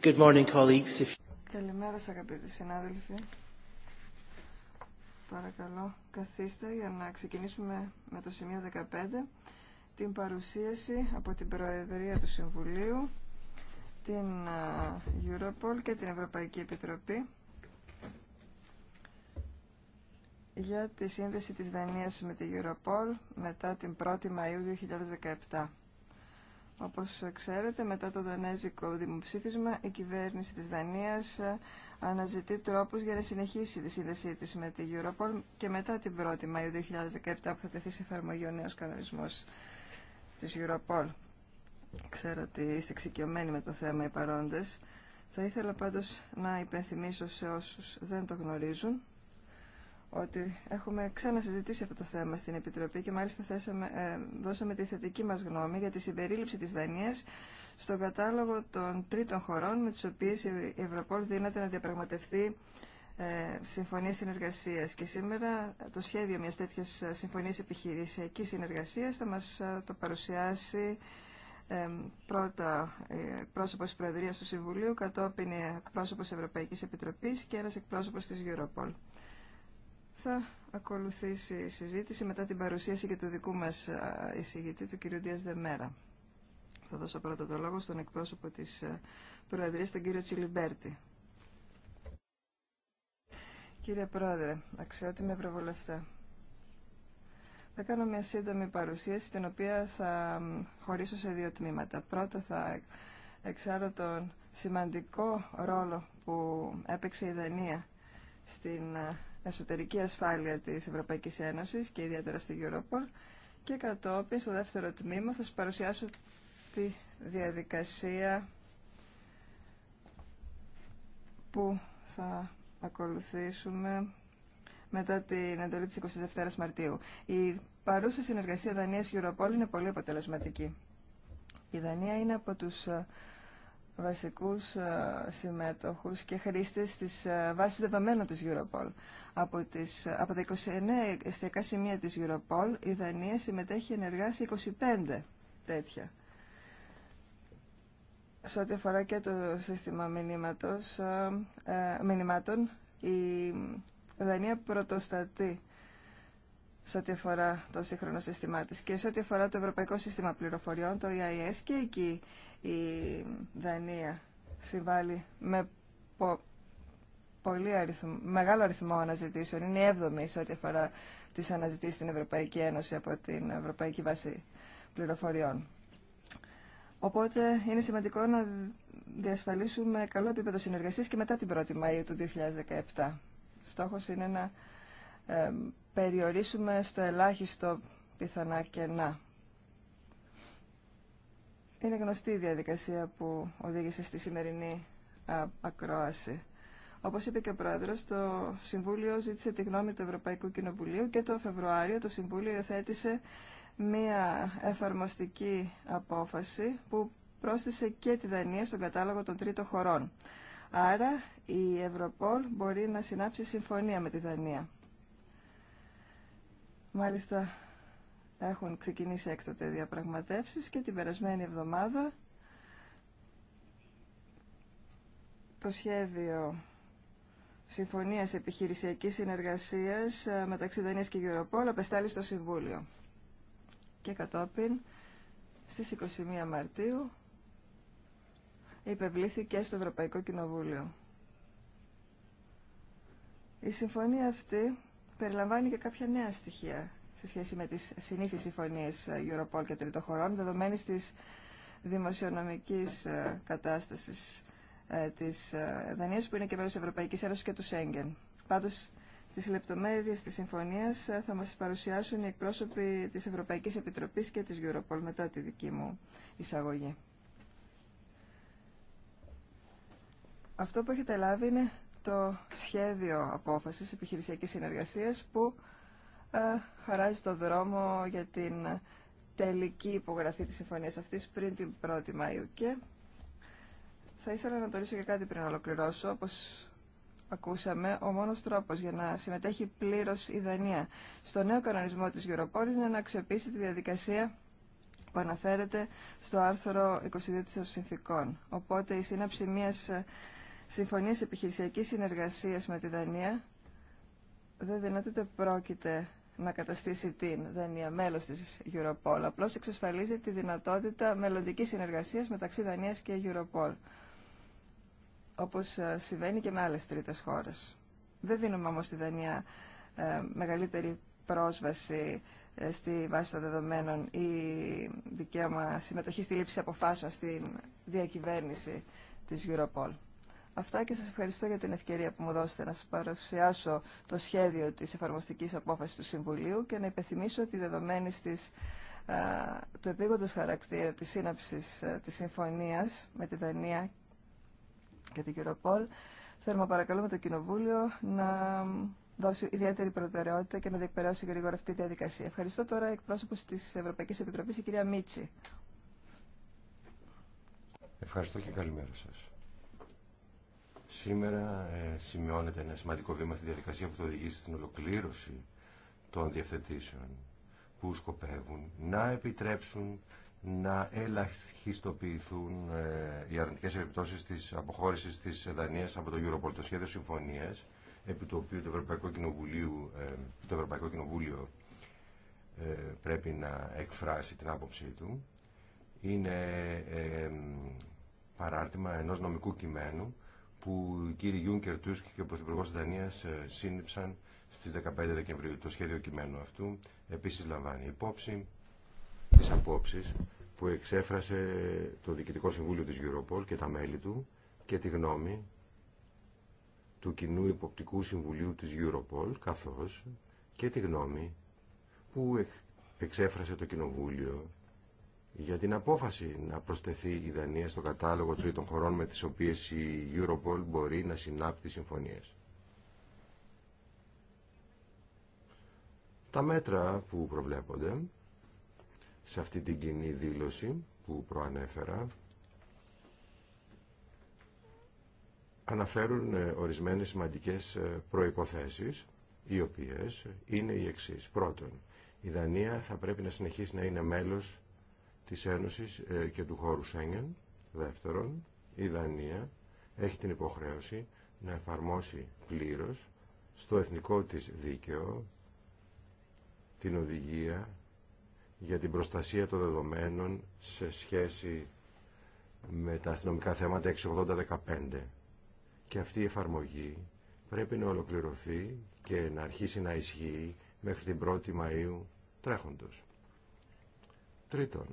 Καλημέρα σας αγαπητοί συνάδελφοι. Παρακαλώ καθίστε για να ξεκινήσουμε με το σημείο 15 την παρουσίαση από την Προεδρία του Συμβουλίου την Europol και την Ευρωπαϊκή Επιτροπή για τη σύνδεση της Δανίας με την Europol μετά την 1η Μαΐου 2017. Όπως ξέρετε, μετά το δανέζικο δημοψήφισμα, η κυβέρνηση της Δανίας ε, αναζητεί τρόπους για να συνεχίσει τη σύνδεσή της με τη Europol και μετά την 1η Μαΐου 2017 που θα τεθεί σε εφαρμογή ο νέος κανονισμός της Europol. Ξέρω ότι είστε εξοικειωμένοι με το θέμα οι παρόντες. Θα ήθελα πάντως να υπενθυμίσω σε όσους δεν το γνωρίζουν ότι έχουμε ξανασυζητήσει αυτό το θέμα στην Επιτροπή και μάλιστα θέσαμε, ε, δώσαμε τη θετική μας γνώμη για τη συμπερίληψη της Δανίας στον κατάλογο των τρίτων χωρών με τις οποίες η Ευρωπόλ δύναται να διαπραγματευτεί ε, συμφωνίες συνεργασίας. Και σήμερα το σχέδιο μιας τέτοιας ε, συμφωνίας επιχειρησιακής συνεργασίας θα μας ε, το παρουσιάσει πρώτα πρόσωπο τη Προεδρία του Συμβουλίου, κατόπιν εκπρόσωπο Ευρωπαϊκή Επιτροπή και ένα εκπρόσωπο τη Europol. Θα ακολουθήσει η συζήτηση μετά την παρουσίαση και του δικού μας εισηγητή, του κ. Δίας Δεμέρα. Θα δώσω πρώτα το λόγο στον εκπρόσωπο της Προεδρίας, τον κύριο Τσιλιμπέρτη. Κύριε Πρόεδρε, αξιότιμη Ευρωβουλευτέ, θα κάνω μια σύντομη παρουσίαση, την οποία θα χωρίσω σε δύο τμήματα. Πρώτα θα εξάρω τον σημαντικό ρόλο που έπαιξε η Δανία στην εσωτερική ασφάλεια της Ευρωπαϊκής Ένωσης και ιδιαίτερα στη Europol και κατόπιν στο δεύτερο τμήμα θα σας παρουσιάσω τη διαδικασία που θα ακολουθήσουμε μετά την εντολή της 22ης Μαρτίου. Η παρούσα συνεργασία Δανίας-Europol είναι πολύ αποτελεσματική. Η Δανία είναι από τους ε, βασικούς ε, συμμετοχούς και χρήστες της ε, βάσης δεδομένων της Europol. Από, τις, από τα 29 εστιακά σημεία της Europol, η Δανία συμμετέχει ενεργά σε 25 τέτοια. Σε ό,τι αφορά και το σύστημα μηνύματος, ε, μηνυμάτων, η Δανία πρωτοστατεί σε ό,τι αφορά το σύγχρονο σύστημά της και σε ό,τι αφορά το Ευρωπαϊκό Σύστημα Πληροφοριών, το EIS, και εκεί η Δανία συμβάλλει με πο, πολύ αριθμ, μεγάλο αριθμό αναζητήσεων. Είναι η έβδομη σε ό,τι αφορά τις αναζητήσεις στην Ευρωπαϊκή Ένωση από την Ευρωπαϊκή Βάση Πληροφοριών. Οπότε είναι σημαντικό να διασφαλίσουμε καλό επίπεδο συνεργασίας και μετά την 1η Μαΐου του 2017. Στόχος είναι να ε, περιορίσουμε στο ελάχιστο πιθανά κενά. Είναι γνωστή η διαδικασία που οδήγησε στη σημερινή ακρόαση. Όπως είπε και ο Πρόεδρος, το Συμβούλιο ζήτησε τη γνώμη του Ευρωπαϊκού Κοινοβουλίου και το Φεβρουάριο το Συμβούλιο υιοθέτησε μία εφαρμοστική απόφαση που πρόσθεσε και τη Δανία στον κατάλογο των τρίτων χωρών. Άρα η Ευρωπόλ μπορεί να συνάψει συμφωνία με τη Δανία. Μάλιστα έχουν ξεκινήσει έκτοτε διαπραγματεύσεις και την περασμένη εβδομάδα το σχέδιο συμφωνίας επιχειρησιακής συνεργασίας ε, μεταξύ Δανίας και Γεωροπόλ απεστάλλει στο Συμβούλιο. Και κατόπιν στις 21 Μαρτίου υπευλήθηκε στο Ευρωπαϊκό Κοινοβούλιο. Η συμφωνία αυτή περιλαμβάνει και κάποια νέα στοιχεία σε σχέση με τις συνήθεις συμφωνίες ε, Europol και τριτοχωρών, χωρών, δεδομένης της δημοσιονομικής ε, κατάστασης ε, της Δανίας, που είναι και μέρος της Ευρωπαϊκής Ένωσης και του Σέγγεν. Πάντως, τις λεπτομέρειες της συμφωνίας θα μας παρουσιάσουν οι εκπρόσωποι της Ευρωπαϊκής Επιτροπής και της Europol μετά τη δική μου εισαγωγή. Αυτό που έχετε λάβει είναι το σχέδιο απόφασης επιχειρησιακής συνεργασίας που ε, χαράζει το δρόμο για την τελική υπογραφή της συμφωνίας αυτής πριν την 1η Μαΐου και θα ήθελα να τονίσω και κάτι πριν ολοκληρώσω, όπως ακούσαμε, ο μόνος τρόπος για να συμμετέχει πλήρως η Δανία στο νέο κανονισμό της Europol είναι να αξιοποιήσει τη διαδικασία που αναφέρεται στο άρθρο 22 της Συνθήκων. Οπότε η σύναψη μιας συμφωνίας επιχειρησιακής συνεργασίας με τη Δανία δεν δυνατότητα πρόκειται να καταστήσει την Δανία μέλος της Europol. Απλώς εξασφαλίζει τη δυνατότητα μελλοντική συνεργασίας μεταξύ Δανίας και Europol, όπως ε, συμβαίνει και με άλλες τρίτες χώρες. Δεν δίνουμε όμως στη Δανία ε, μεγαλύτερη πρόσβαση ε, στη βάση των δεδομένων ή δικαίωμα συμμετοχή στη λήψη αποφάσεων στην διακυβέρνηση της Europol. Αυτά και σας ευχαριστώ για την ευκαιρία που μου δώσετε να σας παρουσιάσω το σχέδιο της εφαρμοστικής απόφασης του Συμβουλίου και να υπενθυμίσω ότι δεδομένη του επίγοντος χαρακτήρα της σύναψης της συμφωνίας με τη Δανία και την Κυροπόλ θέλουμε να παρακαλούμε το Κοινοβούλιο να δώσει ιδιαίτερη προτεραιότητα και να διεκπαιρεώσει γρήγορα αυτή τη διαδικασία. Ευχαριστώ τώρα εκπρόσωπος της Ευρωπαϊκής Επιτροπής, η κυρία Μίτσι. Ευχαριστώ και καλημέρα σας. Σήμερα ε, σημειώνεται ένα σημαντικό βήμα στη διαδικασία που το οδηγήσει στην ολοκλήρωση των διευθετήσεων που σκοπεύουν να επιτρέψουν να ελαχιστοποιηθούν ε, οι αρνητικές επιπτώσεις της αποχώρησης της Δανίας από το Europol. Το σχέδιο συμφωνίας, επί το οποίο το Ευρωπαϊκό, Κοινοβουλίο, ε, το Ευρωπαϊκό Κοινοβούλιο πρέπει να εκφράσει την άποψή του, είναι παράρτημα ενός νομικού κειμένου που οι κύριοι Γιούνκερ Τούσκ και ο Πρωθυπουργό τη Δανία ε, σύνυψαν στι 15 Δεκεμβρίου. Το σχέδιο κειμένου αυτού επίση λαμβάνει υπόψη τι απόψει που εξέφρασε το Διοικητικό Συμβούλιο της Europol και τα μέλη του και τη γνώμη του Κοινού Υποπτικού Συμβουλίου της Europol καθώς και τη γνώμη που εξέφρασε το Κοινοβούλιο για την απόφαση να προσθεθεί η Δανία στο κατάλογο τρίτων χωρών με τις οποίες η Europol μπορεί να συνάπτει συμφωνίες. Τα μέτρα που προβλέπονται σε αυτή την κοινή δήλωση που προανέφερα αναφέρουν ε, ορισμένες σημαντικές ε, προϋποθέσεις οι οποίες είναι οι εξής. Πρώτον, η Δανία θα πρέπει να συνεχίσει να είναι μέλος της Ένωσης ε, και του χώρου Σέγγεν. Δεύτερον, η Δανία έχει την υποχρέωση να εφαρμόσει πλήρως στο εθνικό της δίκαιο την οδηγία για την προστασία των δεδομένων σε σχέση με τα αστυνομικά 6815 Και αυτή η εφαρμογή πρέπει να ολοκληρωθεί και να αρχίσει να ισχύει μέχρι την 1η Μαΐου τρέχοντος. Τρίτον,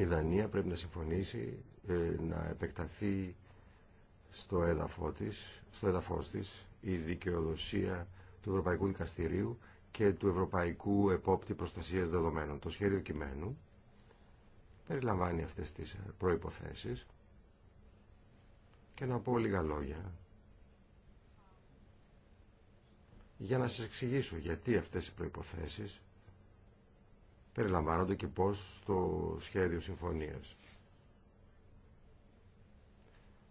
η Δανία πρέπει να συμφωνήσει ε, να επεκταθεί στο έδαφο της, στο έδαφος της η δικαιοδοσία του Ευρωπαϊκού Δικαστηρίου και του Ευρωπαϊκού Επόπτη Προστασίας Δεδομένων. Το σχέδιο κειμένου περιλαμβάνει αυτές τις προϋποθέσεις και να πω λίγα λόγια για να σας εξηγήσω γιατί αυτές οι προϋποθέσεις περιλαμβάνονται και πώς στο σχέδιο συμφωνίας.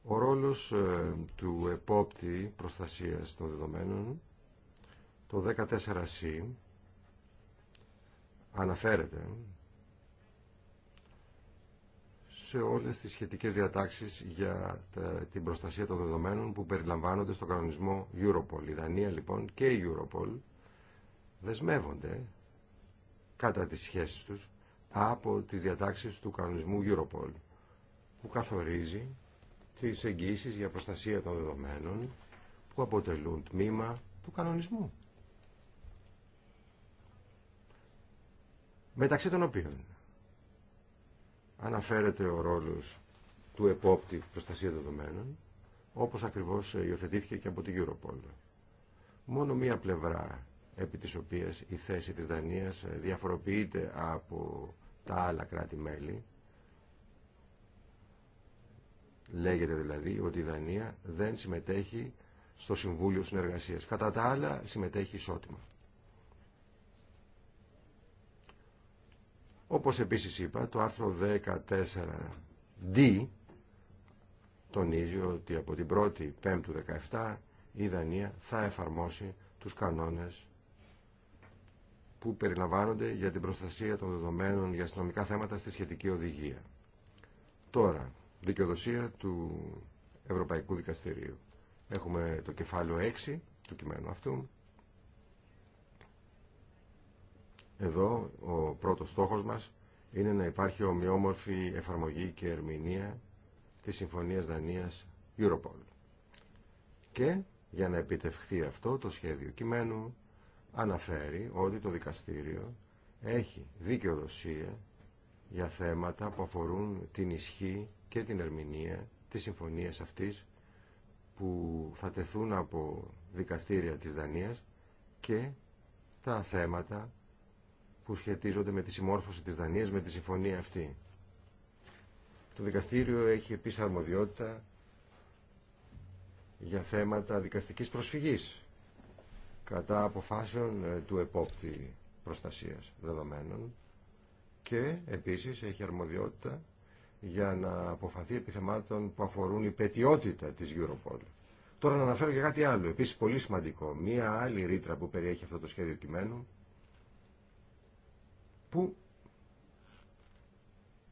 Ο ρόλος ε, του επόπτη προστασίας των δεδομένων, το 14C, αναφέρεται σε όλες τις σχετικές διατάξεις για την προστασία των δεδομένων που περιλαμβάνονται στο κανονισμό Europol. Η Δανία λοιπόν και η Europol δεσμεύονται κατά τις σχέσεις τους από τις διατάξεις του κανονισμού Europol που καθορίζει τις εγγύσεις για προστασία των δεδομένων που αποτελούν τμήμα του κανονισμού. Μεταξύ των οποίων αναφέρεται ο ρόλος του επόπτη προστασία δεδομένων όπως ακριβώς υιοθετήθηκε και από την Europol. Μόνο μία πλευρά επί της οποίας η θέση της Δανίας διαφοροποιείται από τα άλλα κράτη-μέλη. Λέγεται δηλαδή ότι η Δανία δεν συμμετέχει στο Συμβούλιο Συνεργασίας. Κατά τα άλλα συμμετέχει ισότιμα. Όπως επίσης είπα, το άρθρο 14D τονίζει ότι από την 1η 5η 17 η Δανία θα εφαρμόσει τους κανόνες που περιλαμβάνονται για την προστασία των δεδομένων για αστυνομικά θέματα στη σχετική οδηγία. Τώρα, δικαιοδοσία του Ευρωπαϊκού Δικαστηρίου. Έχουμε το κεφάλαιο 6 του κειμένου αυτού. Εδώ ο πρώτος στόχος μας είναι να υπάρχει ομοιόμορφη εφαρμογή και ερμηνεία της Συμφωνίας Δανίας Europol. Και για να επιτευχθεί αυτό το σχέδιο κειμένου αναφέρει ότι το δικαστήριο έχει δικαιοδοσία για θέματα που αφορούν την ισχύ και την ερμηνεία της συμφωνίας αυτής που θα τεθούν από δικαστήρια της Δανίας και τα θέματα που σχετίζονται με τη συμμόρφωση της Δανίας με τη συμφωνία αυτή. Το δικαστήριο έχει επίσης αρμοδιότητα για θέματα δικαστικής προσφυγής κατά αποφάσεων ε, του επόπτη προστασίας δεδομένων και επίσης έχει αρμοδιότητα για να αποφαθεί επιθεμάτων που αφορούν η πετιότητα της Europol. Τώρα να αναφέρω και κάτι άλλο, επίσης πολύ σημαντικό, μία άλλη ρήτρα που περιέχει αυτό το σχέδιο κειμένου που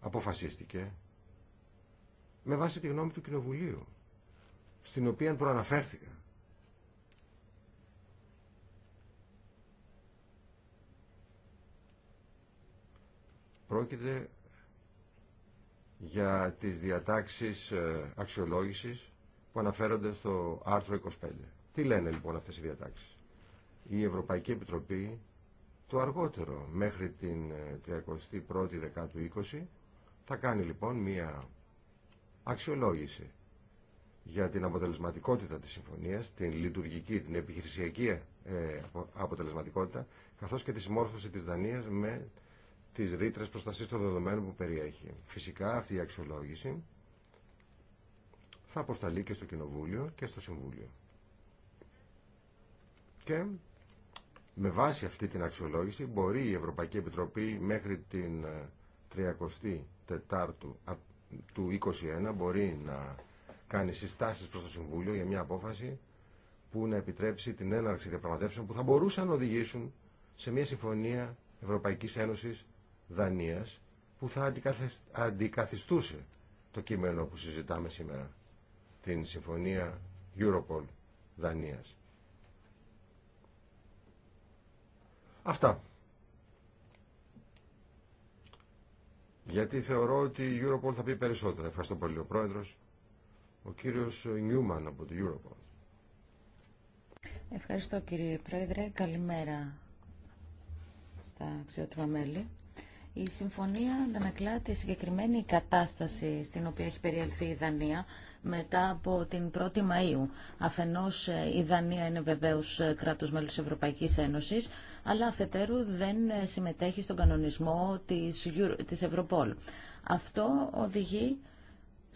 αποφασίστηκε με βάση τη γνώμη του Κοινοβουλίου στην οποία προαναφέρθηκα Πρόκειται για τις διατάξεις ε, αξιολόγησης που αναφέρονται στο άρθρο 25. Τι λένε λοιπόν αυτές οι διατάξεις. Η Ευρωπαϊκή Επιτροπή το αργότερο μέχρι την 31η ε, Δεκάτου 20 θα κάνει λοιπόν μία αξιολόγηση για την αποτελεσματικότητα της συμφωνίας, την λειτουργική, την επιχειρησιακή ε, αποτελεσματικότητα, καθώς και τη συμμόρφωση της Δανίας με της ρήτρα προστασίας των δεδομένων που περιέχει. Φυσικά αυτή η αξιολόγηση θα αποσταλεί και στο Κοινοβούλιο και στο Συμβούλιο. Και με βάση αυτή την αξιολόγηση μπορεί η Ευρωπαϊκή Επιτροπή μέχρι την 34 ε, του 2021 μπορεί να κάνει συστάσεις προς το Συμβούλιο για μια απόφαση που να επιτρέψει την έναρξη διαπραγματεύσεων που θα μπορούσαν να οδηγήσουν σε μια συμφωνία Ευρωπαϊκής Ένωσης Δανίας που θα αντικαθιστούσε το κείμενο που συζητάμε σήμερα, την Συμφωνία Europol Δανίας. Αυτά. Γιατί θεωρώ ότι η Europol θα πει περισσότερα. Ευχαριστώ πολύ ο Πρόεδρος, ο κύριος Νιούμαν από την Europol. Ευχαριστώ κύριε Πρόεδρε. Καλημέρα στα αξιότιμα μέλη. Η συμφωνία αντανακλά τη συγκεκριμένη κατάσταση στην οποία έχει περιέλθει η Δανία μετά από την 1η Μαΐου. Αφενός ε, η Δανία είναι βεβαίως ε, κράτος μέλος της Ευρωπαϊκής Ένωσης, αλλά αφετέρου δεν ε, συμμετέχει στον κανονισμό της, Ευρωπόλ. Αυτό οδηγεί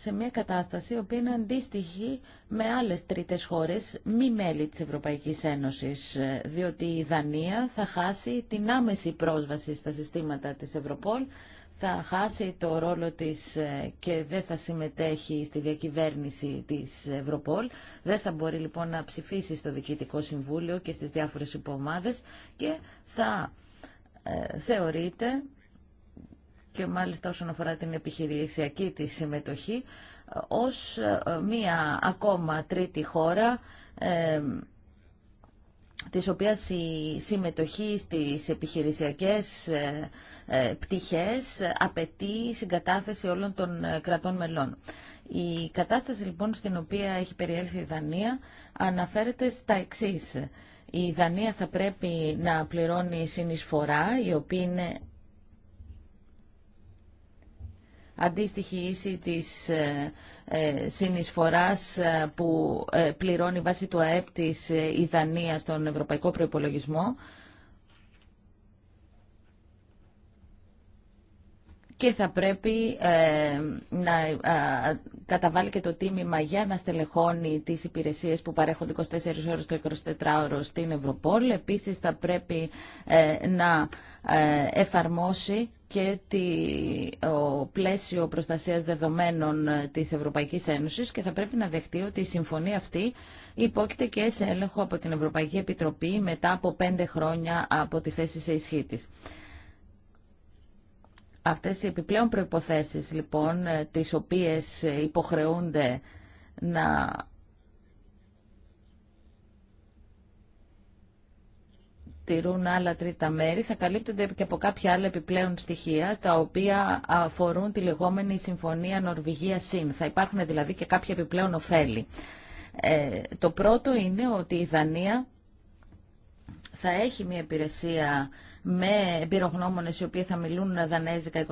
σε μια κατάσταση που είναι αντίστοιχη με άλλες τρίτες χώρες μη μέλη της Ευρωπαϊκής Ένωσης, διότι η Δανία θα χάσει την άμεση πρόσβαση στα συστήματα της Ευρωπόλ, θα χάσει το ρόλο της ε, και δεν θα συμμετέχει στη διακυβέρνηση της Ευρωπόλ. Δεν θα μπορεί λοιπόν να ψηφίσει στο Διοικητικό Συμβούλιο και στις διάφορες υποομάδες και θα ε, θεωρείται και μάλιστα όσον αφορά την επιχειρησιακή της συμμετοχή ως ε, μία ακόμα τρίτη χώρα ε, της οποίας η συμμετοχή στις επιχειρησιακές ε, ε πτυχές απαιτεί συγκατάθεση όλων των ε, κρατών μελών. Η κατάσταση λοιπόν στην οποία έχει περιέλθει η Δανία αναφέρεται στα εξής. Η Δανία θα πρέπει να πληρώνει συνεισφορά, η οποία είναι αντίστοιχη ίση της ε, ε, συνεισφοράς ε, που πληρώνει βάσει του ΑΕΠ της στον Ευρωπαϊκό Προϋπολογισμό. και θα πρέπει να καταβάλει και το τίμημα για να στελεχώνει τις υπηρεσίες που παρέχονται 24 ώρες το 24ωρο στην Ευρωπόλ. Επίσης θα πρέπει να εφαρμόσει και το πλαίσιο προστασίας δεδομένων της Ευρωπαϊκής Ένωσης και θα πρέπει να δεχτεί ότι η συμφωνία αυτή υπόκειται και σε έλεγχο από την Ευρωπαϊκή Επιτροπή μετά από πέντε χρόνια από τη θέση σε ισχύ της. Αυτές οι επιπλέον προϋποθέσεις λοιπόν ε, τις οποίες ε, υποχρεούνται να τηρούν άλλα τρίτα μέρη θα καλύπτονται και από κάποια άλλα επιπλέον στοιχεία τα οποία αφορούν τη λεγόμενη Συμφωνία Νορβηγία-ΣΥΝ. Θα υπάρχουν δηλαδή και κάποια επιπλέον ωφέλη. Ε, το πρώτο είναι ότι η Δανία θα έχει μια υπηρεσία με εμπειρογνώμονες οι οποίοι θα μιλούν δανέζικα 24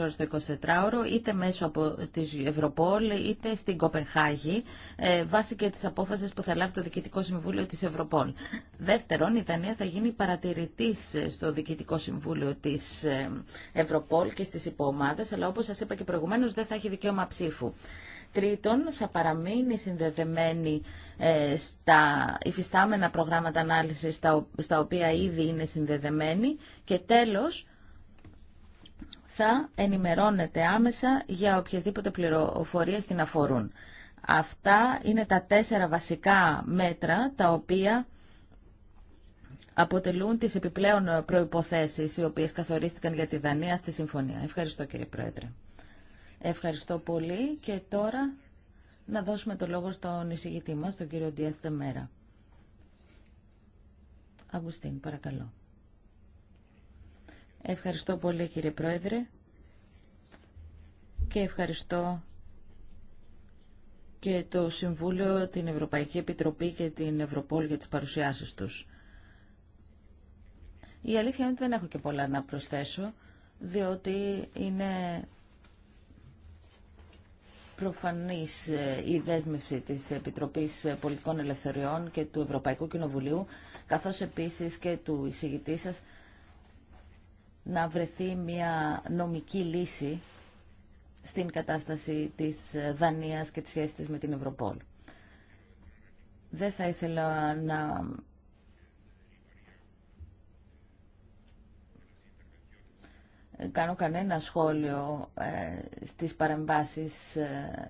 ώρες το 24ωρο, είτε μέσω από της Ευρωπόλ, είτε στην Κοπενχάγη, ε, βάσει και της απόφασης που θα λάβει το Διοικητικό Συμβούλιο της Ευρωπόλ. Δεύτερον, η Δανία θα γίνει παρατηρητής στο Διοικητικό Συμβούλιο της ε, Ευρωπόλ και στις υποομάδες, αλλά όπως σας είπα και προηγουμένως δεν θα έχει δικαίωμα ψήφου. Τρίτον, θα παραμείνει συνδεδεμένη ε, στα υφιστάμενα προγράμματα ανάλυσης στα οποία ήδη είναι συνδεδεμένη και τέλος θα ενημερώνεται άμεσα για οποιασδήποτε πληροφορίες την αφορούν. Αυτά είναι τα τέσσερα βασικά μέτρα τα οποία αποτελούν τις επιπλέον προϋποθέσεις οι οποίες καθορίστηκαν για τη Δανία στη Συμφωνία. Ευχαριστώ κύριε Πρόεδρε. Ευχαριστώ πολύ και τώρα να δώσουμε το λόγο στον εισηγητή μας, τον κύριο Ντιέθ Μέρα. παρακαλώ. Ευχαριστώ πολύ κύριε Πρόεδρε και ευχαριστώ και το Συμβούλιο, την Ευρωπαϊκή Επιτροπή και την Ευρωπόλ για τις παρουσιάσεις τους. Η αλήθεια είναι ότι δεν έχω και πολλά να προσθέσω, διότι είναι προφανής ε, η δέσμευση της Επιτροπής Πολιτικών Ελευθεριών και του Ευρωπαϊκού Κοινοβουλίου, καθώς επίσης και του εισηγητή σας, να βρεθεί μια νομική λύση στην κατάσταση της Δανίας και της σχέσης της με την Ευρωπόλ. Δεν θα ήθελα να κάνω κανένα σχόλιο ε, στις παρεμβάσεις ε,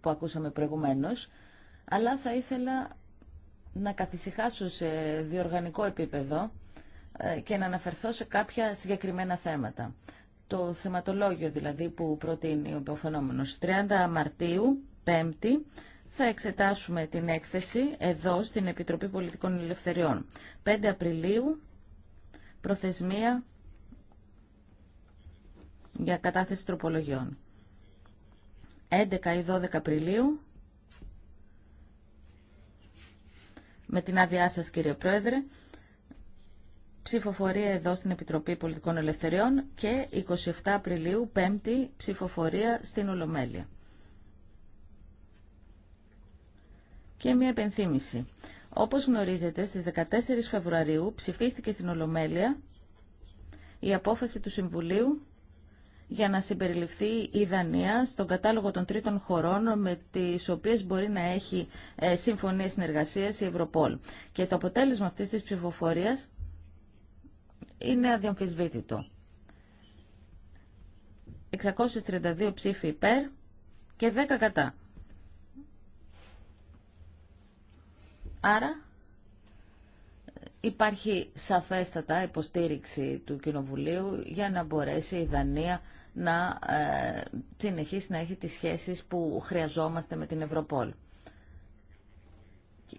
που ακούσαμε προηγουμένως, αλλά θα ήθελα να καθησυχάσω σε διοργανικό επίπεδο ε, και να αναφερθώ σε κάποια συγκεκριμένα θέματα. Το θεματολόγιο δηλαδή που προτείνει ο υποφαινόμενος. 30 Μαρτίου, 5η, θα εξετάσουμε την έκθεση εδώ στην Επιτροπή Πολιτικών Ελευθεριών. 5 Απριλίου, προθεσμία για κατάθεση τροπολογιών. 11 ή 12 Απριλίου. Με την άδειά σας κύριε Πρόεδρε, ψηφοφορία εδώ στην Επιτροπή Πολιτικών Ελευθεριών και 27 Απριλίου, 5 5η ψηφοφορία στην Ολομέλεια. Και μια επενθύμηση. Όπως γνωρίζετε, στις 14 Φεβρουαρίου ψηφίστηκε στην Ολομέλεια η απόφαση του Συμβουλίου για να συμπεριληφθεί η Δανία στον κατάλογο των τρίτων χωρών με τις οποίες μπορεί να έχει ε, συμφωνίες συνεργασίας η Ευρωπόλ. Και το αποτέλεσμα αυτής της ψηφοφορίας είναι αδιαμφισβήτητο. 632 ψήφοι υπέρ και 10 κατά. Άρα υπάρχει σαφέστατα υποστήριξη του Κοινοβουλίου για να μπορέσει η Δανία να ε, συνεχίσει να έχει τις σχέσεις που χρειαζόμαστε με την Ευρωπόλ.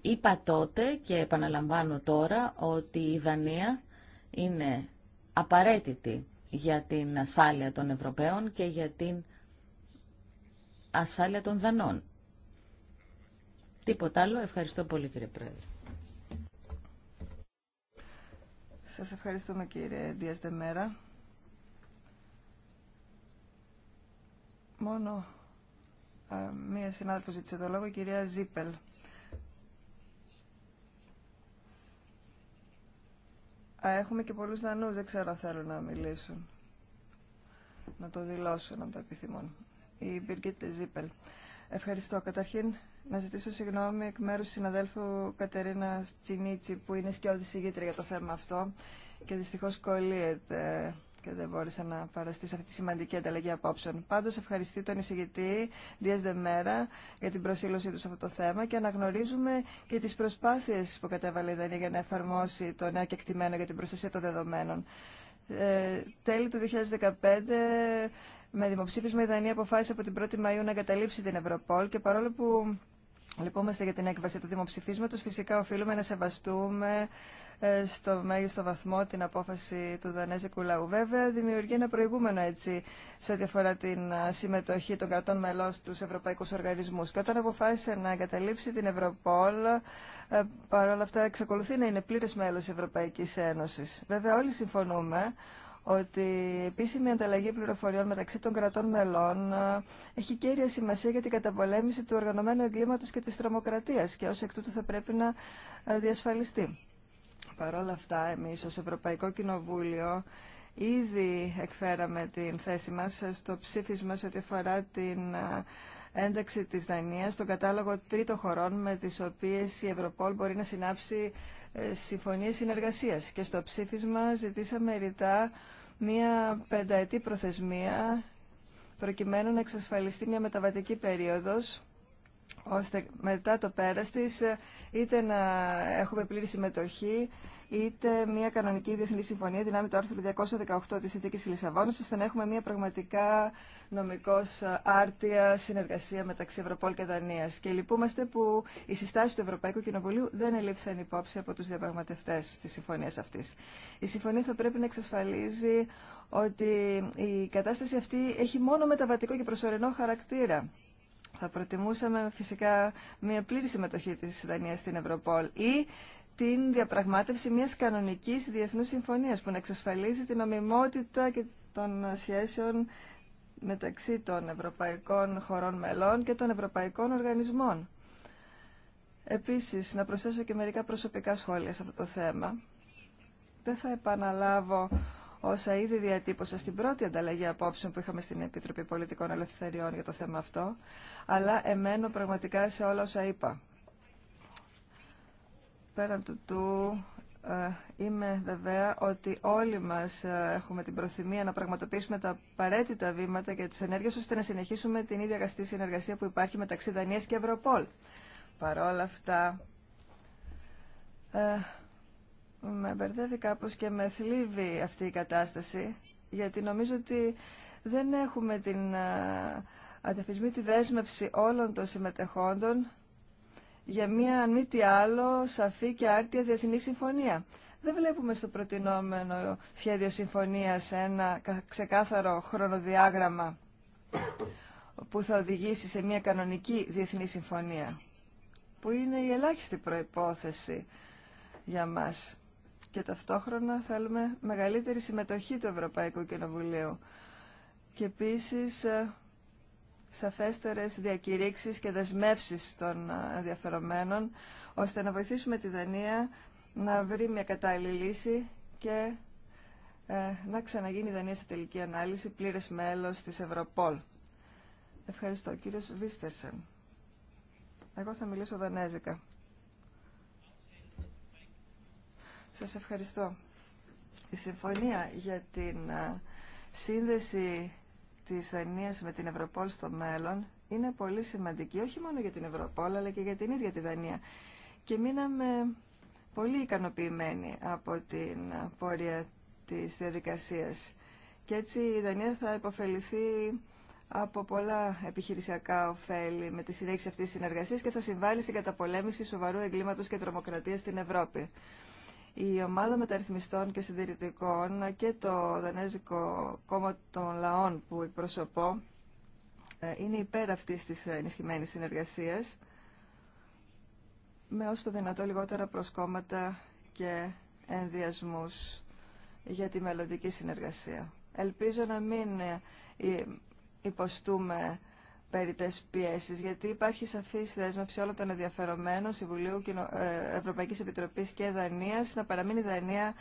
Είπα τότε και επαναλαμβάνω τώρα ότι η Δανία είναι απαραίτητη για την ασφάλεια των Ευρωπαίων και για την ασφάλεια των Δανών. Τίποτα άλλο. Ευχαριστώ πολύ κύριε Πρόεδρε. Σας ευχαριστούμε κύριε Δίας Δεμέρα. Μόνο μία συνάδελφος ζήτησε το λόγο, η κυρία Ζίπελ. Α, έχουμε και πολλούς δανούς, δεν ξέρω αν θέλουν να μιλήσουν. Να το δηλώσουν αν το επιθυμούν. Η Μπυργκίτε Ζίπελ. Ευχαριστώ. Καταρχήν να ζητήσω συγγνώμη εκ μέρου του συναδέλφου Κατερίνα Τσινίτσι που είναι σκιώδη συγγήτρια για το θέμα αυτό και δυστυχώ κολλείεται και δεν μπόρεσα να παραστεί σε αυτή τη σημαντική ανταλλαγή απόψεων. Πάντω, ευχαριστεί τον εισηγητή Δία Δεμέρα για την προσήλωσή του σε αυτό το θέμα και αναγνωρίζουμε και τι προσπάθειε που κατέβαλε η Δανία για να εφαρμόσει το νέο κεκτημένο για την προστασία των δεδομένων. Ε, τέλη του 2015 με δημοψήφισμα η Δανία αποφάσισε από την 1η Μαΐου να εγκαταλείψει την Ευρωπόλ και παρόλο που Λυπούμαστε για την έκβαση του δημοψηφίσματος. Φυσικά οφείλουμε να σεβαστούμε ε, στο μέγιστο βαθμό την απόφαση του δανέζικου λαού. Βέβαια, δημιουργεί ένα προηγούμενο έτσι σε ό,τι αφορά την ε, συμμετοχή των κρατών μελών στου ευρωπαϊκού οργανισμού. Και όταν αποφάσισε να εγκαταλείψει την Ευρωπόλ, ε, παρόλα αυτά εξακολουθεί να είναι πλήρε μέλο Ευρωπαϊκή Ένωση. Βέβαια, όλοι συμφωνούμε ότι η επίσημη ανταλλαγή πληροφοριών μεταξύ των κρατών μελών ε, έχει κέρια σημασία για την καταπολέμηση του οργανωμένου εγκλήματος και της τρομοκρατίας και ως εκ τούτου θα πρέπει να ε, διασφαλιστεί. Παρ' όλα αυτά, εμείς ως Ευρωπαϊκό Κοινοβούλιο ήδη εκφέραμε την θέση μας στο ψήφισμα σε ό,τι αφορά την ε, ένταξη της Δανίας στον κατάλογο τρίτων χωρών με τις οποίες η Ευρωπόλ μπορεί να συνάψει συμφωνίες συνεργασίας και στο ψήφισμα ζητήσαμε ρητά μία πενταετή προθεσμία προκειμένου να εξασφαλιστεί μια μεταβατική περίοδος ώστε μετά το πέρας της είτε να έχουμε μετα το περας ειτε συμμετοχή είτε μια κανονική διεθνή συμφωνία δυνάμει το άρθρο 218 της Συνθήκης Λισαβόνας, ώστε να έχουμε μια πραγματικά νομικώς ε, άρτια συνεργασία μεταξύ Ευρωπόλ και Δανίας. Και λυπούμαστε που οι συστάσεις του Ευρωπαϊκού Κοινοβουλίου δεν ελήφθησαν υπόψη από τους διαπραγματευτές της συμφωνίας αυτής. Η συμφωνία θα πρέπει να εξασφαλίζει ότι η κατάσταση αυτή έχει μόνο μεταβατικό και προσωρινό χαρακτήρα. Θα προτιμούσαμε φυσικά μια πλήρη συμμετοχή της Δανίας στην Ευρωπόλ ή την διαπραγμάτευση μιας κανονικής διεθνούς συμφωνίας που να εξασφαλίζει την ομιμότητα και των σχέσεων μεταξύ των ευρωπαϊκών χωρών μελών και των ευρωπαϊκών οργανισμών. Επίσης, να προσθέσω και μερικά προσωπικά σχόλια σε αυτό το θέμα. Δεν θα επαναλάβω όσα ήδη διατύπωσα στην πρώτη ανταλλαγή απόψεων που είχαμε στην Επιτροπή Πολιτικών Ελευθεριών για το θέμα αυτό, αλλά εμένω πραγματικά σε όλα όσα είπα πέραν του του ε, είμαι βεβαία ότι όλοι μας ε, έχουμε την προθυμία να πραγματοποιήσουμε τα απαραίτητα βήματα και τις ενέργειες ώστε να συνεχίσουμε την ίδια αγαστή συνεργασία που υπάρχει μεταξύ Δανία και Ευρωπόλ. Παρόλα αυτά, ε, με μπερδεύει κάπως και με θλίβει αυτή η κατάσταση, γιατί νομίζω ότι δεν έχουμε την ε, τη δέσμευση όλων των συμμετεχόντων για μία, αν μη τι άλλο, σαφή και άρτια διεθνή συμφωνία. Δεν βλέπουμε στο προτινόμενο σχέδιο συμφωνίας ένα ξεκάθαρο χρονοδιάγραμμα που θα οδηγήσει σε μια κανονική διεθνή συμφωνία, που είναι η ελάχιστη προϋπόθεση για μας. Και ταυτόχρονα θέλουμε μεγαλύτερη συμμετοχή του Ευρωπαϊκού Κοινοβουλίου. Και επίσης ε, σαφέστερες διακηρύξεις και δεσμεύσεις των ε, ενδιαφερομένων, ώστε να βοηθήσουμε τη Δανία να βρει μια κατάλληλη λύση και ε, να ξαναγίνει η Δανία σε τελική ανάλυση πλήρες μέλος της Ευρωπόλ. Ευχαριστώ. Κύριος Βίστερσεν. Εγώ θα μιλήσω δανέζικα. Σας ευχαριστώ. Η συμφωνία για την ε, σύνδεση τη Δανία με την Ευρωπόλ στο μέλλον είναι πολύ σημαντική, όχι μόνο για την Ευρωπόλ, αλλά και για την ίδια τη Δανία. Και μείναμε πολύ ικανοποιημένοι από την πορεία της διαδικασίας. Και έτσι η Δανία θα υποφεληθεί από πολλά επιχειρησιακά ωφέλη με τη συνέχιση αυτής της συνεργασίας και θα συμβάλλει στην καταπολέμηση σοβαρού εγκλήματος και τρομοκρατίας στην Ευρώπη. Η ομάδα μεταρρυθμιστών και συντηρητικών και το Δανέζικο Κόμμα των Λαών που εκπροσωπώ ε, είναι υπέρ αυτής της ενισχυμένης συνεργασίας με όσο το δυνατό λιγότερα προσκόμματα και ενδιασμούς για τη μελλοντική συνεργασία. Ελπίζω να μην ε, υποστούμε περιτές πιέσεις, γιατί υπάρχει σαφή δέσμευση όλων των ενδιαφερομένων Συμβουλίου ε, Ευρωπαϊκής Επιτροπής και Δανίας να παραμείνει η Δανία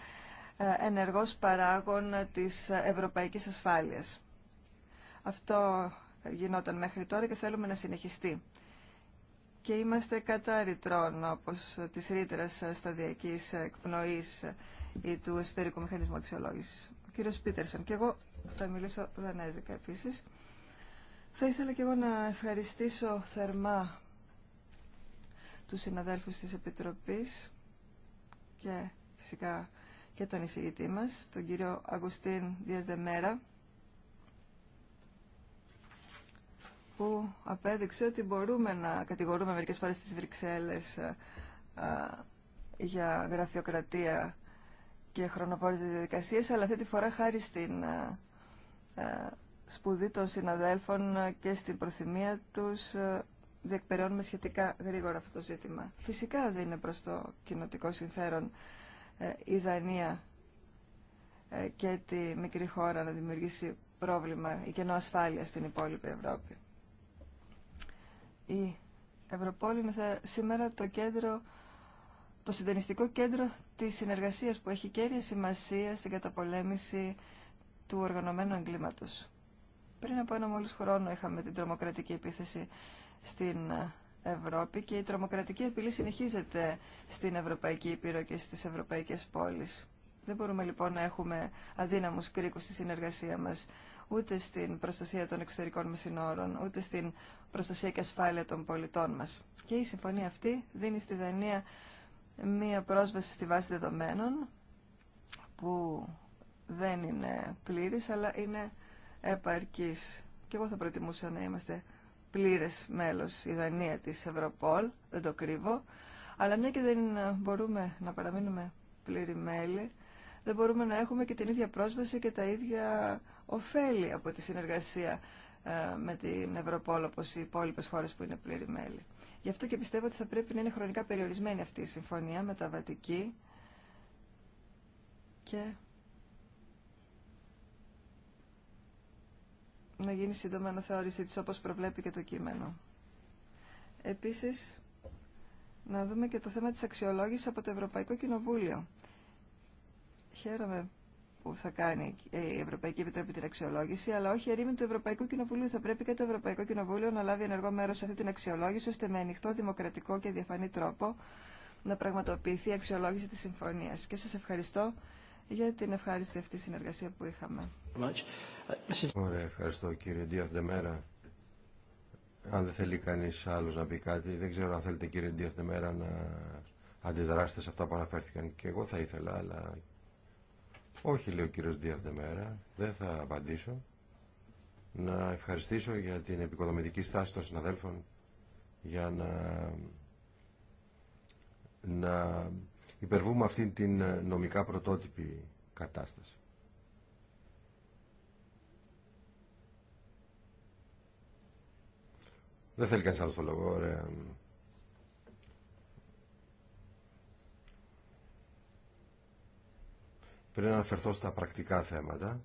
ε, ενεργός παράγων της ευρωπαϊκής ασφάλειας. Αυτό γινόταν μέχρι τώρα και θέλουμε να συνεχιστεί. Και είμαστε κατά ρητρών, όπως της ρήτρας σταδιακής εκπνοής ή του εσωτερικού μηχανισμού αξιολόγηση. Ο κύριος Πίτερσον και εγώ θα μιλήσω δανέζικα επίση. Θα ήθελα και εγώ να ευχαριστήσω θερμά τους συναδέλφους της Επιτροπής και φυσικά και τον εισηγητή μας, τον κύριο Αγκουστίν Διασδεμέρα, που απέδειξε ότι μπορούμε να κατηγορούμε μερικές φορές τις Βρυξέλλες ε, ε, για γραφειοκρατία και χρονοβόρες διαδικασίες, αλλά αυτή τη φορά χάρη στην ε, σπουδή των συναδέλφων και στην προθυμία τους ε, διεκπεραιώνουμε σχετικά γρήγορα αυτό το ζήτημα. Φυσικά δεν είναι προς το κοινοτικό συμφέρον ε, η Δανία ε, και τη μικρή χώρα να δημιουργήσει πρόβλημα ή κενό ασφάλεια στην υπόλοιπη Ευρώπη. Η Ευρωπόλ είναι σήμερα το κέντρο το συντονιστικό κέντρο της συνεργασίας που έχει κέρια σημασία στην υπολοιπη ευρωπη η Ευρωπόλη ειναι σημερα το κεντρο το συντονιστικο κεντρο της συνεργασιας που εχει κερια σημασια στην καταπολεμηση του οργανωμένου εγκλήματος. Πριν από ένα μόλις χρόνο είχαμε την τρομοκρατική επίθεση στην Ευρώπη και η τρομοκρατική απειλή συνεχίζεται στην Ευρωπαϊκή Ήπειρο και στις ευρωπαϊκές πόλεις. Δεν μπορούμε λοιπόν να έχουμε αδύναμους κρίκους στη συνεργασία μας, ούτε στην προστασία των εξωτερικών μας συνόρων, ούτε στην προστασία και ασφάλεια των πολιτών μας. Και η συμφωνία αυτή δίνει στη Δανία μία πρόσβαση στη βάση δεδομένων που δεν είναι πλήρης, αλλά είναι επαρκής. Και εγώ θα προτιμούσα να είμαστε πλήρες μέλος η Δανία της Ευρωπόλ, δεν το κρύβω, αλλά μια και δεν μπορούμε να παραμείνουμε πλήρη μέλη, δεν μπορούμε να έχουμε και την ίδια πρόσβαση και τα ίδια ωφέλη από τη συνεργασία ε, με την Ευρωπόλ όπως οι υπόλοιπε χώρες που είναι πλήρη μέλη. Γι' αυτό και πιστεύω ότι θα πρέπει να είναι χρονικά περιορισμένη αυτή η συμφωνία μεταβατική και να γίνει σύντομα αναθεώρησή της όπως προβλέπει και το κείμενο. Επίσης, να δούμε και το θέμα της αξιολόγησης από το Ευρωπαϊκό Κοινοβούλιο. Χαίρομαι που θα κάνει η Ευρωπαϊκή Επιτροπή την αξιολόγηση, αλλά όχι ερήμην του Ευρωπαϊκού Κοινοβουλίου. Θα πρέπει και το Ευρωπαϊκό Κοινοβούλιο να λάβει ενεργό μέρο σε αυτή την αξιολόγηση, ώστε με ανοιχτό, δημοκρατικό και διαφανή τρόπο να πραγματοποιηθεί η αξιολόγηση τη συμφωνία. Και σα ευχαριστώ για την ευχάριστη αυτή συνεργασία που είχαμε. Ωραία, ευχαριστώ κύριε Ντεμέρα, Αν δεν θέλει κανείς άλλος να πει κάτι, δεν ξέρω αν θέλετε κύριε Διαθδεμέρα να αντιδράσετε σε αυτά που αναφέρθηκαν και εγώ θα ήθελα, αλλά όχι λέει ο κύριος Διαθδεμέρα, δεν θα απαντήσω. Να ευχαριστήσω για την επικοδομητική στάση των συναδέλφων για να, να υπερβούμε αυτήν την ε, νομικά πρωτότυπη κατάσταση. Δεν θέλει κανείς άλλο το λόγο. Ωραία. Πριν αναφερθώ στα πρακτικά θέματα,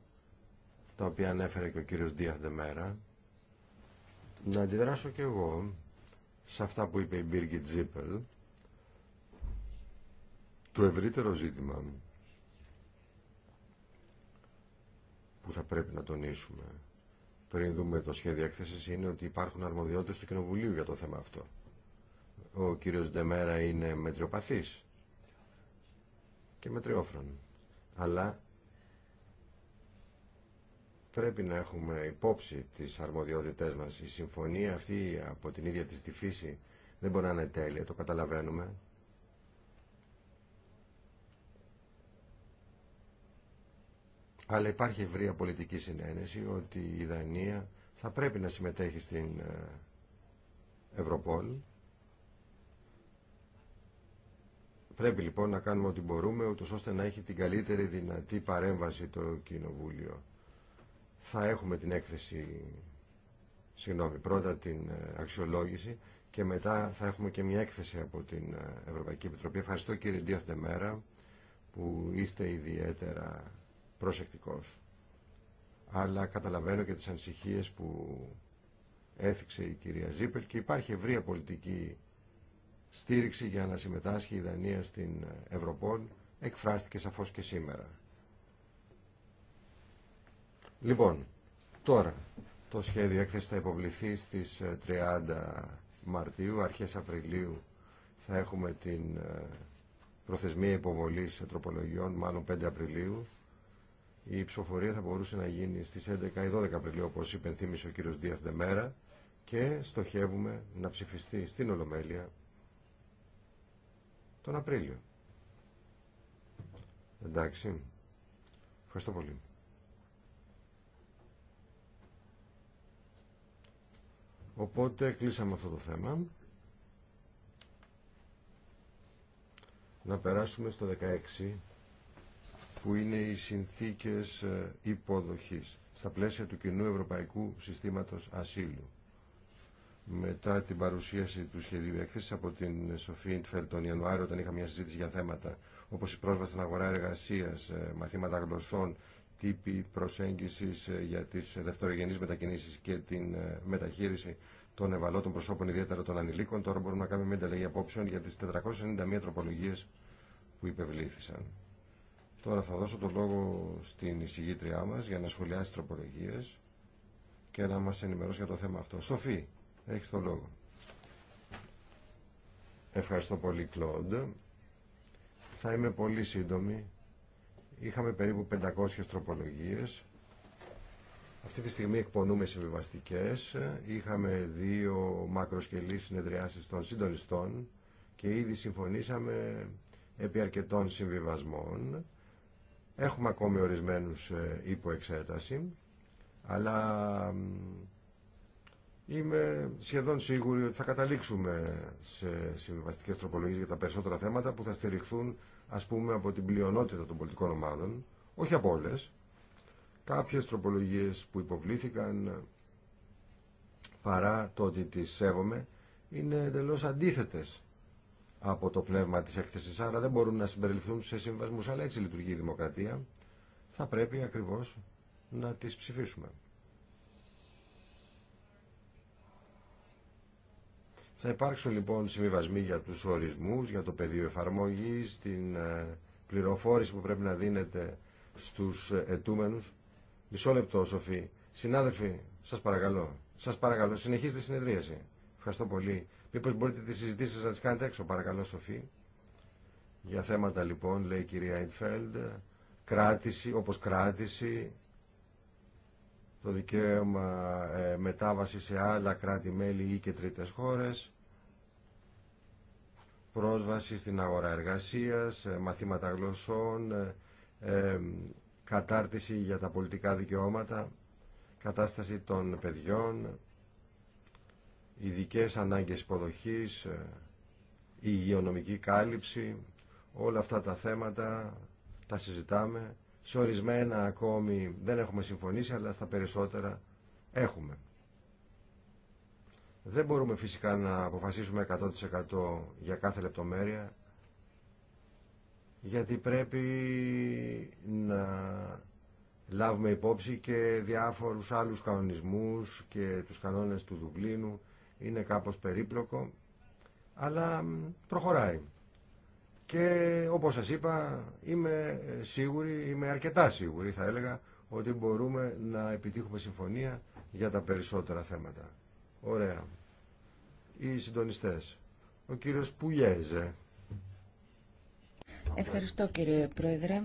τα οποία ανέφερε και ο κύριος Δίας Δεμέρα, να αντιδράσω και εγώ σε αυτά που είπε η Μπίργκη Τζίπελ, το ευρύτερο ζήτημα που θα πρέπει να τονίσουμε πριν δούμε το σχέδιο έκθεση είναι ότι υπάρχουν αρμοδιότητες του Κοινοβουλίου για το θέμα αυτό. Ο κύριος Ντεμέρα είναι μετριοπαθής και μετριόφρον. Αλλά πρέπει να έχουμε υπόψη τις αρμοδιότητές μας. Η συμφωνία αυτή από την ίδια της τη φύση δεν μπορεί να είναι τέλεια, το καταλαβαίνουμε. αλλά υπάρχει ευρεία πολιτική συνένεση ότι η Δανία θα πρέπει να συμμετέχει στην ε, Ευρωπόλ. Πρέπει λοιπόν να κάνουμε ό,τι μπορούμε, ούτως ώστε να έχει την καλύτερη δυνατή παρέμβαση το Κοινοβούλιο. Θα έχουμε την έκθεση, συγγνώμη, πρώτα την ε, αξιολόγηση και μετά θα έχουμε και μια έκθεση από την ε, Ευρωπαϊκή Επιτροπή. Ευχαριστώ κύριε Ντίαθ Μέρα που είστε ιδιαίτερα προσεκτικός. Αλλά καταλαβαίνω και τις ανησυχίες που έθιξε η κυρία Ζίπελ και υπάρχει ευρεία πολιτική στήριξη για να συμμετάσχει η Δανία στην Ευρωπόλ εκφράστηκε σαφώς και σήμερα. Λοιπόν, τώρα το σχέδιο έκθεση θα υποβληθεί στις 30 ε, Μαρτίου, αρχές Απριλίου θα έχουμε την ε, προθεσμία υποβολής τροπολογιών, μάλλον 5 Απριλίου η ψηφοφορία θα μπορούσε να γίνει στις 11 ή 12 Απριλίου όπως υπενθύμησε ο κύριος Δίας και στοχεύουμε να ψηφιστεί στην Ολομέλεια τον Απρίλιο. Εντάξει. Ευχαριστώ πολύ. Οπότε κλείσαμε αυτό το θέμα. Να περάσουμε στο 16 που είναι οι συνθήκες ε, υποδοχής στα πλαίσια του κοινού ευρωπαϊκού συστήματος ασύλου. Μετά την παρουσίαση του σχεδίου έκθεση από την Σοφία Ιντφελ τον Ιανουάριο, όταν είχαμε μια συζήτηση για θέματα όπως η πρόσβαση στην αγορά εργασίας, ε, μαθήματα γλωσσών, τύποι προσέγγισης ε, για τις δευτερογενείς μετακινήσεις και την μεταχείριση των ευαλώτων προσώπων, ιδιαίτερα των ανηλίκων. Τώρα μπορούμε να κάνουμε μια ανταλλαγή απόψεων για τις 491 τροπολογίε που υπευλήθησαν. Τώρα θα δώσω το λόγο στην εισηγήτριά μας για να σχολιάσει τις τροπολογίες και να μας ενημερώσει για το θέμα αυτό. Σοφή, έχεις το λόγο. Ευχαριστώ πολύ, Κλοντ. Θα είμαι πολύ σύντομη. Είχαμε περίπου 500 τροπολογίες. Αυτή τη στιγμή εκπονούμε συμβιβαστικέ. Είχαμε δύο μακροσκελείς συνεδριάσεις των συντονιστών και ήδη συμφωνήσαμε επί αρκετών συμβιβασμών. Έχουμε ακόμη ορισμένους ε, υπό αλλά είμαι σχεδόν σίγουροι ότι θα καταλήξουμε σε συμβαστικές τροπολογίες για τα περισσότερα θέματα που θα στηριχθούν, ας πούμε, από την πλειονότητα των πολιτικών ομάδων, όχι από όλες. Κάποιες τροπολογίες που υποβλήθηκαν, παρά το ότι τις σέβομαι, είναι εντελώ αντίθετες από το πνεύμα της έκθεσης, άρα δεν μπορούν να συμπεριληφθούν σε συμβασμούς, αλλά έτσι λειτουργεί η δημοκρατία, θα πρέπει ακριβώς να τις ψηφίσουμε. Θα υπάρξουν λοιπόν συμβιβασμοί για τους ορισμούς, για το πεδίο εφαρμογής, την ε, πληροφόρηση που πρέπει να δίνεται στους ετούμενους. Μισό λεπτό, Σοφή. Συνάδελφοι, σας παρακαλώ. Σας παρακαλώ, συνεχίστε τη συνεδρίαση. Ευχαριστώ πολύ. Μήπω μπορείτε τις συζητήσεις να τις κάνετε έξω, παρακαλώ Σοφή. Για θέματα λοιπόν, λέει η κυρία Ινφέλντ, κράτηση, όπως κράτηση, το δικαίωμα ε, μετάβαση σε άλλα κράτη-μέλη ή και τρίτες χώρες, πρόσβαση στην αγορά εργασία, ε, μαθήματα γλωσσών, ε, κατάρτιση για τα πολιτικά δικαιώματα, κατάσταση των παιδιών, ειδικέ ανάγκες υποδοχής, η ε, υγειονομική κάλυψη, όλα αυτά τα θέματα τα συζητάμε. Σε ορισμένα ακόμη δεν έχουμε συμφωνήσει, αλλά στα περισσότερα έχουμε. Δεν μπορούμε φυσικά να αποφασίσουμε 100% για κάθε λεπτομέρεια, γιατί πρέπει να λάβουμε υπόψη και διάφορους άλλους κανονισμούς και τους κανόνες του Δουβλίνου είναι κάπως περίπλοκο, αλλά προχωράει. Και όπως σας είπα, είμαι ε, σίγουρη, είμαι αρκετά σίγουρη θα έλεγα, ότι μπορούμε να επιτύχουμε συμφωνία για τα περισσότερα θέματα. Ωραία. Οι συντονιστές. Ο κύριος Πουλιέζε. Ευχαριστώ κύριε Πρόεδρε.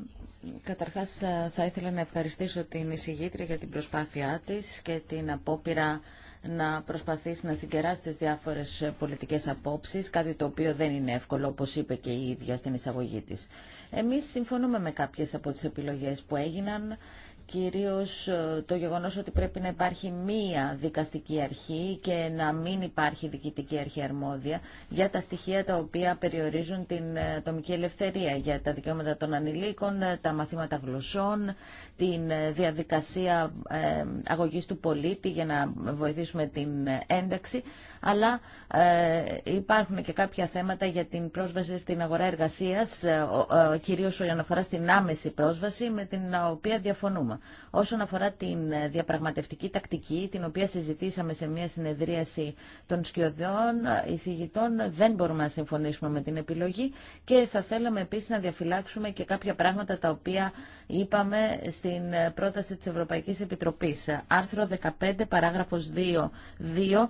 Καταρχάς ε, θα ήθελα να ευχαριστήσω την εισηγήτρια για την προσπάθειά της και την απόπειρα να προσπαθήσει να συγκεράσει τις διάφορες πολιτικές απόψεις, κάτι το οποίο δεν είναι εύκολο, όπως είπε και η ίδια στην εισαγωγή της. Εμείς συμφωνούμε με κάποιες από τις επιλογές που έγιναν κυρίως ε, το γεγονός ότι πρέπει να υπάρχει μία δικαστική αρχή και να μην υπάρχει διοικητική αρχή αρμόδια για τα στοιχεία τα οποία περιορίζουν την ε, ατομική ελευθερία, για τα δικαιώματα των ανηλίκων, ε, τα μαθήματα γλωσσών, την διαδικασία αγωγής του πολίτη για να βοηθήσουμε την ένταξη αλλά ε, υπάρχουν και κάποια θέματα για την πρόσβαση στην αγορά εργασίας, ε, ε, κυρίως όσον αφορά στην άμεση πρόσβαση, με την οποία διαφωνούμε. Όσον αφορά την διαπραγματευτική τακτική, την οποία συζητήσαμε σε μια συνεδρίαση των σκιωδιών εισηγητών, δεν μπορούμε να συμφωνήσουμε με την επιλογή και θα θέλαμε επίσης να διαφυλάξουμε και κάποια πράγματα τα οποία είπαμε στην πρόταση της Ευρωπαϊκής Επιτροπής. Άρθρο 15, παράγραφος 2, 2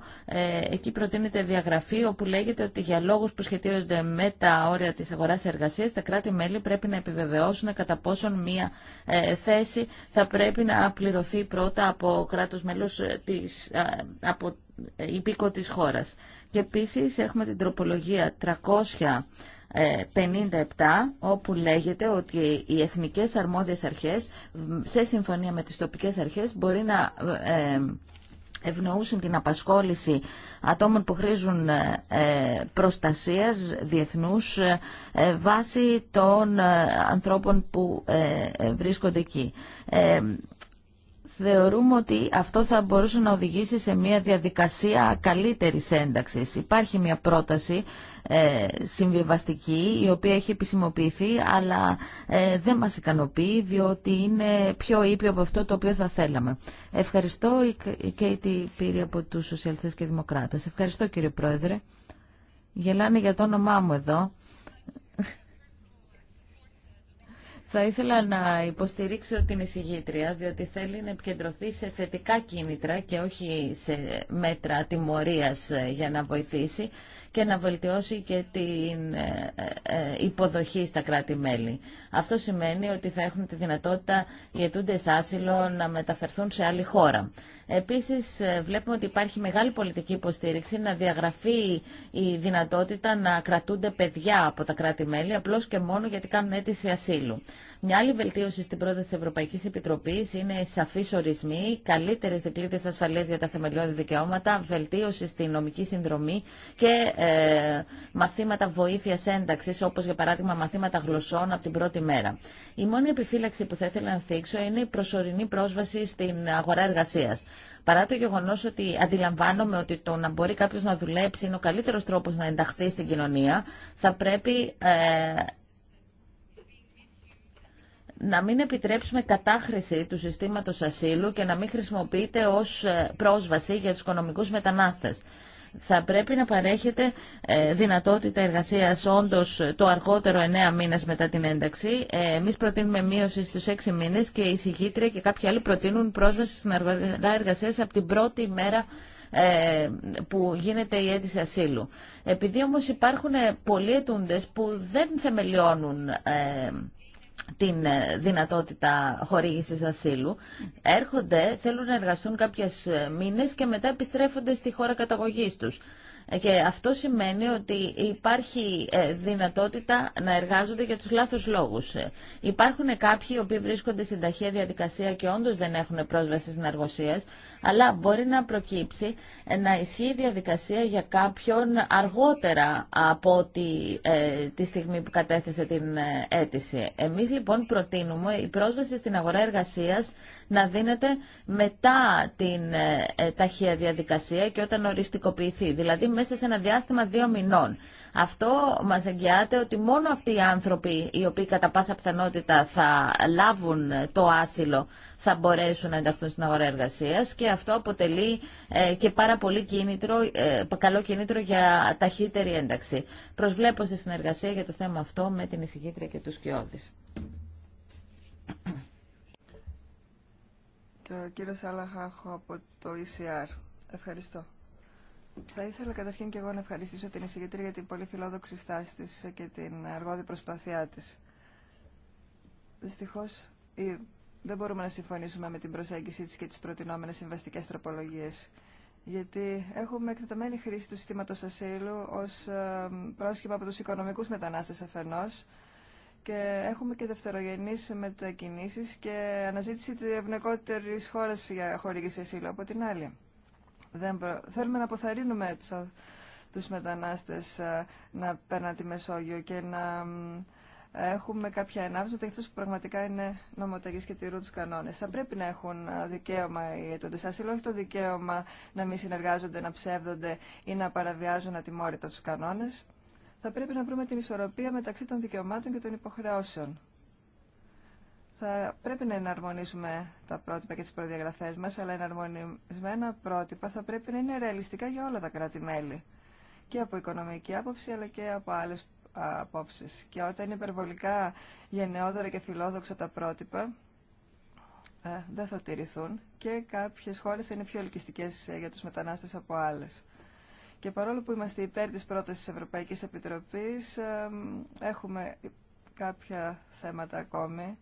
εκεί προτείνεται διαγραφή όπου λέγεται ότι για λόγους που σχετίζονται με τα όρια της αγοράς εργασίας τα κράτη-μέλη πρέπει να επιβεβαιώσουν κατά πόσον μία ε, θέση θα πρέπει να πληρωθεί πρώτα από κράτος μέλος της, ε, από ε, υπήκο της χώρας. Και επίσης έχουμε την τροπολογία 357 όπου λέγεται ότι οι εθνικές αρμόδιες αρχές σε συμφωνία με τις τοπικές αρχές μπορεί να ευνοούσουν την απασχόληση ατόμων που χρήζουν ε, ε, προστασίας διεθνούς ε, βάσει των ανθρώπων που βρίσκονται εκεί θεωρούμε ότι αυτό θα μπορούσε να οδηγήσει σε μια διαδικασία καλύτερης ένταξης. Υπάρχει μια πρόταση ε, συμβιβαστική η οποία έχει επισημοποιηθεί αλλά ε, δεν μας ικανοποιεί διότι είναι πιο ήπιο από αυτό το οποίο θα θέλαμε. Ευχαριστώ η Κέιτη Πύρη από τους Σοσιαλιστές και Δημοκράτες. Ευχαριστώ κύριε Πρόεδρε. Γελάνε για το όνομά μου εδώ. Θα ήθελα να υποστηρίξω την εισηγήτρια, διότι θέλει να επικεντρωθεί σε θετικά κίνητρα και όχι σε μέτρα τιμωρίας ε, για να βοηθήσει και να βελτιώσει και την ε, ε, υποδοχή στα κράτη-μέλη. Αυτό σημαίνει ότι θα έχουν τη δυνατότητα οι αιτούντες άσυλο να μεταφερθούν σε άλλη χώρα. Επίσης ε, βλέπουμε ότι υπάρχει μεγάλη πολιτική υποστήριξη να διαγραφεί η δυνατότητα να κρατούνται παιδιά από τα κράτη-μέλη απλώς και μόνο γιατί κάνουν αίτηση ασύλου. Μια άλλη βελτίωση στην πρόταση τη Ευρωπαϊκή Επιτροπή είναι σαφεί ορισμοί, καλύτερε δικλείδε ασφαλεία για τα θεμελιώδη δικαιώματα, βελτίωση στη νομική συνδρομή και ε, μαθήματα βοήθεια ένταξη, όπω για παράδειγμα μαθήματα γλωσσών από την πρώτη μέρα. Η μόνη επιφύλαξη που θα ήθελα να θίξω είναι η προσωρινή πρόσβαση στην αγορά εργασία. Παρά το γεγονό ότι αντιλαμβάνομαι ότι το να μπορεί κάποιο να δουλέψει είναι ο καλύτερο τρόπο να ενταχθεί στην κοινωνία, θα πρέπει ε, να μην επιτρέψουμε κατάχρηση του συστήματος ασύλου και να μην χρησιμοποιείται ως ε, πρόσβαση για τους οικονομικούς μετανάστες θα πρέπει να παρέχεται ε, δυνατότητα εργασίας όντως το αργότερο 9 μήνες μετά την ένταξη. Ε, εμείς προτείνουμε μείωση στους 6 μήνες και η συγκήτρια και κάποιοι άλλοι προτείνουν πρόσβαση στην αργά εργασίας από την πρώτη ημέρα ε, που γίνεται η αίτηση ασύλου. Επειδή όμως υπάρχουν πολλοί αιτούντες που δεν θεμελιώνουν την ε, δυνατότητα χορήγησης ασύλου. Έρχονται, θέλουν να εργαστούν κάποιες ε, μήνες και μετά επιστρέφονται στη χώρα καταγωγής τους. Ε, και αυτό σημαίνει ότι υπάρχει δυνατότητα να εργάζονται για τους λάθους λόγους. Υπάρχουν κάποιοι οι οποίοι βρίσκονται στην ταχεία διαδικασία και όντως δεν έχουν πρόσβαση στην εργοσίες αλλά μπορεί να προκύψει να ισχύει η διαδικασία για κάποιον αργότερα από τη ε, τη στιγμή που κατέθεσε την ε, αίτηση. Εμείς λοιπόν προτείνουμε η πρόσβαση στην αγορά εργασίας να δίνεται μετά την ε, ταχεία διαδικασία και όταν οριστικοποιηθεί, δηλαδή μέσα σε ένα διάστημα δύο μηνών. Αυτό μας εγγυάται ότι μόνο αυτοί οι άνθρωποι οι οποίοι κατά πάσα πιθανότητα θα λάβουν το άσυλο θα μπορέσουν να ενταχθούν στην αγορά εργασία και αυτό αποτελεί ε, και πάρα πολύ κίνητρο, ε, καλό κίνητρο για ταχύτερη ένταξη. Προσβλέπω στη συνεργασία για το θέμα αυτό με την εισηγήτρια και του Σκιώδη. Το κύριο Αλαχάχο από το ECR. Ευχαριστώ. Θα ήθελα καταρχήν και εγώ να ευχαριστήσω την εισηγήτρια για την πολύ φιλόδοξη στάση της και την αργότερη προσπαθειά της. Δυστυχώς η δεν μπορούμε να συμφωνήσουμε με την προσέγγιση της και τις προτινόμενες συμβαστικές τροπολογίες. Γιατί έχουμε εκτεταμένη χρήση του συστήματος ασύλου ως ε, πρόσχημα από τους οικονομικούς μετανάστες αφενός και έχουμε και δευτερογενείς μετακινήσεις και αναζήτηση της ευνοικότερης χώρας για χορήγηση ασύλου από την άλλη. Δεν Θέλουμε να αποθαρρύνουμε τους, τους μετανάστες ε, να παίρνουν τη Μεσόγειο και να έχουμε κάποια ανάπτυξη ότι αυτού που πραγματικά είναι νομοταγεί και τηρούν του κανόνε. Θα πρέπει να έχουν ε, δικαίωμα οι αιτώντε άσυλο, όχι το δικαίωμα να μην συνεργάζονται, να ψεύδονται ή να παραβιάζουν ατιμόρυτα του κανόνε. Θα πρέπει να βρούμε την ισορροπία μεταξύ των δικαιωμάτων και των υποχρεώσεων. Θα πρέπει να εναρμονίσουμε τα πρότυπα και τι προδιαγραφέ μα, αλλά εναρμονισμένα πρότυπα θα πρέπει να είναι ρεαλιστικά για όλα τα κράτη-μέλη. Και από οικονομική άποψη, αλλά και από άλλες απόψεις. Και όταν είναι υπερβολικά γενναιόδωρα και φιλόδοξα τα πρότυπα, ε, δεν θα τηρηθούν και κάποιες χώρες θα είναι πιο ελκυστικές ε, για τους μετανάστες από άλλες. Και παρόλο που είμαστε υπέρ της πρότασης της Ευρωπαϊκής Επιτροπής, ε, έχουμε κάποια θέματα ακόμη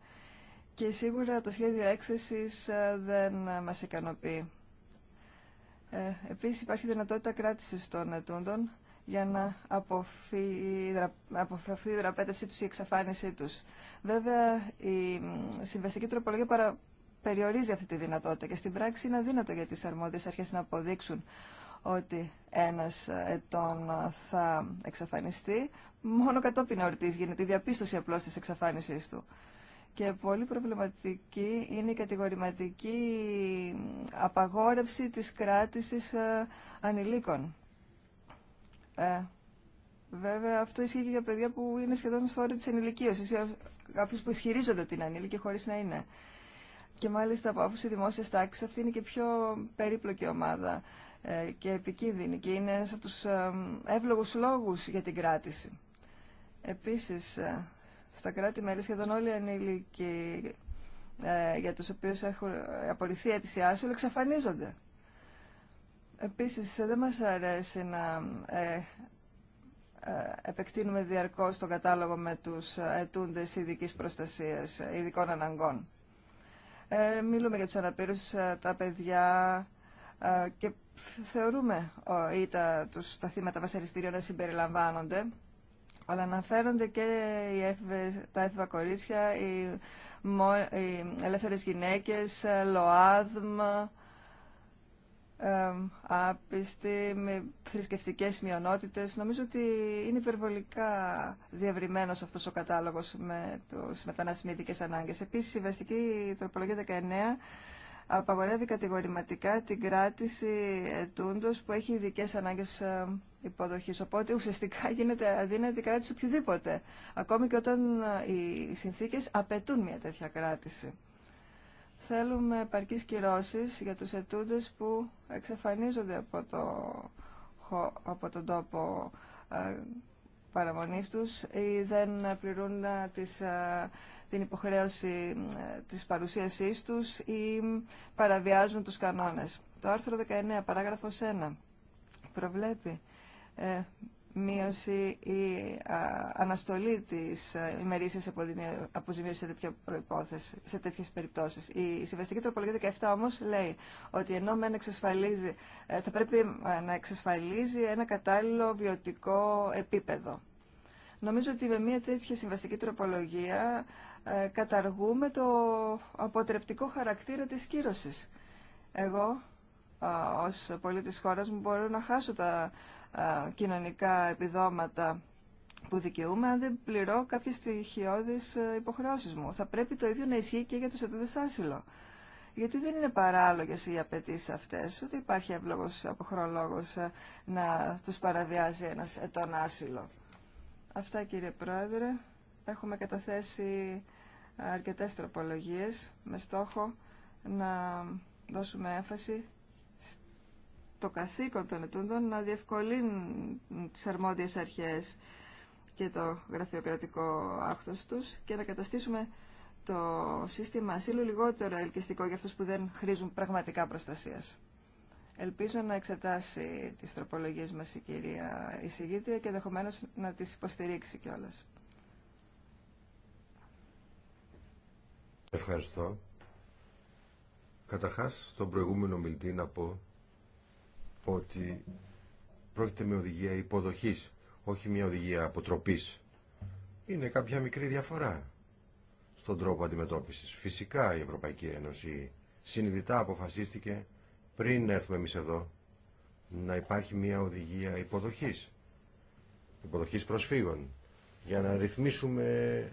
και σίγουρα το σχέδιο έκθεσης δεν μας ικανοποιεί. Ε, επίσης υπάρχει δυνατότητα κράτησης των ετούντων, για να αποφευθεί η δραπέτευσή του η εξαφάνισή τους. Βέβαια, η συμβαστική τροπολογία παρα... περιορίζει αυτή τη δυνατότητα και στην πράξη είναι αδύνατο για τις αρμόδιες αρχές να αποδείξουν ότι ένας ετών θα εξαφανιστεί. Μόνο κατόπιν ορτής γίνεται η διαπίστωση απλώς της εξαφάνισής του. Και πολύ προβληματική είναι η κατηγορηματική απαγόρευση της κράτησης ε, ανηλίκων. Ε, βέβαια, αυτό ισχύει και για παιδιά που είναι σχεδόν στο όριο τη ενηλικίωση ή κάποιου που ισχυρίζονται την ανήλικη χωρίς χωρί να είναι. Και μάλιστα από άποψη δημόσια τάξη, αυτή είναι και πιο περίπλοκη ομάδα ε, και επικίνδυνη και είναι ένα από του ε, εύλογου λόγου για την κράτηση. Επίση, ε, στα κράτη-μέλη σχεδόν όλοι οι ανήλικοι ε, για τους οποίους έχουν απορριφθεί αίτηση άσυλο εξαφανίζονται. Επίσης, δεν μας αρέσει να ε, ε, επεκτείνουμε διαρκώς τον κατάλογο με τους ετούντες ειδικής προστασίας, ειδικών αναγκών. Ε, μιλούμε για τους αναπήρους, ε, τα παιδιά και θεωρούμε ή τα, τους, τα θύματα βασαριστήριων να συμπεριλαμβάνονται, αλλά αναφέρονται και οι τα έφηβα κορίτσια, οι, οι ελεύθερες γυναίκες, ΛΟΑΔΜ, άπιστοι, με θρησκευτικές μειονότητες. Νομίζω ότι είναι υπερβολικά διαβριμένος αυτός ο κατάλογος με τους μετανασμίδικες ανάγκες. Επίσης, η βασική Τροπολογία 19 απαγορεύει κατηγορηματικά την κράτηση ετούντο που έχει ειδικέ ανάγκες υποδοχής. Οπότε ουσιαστικά γίνεται αδύνατη κράτηση οποιοδήποτε, ακόμη και όταν ε, οι συνθήκες απαιτούν μια τέτοια κράτηση. Θέλουμε επαρκείς κυρώσεις για τους ετούντες που εξαφανίζονται από, το, από τον τόπο ε, παραμονής τους ή δεν πληρούν ε, τις, ε, την υποχρέωση της παρουσίασής τους ή παραβιάζουν τους κανόνες. Το άρθρο 19, παράγραφος 1, προβλέπει μείωση ή αναστολή της ε, ημερήσιας αποζημίωσης σε, τέτοια προϋπόθεση, σε τέτοιες περιπτώσεις. Η Συμβαστική Τροπολογία 17 όμως λέει ότι ενώ με εξασφαλίζει, ε, θα πρέπει ε, να εξασφαλίζει ένα κατάλληλο βιωτικό επίπεδο. Νομίζω ότι με μια τέτοια συμβαστική τροπολογία καταργούμε το αποτρεπτικό χαρακτήρα της κύρωσης. Εγώ, ως πολίτης χώρας μου, μπορώ να χάσω τα κοινωνικά επιδόματα που δικαιούμαι αν δεν πληρώ κάποιες στοιχειώδεις ε, υποχρεώσεις μου. Θα πρέπει το ίδιο να ισχύει και για τους ετούντες άσυλο. Γιατί δεν είναι παράλογες οι απαιτήσει αυτές, ούτε υπάρχει εύλογος αποχρολόγος ε, να τους παραβιάζει ένας ετών άσυλο. Αυτά κύριε Πρόεδρε. Έχουμε καταθέσει αρκετές τροπολογίες με στόχο να δώσουμε έμφαση το καθήκον των ετούντων να διευκολύνουν τις αρμόδιες αρχές και το γραφειοκρατικό άκθος τους και να καταστήσουμε το σύστημα ασύλου λιγότερο ελκυστικό για αυτούς που δεν χρήζουν πραγματικά προστασίας. Ελπίζω να εξετάσει τις τροπολογίες μας η κυρία εισηγήτρια και ενδεχομένω να τις υποστηρίξει κιόλα. Ευχαριστώ. Καταρχάς, στον προηγούμενο μιλτή να πω ότι πρόκειται με οδηγία υποδοχής, όχι μια οδηγία αποτροπής. Είναι κάποια μικρή διαφορά στον τρόπο αντιμετώπισης. Φυσικά η Ευρωπαϊκή Ένωση συνειδητά αποφασίστηκε πριν έρθουμε εμείς εδώ να υπάρχει μια οδηγία υποδοχής, υποδοχής προσφύγων, για να ρυθμίσουμε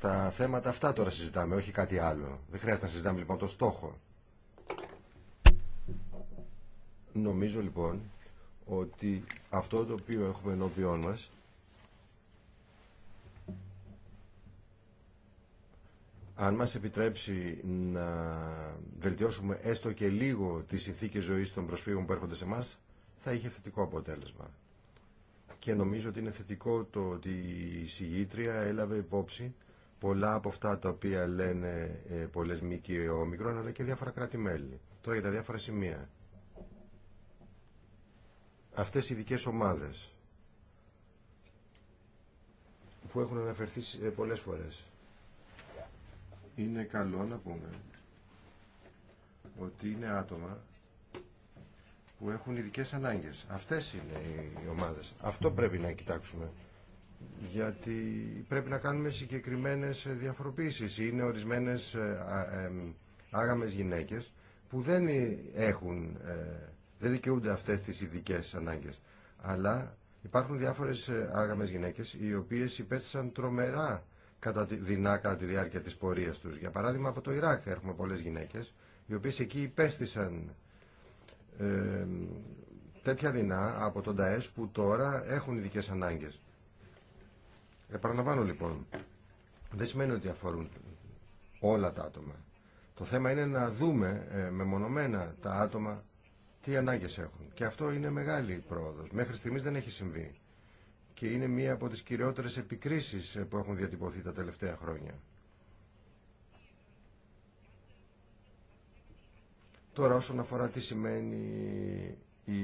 τα θέματα αυτά τώρα συζητάμε, όχι κάτι άλλο. Δεν χρειάζεται να συζητάμε λοιπόν το στόχο. Νομίζω λοιπόν ότι αυτό το οποίο έχουμε ενώπιόν μας αν μας επιτρέψει να βελτιώσουμε έστω και λίγο τις συνθήκες ζωής των προσφύγων που έρχονται σε μας, θα είχε θετικό αποτέλεσμα. Και νομίζω ότι είναι θετικό το ότι η συγγήτρια έλαβε υπόψη πολλά από αυτά τα οποία λένε ε, πολλές μη και ο μικρόν, αλλά και διάφορα κράτη-μέλη. Τώρα για τα διάφορα σημεία αυτές οι ειδικέ ομάδες που έχουν αναφερθεί ε, πολλές φορές είναι καλό να πούμε ότι είναι άτομα που έχουν ειδικέ ανάγκες. Αυτές είναι οι ομάδες. Αυτό πρέπει να κοιτάξουμε. Γιατί πρέπει να κάνουμε συγκεκριμένες διαφοροποίησεις. Είναι ορισμένες ε, ε, άγαμες γυναίκες που δεν έχουν δεν δικαιούνται αυτές τις ειδικέ ανάγκες. Αλλά υπάρχουν διάφορες ε, άγαμες γυναίκες οι οποίες υπέστησαν τρομερά κατά τη, δεινά κατά τη διάρκεια της πορείας τους. Για παράδειγμα από το Ιράκ έχουμε πολλές γυναίκες οι οποίες εκεί υπέστησαν ε, τέτοια δεινά από τον ΤΑΕΣ που τώρα έχουν ειδικέ ανάγκες. Επαναλαμβάνω λοιπόν, δεν σημαίνει ότι αφορούν όλα τα άτομα. Το θέμα είναι να δούμε ε, μεμονωμένα τα άτομα τι ανάγκες έχουν. Και αυτό είναι μεγάλη πρόοδος. Μέχρι στιγμής δεν έχει συμβεί. Και είναι μία από τις κυριότερες επικρίσεις ε, που έχουν διατυπωθεί τα τελευταία χρόνια. Τώρα όσον αφορά τι σημαίνει η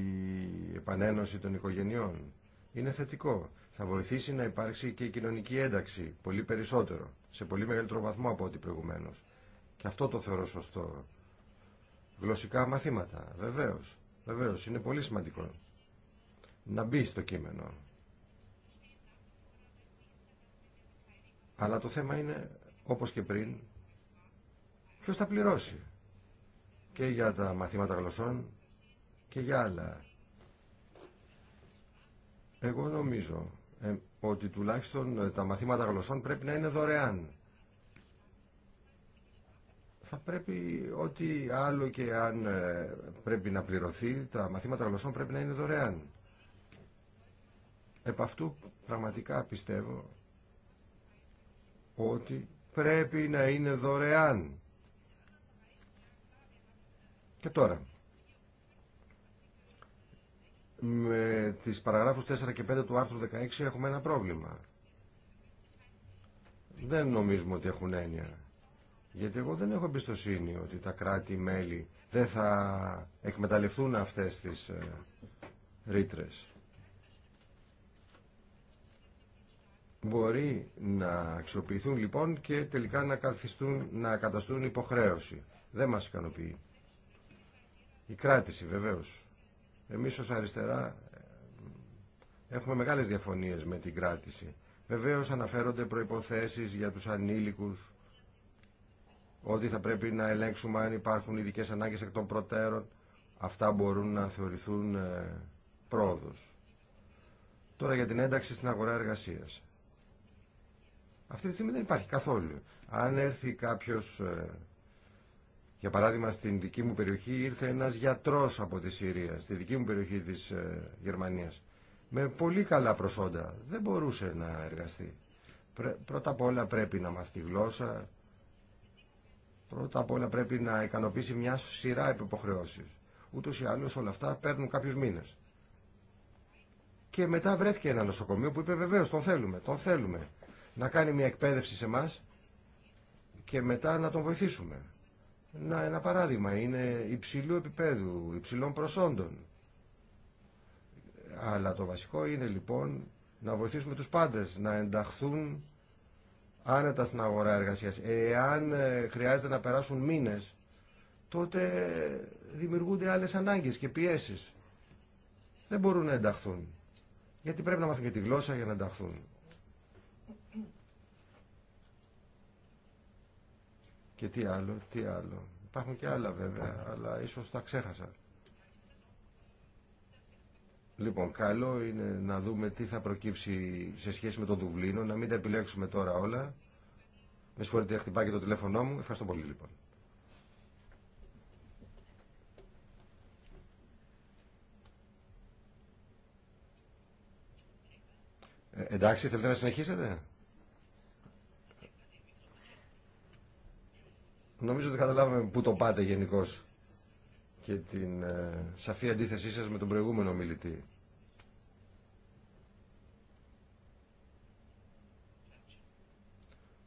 επανένωση των οικογενειών, είναι θετικό. Θα βοηθήσει να υπάρξει και η κοινωνική ένταξη πολύ περισσότερο, σε πολύ μεγαλύτερο βαθμό από ό,τι προηγουμένω. Και αυτό το θεωρώ σωστό γλωσσικά μαθήματα. Βεβαίως, βεβαίως, είναι πολύ σημαντικό να μπει στο κείμενο. Αλλά το θέμα είναι, όπως και πριν, ποιος θα πληρώσει και για τα μαθήματα γλωσσών και για άλλα. Εγώ νομίζω ε, ότι τουλάχιστον ε, τα μαθήματα γλωσσών πρέπει να είναι δωρεάν θα πρέπει ότι άλλο και αν ε, πρέπει να πληρωθεί, τα μαθήματα γλωσσών πρέπει να είναι δωρεάν. Επ' αυτού πραγματικά πιστεύω ότι πρέπει να είναι δωρεάν. Και τώρα, με τις παραγράφους 4 και 5 του άρθρου 16 έχουμε ένα πρόβλημα. Δεν νομίζουμε ότι έχουν έννοια. Γιατί εγώ δεν έχω εμπιστοσύνη ότι τα κράτη-μέλη δεν θα εκμεταλλευτούν αυτές τις ε, ρήτρε. Μπορεί να αξιοποιηθούν λοιπόν και τελικά να, καθιστούν, να καταστούν υποχρέωση. Δεν μας ικανοποιεί. Η κράτηση βεβαίως. Εμείς ως αριστερά ε, έχουμε μεγάλες διαφωνίες με την κράτηση. Βεβαίως αναφέρονται προϋποθέσεις για τους ανήλικους ότι θα πρέπει να ελέγξουμε αν υπάρχουν ειδικέ ανάγκες εκ των προτέρων. Αυτά μπορούν να θεωρηθούν ε, πρόοδος. Τώρα για την ένταξη στην αγορά εργασίας. Αυτή τη στιγμή δεν υπάρχει καθόλου. Αν έρθει κάποιος, ε, για παράδειγμα στην δική μου περιοχή, ήρθε ένας γιατρός από τη Συρία, στη δική μου περιοχή της ε, Γερμανίας, με πολύ καλά προσόντα. Δεν μπορούσε να εργαστεί. Πρώτα απ' όλα πρέπει να μάθει γλώσσα, Πρώτα απ' όλα πρέπει να ικανοποιήσει μια σειρά υποχρεώσει. Ούτω ή άλλω όλα αυτά παίρνουν κάποιου μήνε. Και μετά βρέθηκε ένα νοσοκομείο που είπε βεβαίω τον θέλουμε, τον θέλουμε. Να κάνει μια εκπαίδευση σε εμά και μετά να τον βοηθήσουμε. Να ένα παράδειγμα είναι υψηλού επίπεδου, υψηλών προσόντων. Αλλά το βασικό είναι λοιπόν να βοηθήσουμε τους πάντες να ενταχθούν άνετα στην αγορά εργασίας. Εάν ε, χρειάζεται να περάσουν μήνες, τότε δημιουργούνται άλλες ανάγκες και πιέσεις. Δεν μπορούν να ενταχθούν. Γιατί πρέπει να μάθουν και τη γλώσσα για να ενταχθούν. Και τι άλλο, τι άλλο. Υπάρχουν και άλλα βέβαια, αλλά ίσως τα ξέχασα. Λοιπόν, καλό είναι να δούμε τι θα προκύψει σε σχέση με τον Δουβλίνο, να μην τα επιλέξουμε τώρα όλα. Με συγχωρείτε, χτυπάει και το τηλέφωνό μου. Ευχαριστώ πολύ, λοιπόν. Ε, εντάξει, θέλετε να συνεχίσετε. Νομίζω ότι καταλάβαμε πού το πάτε γενικώς και την ε, σαφή αντίθεσή σας με τον προηγούμενο μιλητή.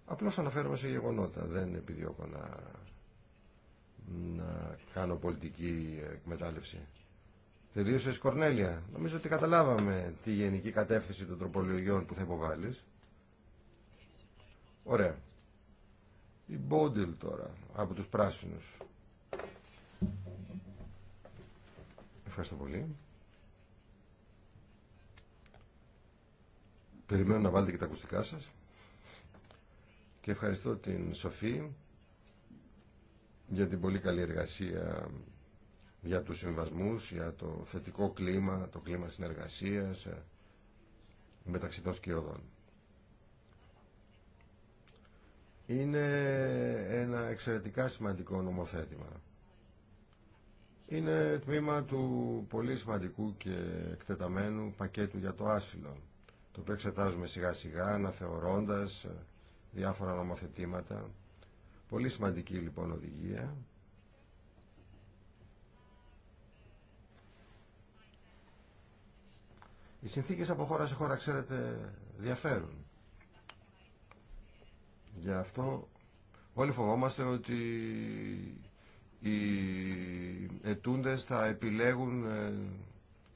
Απλώς αναφέρομαι σε γεγονότα, δεν επιδιώκω να, να κάνω πολιτική εκμετάλλευση. Τελείωσες Κορνέλια. Νομίζω ότι καταλάβαμε τη γενική κατεύθυνση των τροπολογιών που θα υποβάλεις. Ωραία. Η Μπόντιλ τώρα, από τους πράσινους. Ευχαριστώ πολύ. Περιμένω να βάλετε και τα ακουστικά σας. Και ευχαριστώ την Σοφή για την πολύ καλή εργασία για τους συμβασμούς, για το θετικό κλίμα, το κλίμα συνεργασίας ε, μεταξύ των σκιωδών. Είναι ένα εξαιρετικά σημαντικό νομοθέτημα είναι τμήμα του πολύ σημαντικού και εκτεταμένου πακέτου για το άσυλο, το οποίο εξετάζουμε σιγά σιγά, αναθεωρώντας ε, διάφορα νομοθετήματα. Πολύ σημαντική λοιπόν οδηγία. Οι συνθήκες από χώρα σε χώρα, ξέρετε, διαφέρουν. Γι' αυτό όλοι φοβόμαστε ότι οι ετούντες θα επιλέγουν ε,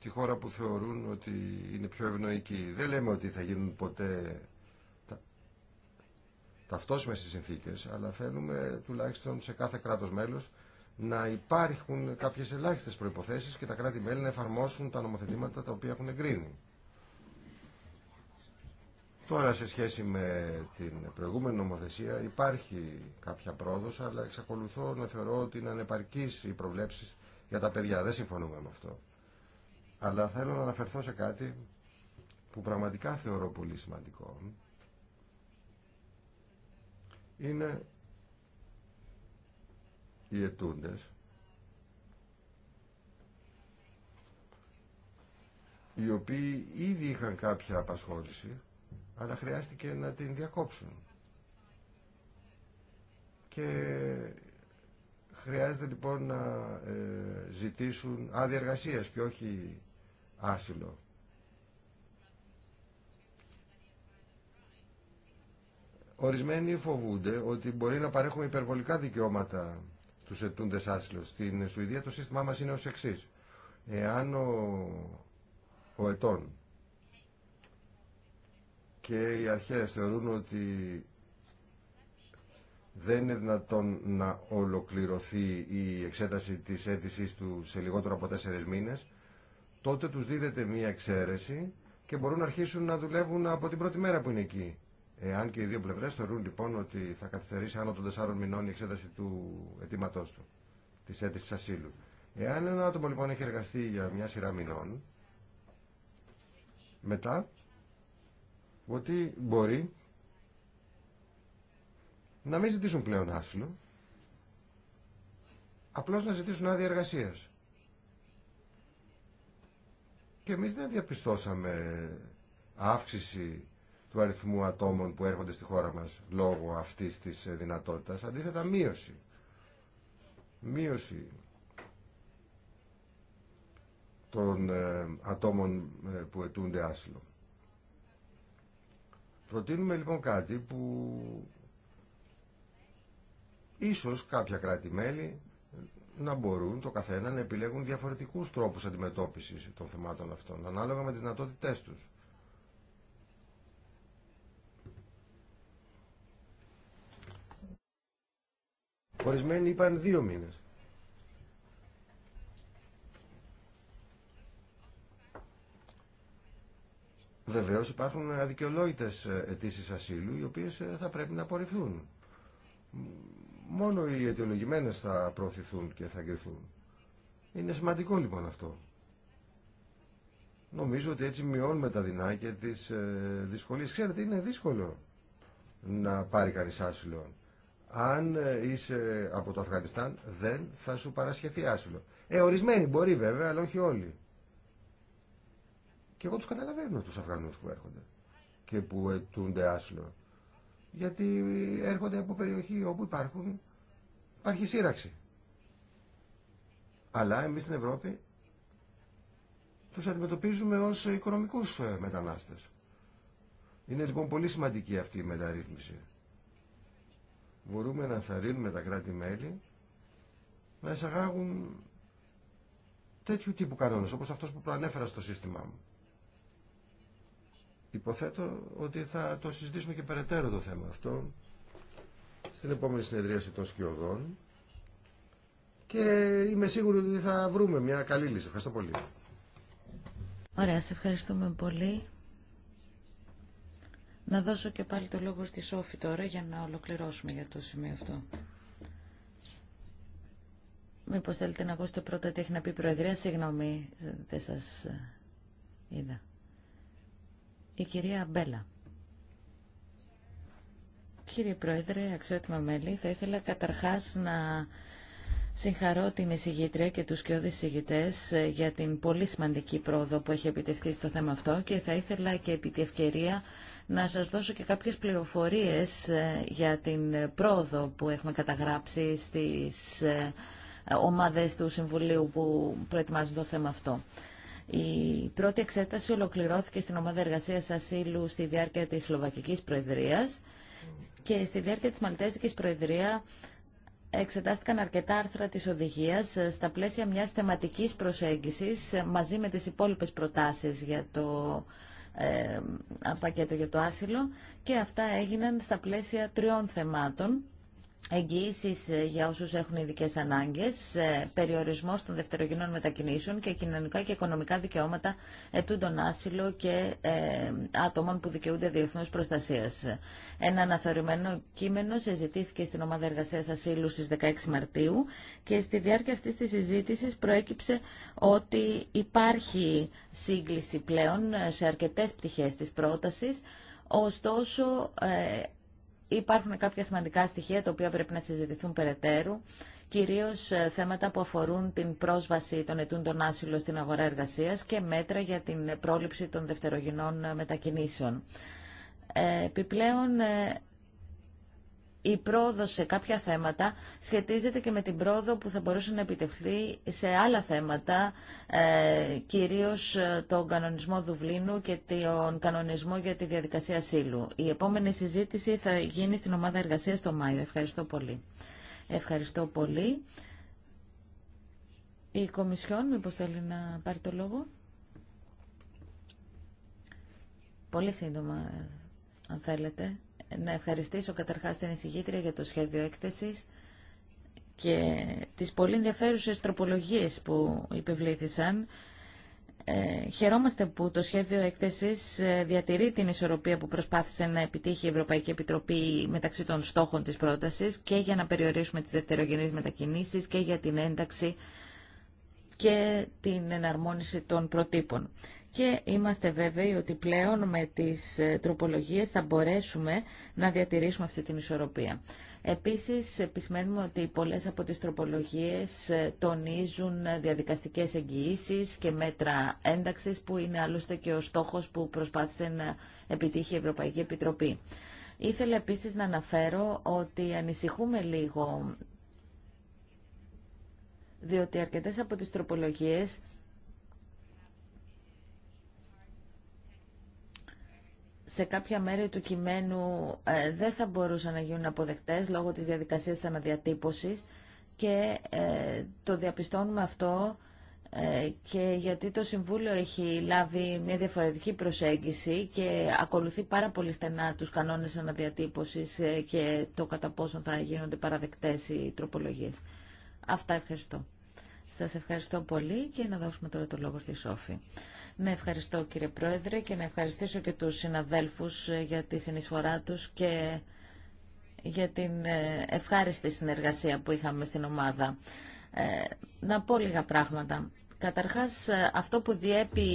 τη χώρα που θεωρούν ότι είναι πιο ευνοϊκή. Δεν λέμε ότι θα γίνουν ποτέ ταυτόσιμες οι συνθήκες, αλλά θέλουμε τουλάχιστον σε κάθε κράτος μέλος να υπάρχουν κάποιες ελάχιστες προϋποθέσεις και τα κράτη-μέλη να εφαρμόσουν τα νομοθετήματα τα οποία έχουν εγκρίνει. Τώρα σε σχέση με την προηγούμενη νομοθεσία υπάρχει κάποια πρόοδος αλλά εξακολουθώ να θεωρώ ότι είναι ανεπαρκής η προβλέψεις για τα παιδιά. Δεν συμφωνούμε με αυτό. Αλλά θέλω να αναφερθώ σε κάτι που πραγματικά θεωρώ πολύ σημαντικό. Είναι οι ετούντες οι οποίοι ήδη είχαν κάποια απασχόληση αλλά χρειάστηκε να την διακόψουν. Και χρειάζεται λοιπόν να ε, ζητήσουν άδεια εργασίας και όχι άσυλο. Ορισμένοι φοβούνται ότι μπορεί να παρέχουμε υπερβολικά δικαιώματα τους ετούντες άσυλο. Στην Σουηδία το σύστημά μας είναι ως εξής. Εάν ο, ο ετών και οι αρχές θεωρούν ότι δεν είναι δυνατόν να ολοκληρωθεί η εξέταση της αίτησή του σε λιγότερο από τέσσερις μήνες, τότε τους δίδεται μία εξαίρεση και μπορούν να αρχίσουν να δουλεύουν από την πρώτη μέρα που είναι εκεί. Εάν και οι δύο πλευρές θεωρούν λοιπόν ότι θα καθυστερήσει άνω των τεσσάρων μηνών η εξέταση του αιτήματό του, της αίτησης ασύλου. Εάν ένα άτομο λοιπόν έχει εργαστεί για μια σειρά μηνών, μετά ότι μπορεί να μην ζητήσουν πλέον άσυλο, απλώς να ζητήσουν άδεια εργασίας. Και εμείς δεν διαπιστώσαμε αύξηση του αριθμού ατόμων που έρχονται στη χώρα μας λόγω αυτής της ε, δυνατότητας, αντίθετα μείωση. Μείωση των ε, ατόμων ε, που ετούνται άσυλο. Προτείνουμε λοιπόν κάτι που ίσως κάποια κράτη-μέλη να μπορούν το καθένα να επιλέγουν διαφορετικούς τρόπους αντιμετώπισης των θεμάτων αυτών, ανάλογα με τις δυνατότητές τους. Ορισμένοι είπαν δύο μήνες. Βεβαίω υπάρχουν αδικαιολόγητε ε, αιτήσει ασύλου, οι οποίε ε, θα πρέπει να απορριφθούν. Μόνο οι αιτιολογημένε θα προωθηθούν και θα εγκριθούν. Είναι σημαντικό λοιπόν αυτό. Νομίζω ότι έτσι μειώνουμε τα δεινά και τι ε, δυσκολίε. Ξέρετε, είναι δύσκολο να πάρει κανεί άσυλο. Αν είσαι από το Αφγανιστάν, δεν θα σου παρασχεθεί άσυλο. Ε, ορισμένοι μπορεί βέβαια, αλλά όχι όλοι. Και εγώ του καταλαβαίνω τους Αφγανούς που έρχονται και που ετούνται άσυλο. Γιατί έρχονται από περιοχή όπου υπάρχουν, υπάρχει σύραξη. Αλλά εμείς στην Ευρώπη τους αντιμετωπίζουμε ως οικονομικούς ε, μετανάστες. Είναι λοιπόν πολύ σημαντική αυτή η μεταρρύθμιση. Μπορούμε να ενθαρρύνουμε τα κράτη-μέλη να εισαγάγουν τέτοιου τύπου κανόνες, όπως αυτός που προανέφερα στο σύστημά μου. Υποθέτω ότι θα το συζητήσουμε και περαιτέρω το θέμα αυτό στην επόμενη συνεδρίαση των σκιωδών και είμαι σίγουρη ότι θα βρούμε μια καλή λύση. Ευχαριστώ πολύ. Ωραία, σε ευχαριστούμε πολύ. Να δώσω και πάλι το λόγο στη Σόφη τώρα για να ολοκληρώσουμε για το σημείο αυτό. Μήπως θέλετε να ακούσετε πρώτα τι έχει να πει η Προεδρία. Συγγνώμη, δεν σας ε, είδα η κυρία Μπέλα. Κύριε Πρόεδρε, αξιότιμα μέλη, θα ήθελα καταρχάς να συγχαρώ την εισηγήτρια και τους κοιόδη εισηγητές ε, για την πολύ σημαντική πρόοδο που έχει επιτευχθεί στο θέμα αυτό και θα ήθελα και επί τη ευκαιρία να σας δώσω και κάποιες πληροφορίες ε, για την πρόοδο που έχουμε καταγράψει στις ε, ομάδες του Συμβουλίου που προετοιμάζουν το θέμα αυτό. Η πρώτη εξέταση ολοκληρώθηκε στην ομάδα εργασία ασύλου στη διάρκεια της Σλοβακική Προεδρίας και στη διάρκεια της Μαλτέζική Προεδρία εξετάστηκαν αρκετά άρθρα της οδηγίας ε, στα πλαίσια μιας θεματικής προσέγγισης ε, μαζί με τις υπόλοιπες προτάσεις για το ε, πακέτο για το άσυλο και αυτά έγιναν στα πλαίσια τριών θεμάτων εγγύησεις ε, για όσους έχουν ειδικέ ανάγκες, ε, περιορισμός των δευτερογενών μετακινήσεων και κοινωνικά και οικονομικά δικαιώματα ετούντων άσυλο και ε, άτομων που δικαιούνται διεθνούς προστασίας. Ένα αναθεωρημένο κείμενο συζητήθηκε στην Ομάδα Εργασίας Ασύλου στις 16 Μαρτίου και στη διάρκεια αυτής της συζήτησης προέκυψε ότι υπάρχει σύγκληση πλέον σε αρκετές πτυχές της πρότασης, Ωστόσο, υπάρχουν κάποια σημαντικά στοιχεία τα οποία πρέπει να συζητηθούν περαιτέρω, κυρίως ε, θέματα που αφορούν την πρόσβαση των ετούντων άσυλο στην αγορά εργασίας και μέτρα για την πρόληψη των δευτερογενών ε, μετακινήσεων. Ε, επιπλέον, η πρόοδος σε κάποια θέματα σχετίζεται και με την πρόοδο που θα μπορούσε να επιτευχθεί σε άλλα θέματα, ε, κυρίως ε, τον κανονισμό Δουβλίνου και τον κανονισμό για τη διαδικασία ασύλου. Η επόμενη συζήτηση θα γίνει στην ομάδα εργασίας το Μάιο. Ευχαριστώ πολύ. Ευχαριστώ πολύ. Η Κομισιόν, μήπως θέλει να πάρει το λόγο. Πολύ σύντομα, ε, αν θέλετε να ευχαριστήσω καταρχάς την εισηγήτρια για το σχέδιο έκθεσης και τις πολύ ενδιαφέρουσε τροπολογίες που υπευλήθησαν. Ε, χαιρόμαστε που το σχέδιο έκθεσης ε, διατηρεί την ισορροπία που προσπάθησε να επιτύχει η Ευρωπαϊκή Επιτροπή μεταξύ των στόχων της πρότασης και για να περιορίσουμε τις δευτερογενείς μετακινήσεις και για την ένταξη και την εναρμόνιση των προτύπων και είμαστε βέβαιοι ότι πλέον με τις ε, τροπολογίες θα μπορέσουμε να διατηρήσουμε αυτή την ισορροπία. Επίσης, επισημαίνουμε ότι πολλές από τις τροπολογίες ε, τονίζουν ε, διαδικαστικές εγγυήσεις και μέτρα ένταξης, που είναι άλλωστε και ο στόχος που προσπάθησε να επιτύχει η Ευρωπαϊκή Επιτροπή. Ήθελα επίσης να αναφέρω ότι ανησυχούμε λίγο, διότι αρκετές από τις τροπολογίες σε κάποια μέρη του κειμένου ε, δεν θα μπορούσαν να γίνουν αποδεκτές λόγω της διαδικασίας της αναδιατύπωσης και ε, το διαπιστώνουμε αυτό ε, και γιατί το Συμβούλιο έχει λάβει μια διαφορετική προσέγγιση και ακολουθεί πάρα πολύ στενά τους κανόνες αναδιατύπωσης και το κατά πόσο θα γίνονται παραδεκτές οι τροπολογίες. Αυτά ευχαριστώ. Σας ευχαριστώ πολύ και να δώσουμε τώρα το λόγο στη Σόφη. Ναι, ευχαριστώ κύριε Πρόεδρε και να ευχαριστήσω και τους συναδέλφους ε, για τη συνεισφορά τους και για την ε, ευχάριστη συνεργασία που είχαμε στην ομάδα. Ε, να πω λίγα πράγματα. Καταρχάς, αυτό που διέπει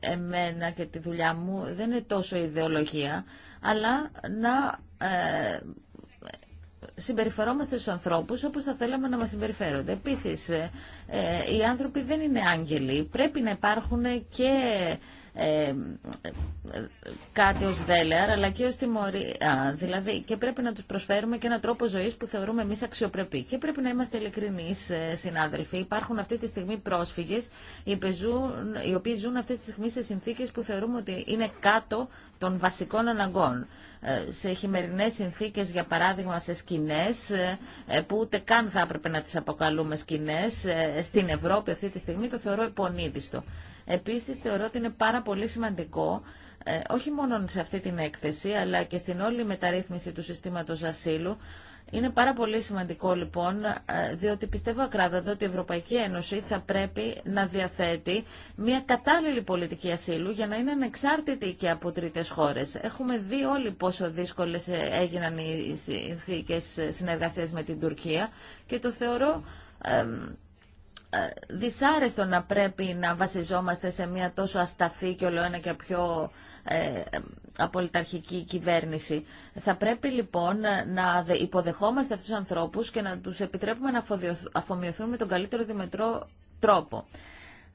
εμένα και τη δουλειά μου δεν είναι τόσο ιδεολογία, αλλά να συμπεριφερόμαστε στους ανθρώπους όπως θα θέλαμε να μας συμπεριφέρονται. Επίσης, ε, ε, οι άνθρωποι δεν είναι άγγελοι. Πρέπει να υπάρχουν και ε, κάτι ως δέλεαρ αλλά και ως τιμωρία. Δηλαδή και πρέπει να τους προσφέρουμε και έναν τρόπο ζωής που θεωρούμε εμείς αξιοπρεπή. Και πρέπει να είμαστε ειλικρινείς ε, συνάδελφοι. Υπάρχουν αυτή τη στιγμή πρόσφυγες οι οποίοι ζουν αυτή τη στιγμή σε συνθήκες που θεωρούμε ότι είναι κάτω των βασικών αναγκών. Ε, σε χειμερινές συνθήκες, για παράδειγμα σε σκηνές, ε, ε, που ούτε καν θα έπρεπε να τις αποκαλούμε σκηνές, στην Ευρώπη αυτή τη στιγμή το θεωρώ επονίδιστο. Επίσης θεωρώ ότι είναι πάρα πολύ σημαντικό όχι μόνο σε αυτή την έκθεση αλλά και στην όλη μεταρρύθμιση του συστήματος ασύλου είναι πάρα πολύ σημαντικό λοιπόν, ε, διότι πιστεύω ακράδαντα ότι η Ευρωπαϊκή Ένωση θα πρέπει να διαθέτει μια κατάλληλη πολιτική ασύλου για να είναι ανεξάρτητη και από τρίτε χώρε. Έχουμε δει όλοι πόσο δύσκολε ε, έγιναν οι συνθήκε συνεργασία με την Τουρκία και το θεωρώ ε, δυσάρεστο να πρέπει να βασιζόμαστε σε μια τόσο ασταθή και ολοένα και πιο απολυταρχική κυβέρνηση. Θα πρέπει λοιπόν να υποδεχόμαστε αυτούς τους ανθρώπους και να τους επιτρέπουμε να αφομοιωθούν με τον καλύτερο δημετρό τρόπο.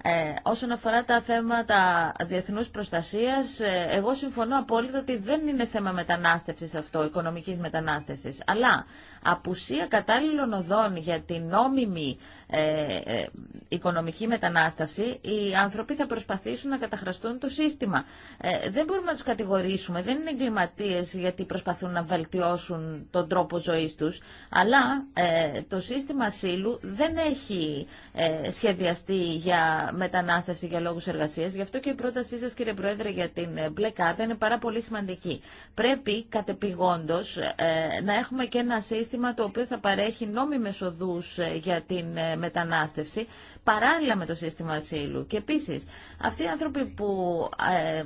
Ε, όσον αφορά τα θέματα διεθνούς προστασίας, ε, εγώ συμφωνώ απόλυτα ότι δεν είναι θέμα μετανάστευσης αυτό, οικονομικής μετανάστευσης, αλλά απουσία κατάλληλων οδών για την νόμιμη ε, ε, οικονομική μετανάστευση, οι άνθρωποι θα προσπαθήσουν να καταχραστούν το σύστημα. Ε, δεν μπορούμε να τους κατηγορήσουμε, δεν είναι εγκληματίε γιατί προσπαθούν να βελτιώσουν τον τρόπο ζωής τους, αλλά το σύστημα ασύλου δεν έχει σχεδιαστεί για μετανάστευση για λόγους εργασίας. Γι' αυτό και η πρότασή σας κύριε Πρόεδρε για την μπλε κάρτα είναι πάρα πολύ σημαντική. Πρέπει κατεπηγόντως να έχουμε και ένα σύστημα το οποίο θα παρέχει νόμιμες οδούς για την μετανάστευση παράλληλα με το σύστημα ασύλου. Και επίσης, αυτοί οι άνθρωποι που ε,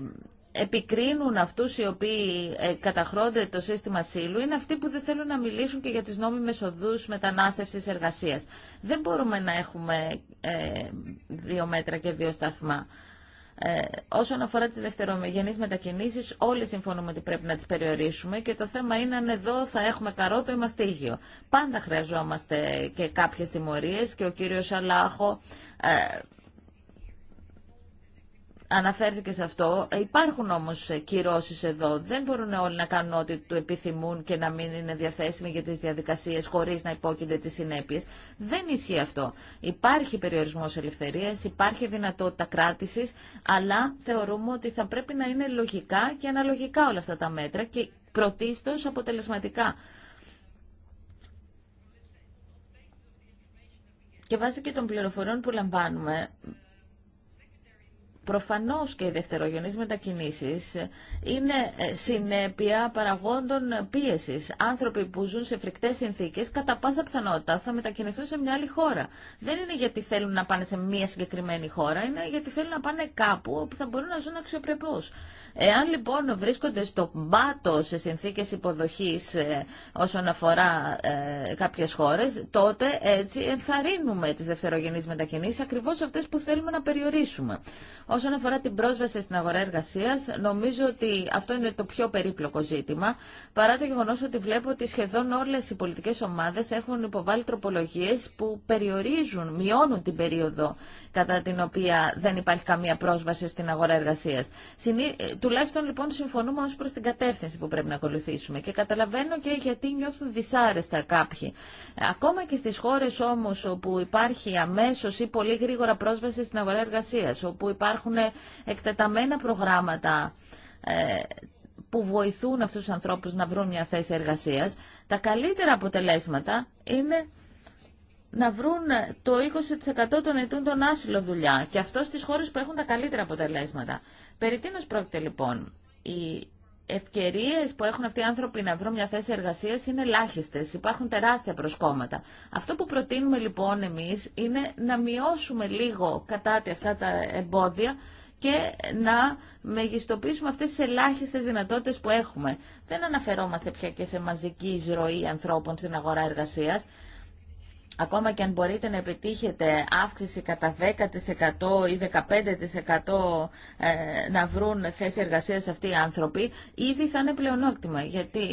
επικρίνουν αυτούς οι οποίοι ε, καταχρώνται το σύστημα ασύλου είναι αυτοί που δεν θέλουν να μιλήσουν και για τις νόμιμες οδούς μετανάστευσης εργασίας. Δεν μπορούμε να έχουμε ε, δύο μέτρα και δύο σταθμά. Ε, όσον αφορά τις δευτερομεγενείς μετακινήσεις, όλοι συμφωνούμε ότι πρέπει να τις περιορίσουμε και το θέμα είναι αν εδώ θα έχουμε καρότο ή μαστίγιο. Πάντα χρειαζόμαστε και κάποιες τιμωρίες και ο κύριος Αλάχο ε, αναφέρθηκε σε αυτό. Ε, υπάρχουν όμως ε, κυρώσει εδώ. Δεν μπορούν όλοι να κάνουν ό,τι του επιθυμούν και να μην είναι διαθέσιμοι για τις διαδικασίες χωρίς να υπόκεινται τις συνέπειε. Δεν ισχύει αυτό. Υπάρχει περιορισμός ελευθερία, υπάρχει δυνατότητα κράτηση, αλλά θεωρούμε ότι θα πρέπει να είναι λογικά και αναλογικά όλα αυτά τα μέτρα και πρωτίστω αποτελεσματικά. Και βάσει και των πληροφοριών που λαμβάνουμε, Προφανώς και οι δευτερογενείς μετακινήσεις είναι ε, συνέπεια παραγόντων πίεσης. Άνθρωποι που ζουν σε φρικτές συνθήκες κατά πάσα πιθανότητα θα μετακινηθούν σε μια άλλη χώρα. Δεν είναι γιατί θέλουν να πάνε σε μια συγκεκριμένη χώρα, είναι γιατί θέλουν να πάνε κάπου όπου θα μπορούν να ζουν αξιοπρεπώς. Εάν λοιπόν βρίσκονται στο μπάτο σε συνθήκες υποδοχής ε, όσον αφορά ε, κάποιες χώρες, τότε έτσι ενθαρρύνουμε τις δευτερογενείς μετακινήσεις, ακριβώς αυτές που θέλουμε να περιορίσουμε. Όσον αφορά την πρόσβαση στην αγορά εργασία, νομίζω ότι αυτό είναι το πιο περίπλοκο ζήτημα, παρά το γεγονό ότι βλέπω ότι σχεδόν όλε οι πολιτικέ ομάδε έχουν υποβάλει τροπολογίε που περιορίζουν, μειώνουν την περίοδο κατά την οποία δεν υπάρχει καμία πρόσβαση στην αγορά εργασία. Ε, τουλάχιστον λοιπόν συμφωνούμε ω προ την κατεύθυνση που πρέπει να ακολουθήσουμε και καταλαβαίνω και γιατί νιώθουν δυσάρεστα κάποιοι. Ακόμα και στι χώρε όμω όπου υπάρχει αμέσω ή πολύ γρήγορα πρόσβαση στην αγορά εργασία, όπου υπάρχουν Υπάρχουν εκτεταμένα προγράμματα ε, που βοηθούν αυτούς τους ανθρώπους να βρουν μια θέση εργασίας. Τα καλύτερα αποτελέσματα είναι να βρουν το 20% των ετών των άσυλο δουλειά και αυτό στις χώρες που έχουν τα καλύτερα αποτελέσματα. Περί τίνος πρόκειται λοιπόν. Η Ευκαιρίε που έχουν αυτοί οι άνθρωποι να βρουν μια θέση εργασία είναι ελάχιστε, Υπάρχουν τεράστια προσκόμματα. Αυτό που προτείνουμε λοιπόν εμείς είναι να μειώσουμε λίγο κατά αυτά τα εμπόδια και να μεγιστοποιήσουμε αυτές τις ελάχιστες δυνατότητες που έχουμε. Δεν αναφερόμαστε πια και σε μαζική εισρωή ανθρώπων στην αγορά εργασίας ακόμα και αν μπορείτε να επιτύχετε αύξηση κατά 10% ή 15% ε, να βρουν θέση εργασίας αυτοί οι άνθρωποι, ήδη θα είναι πλεονόκτημα. Γιατί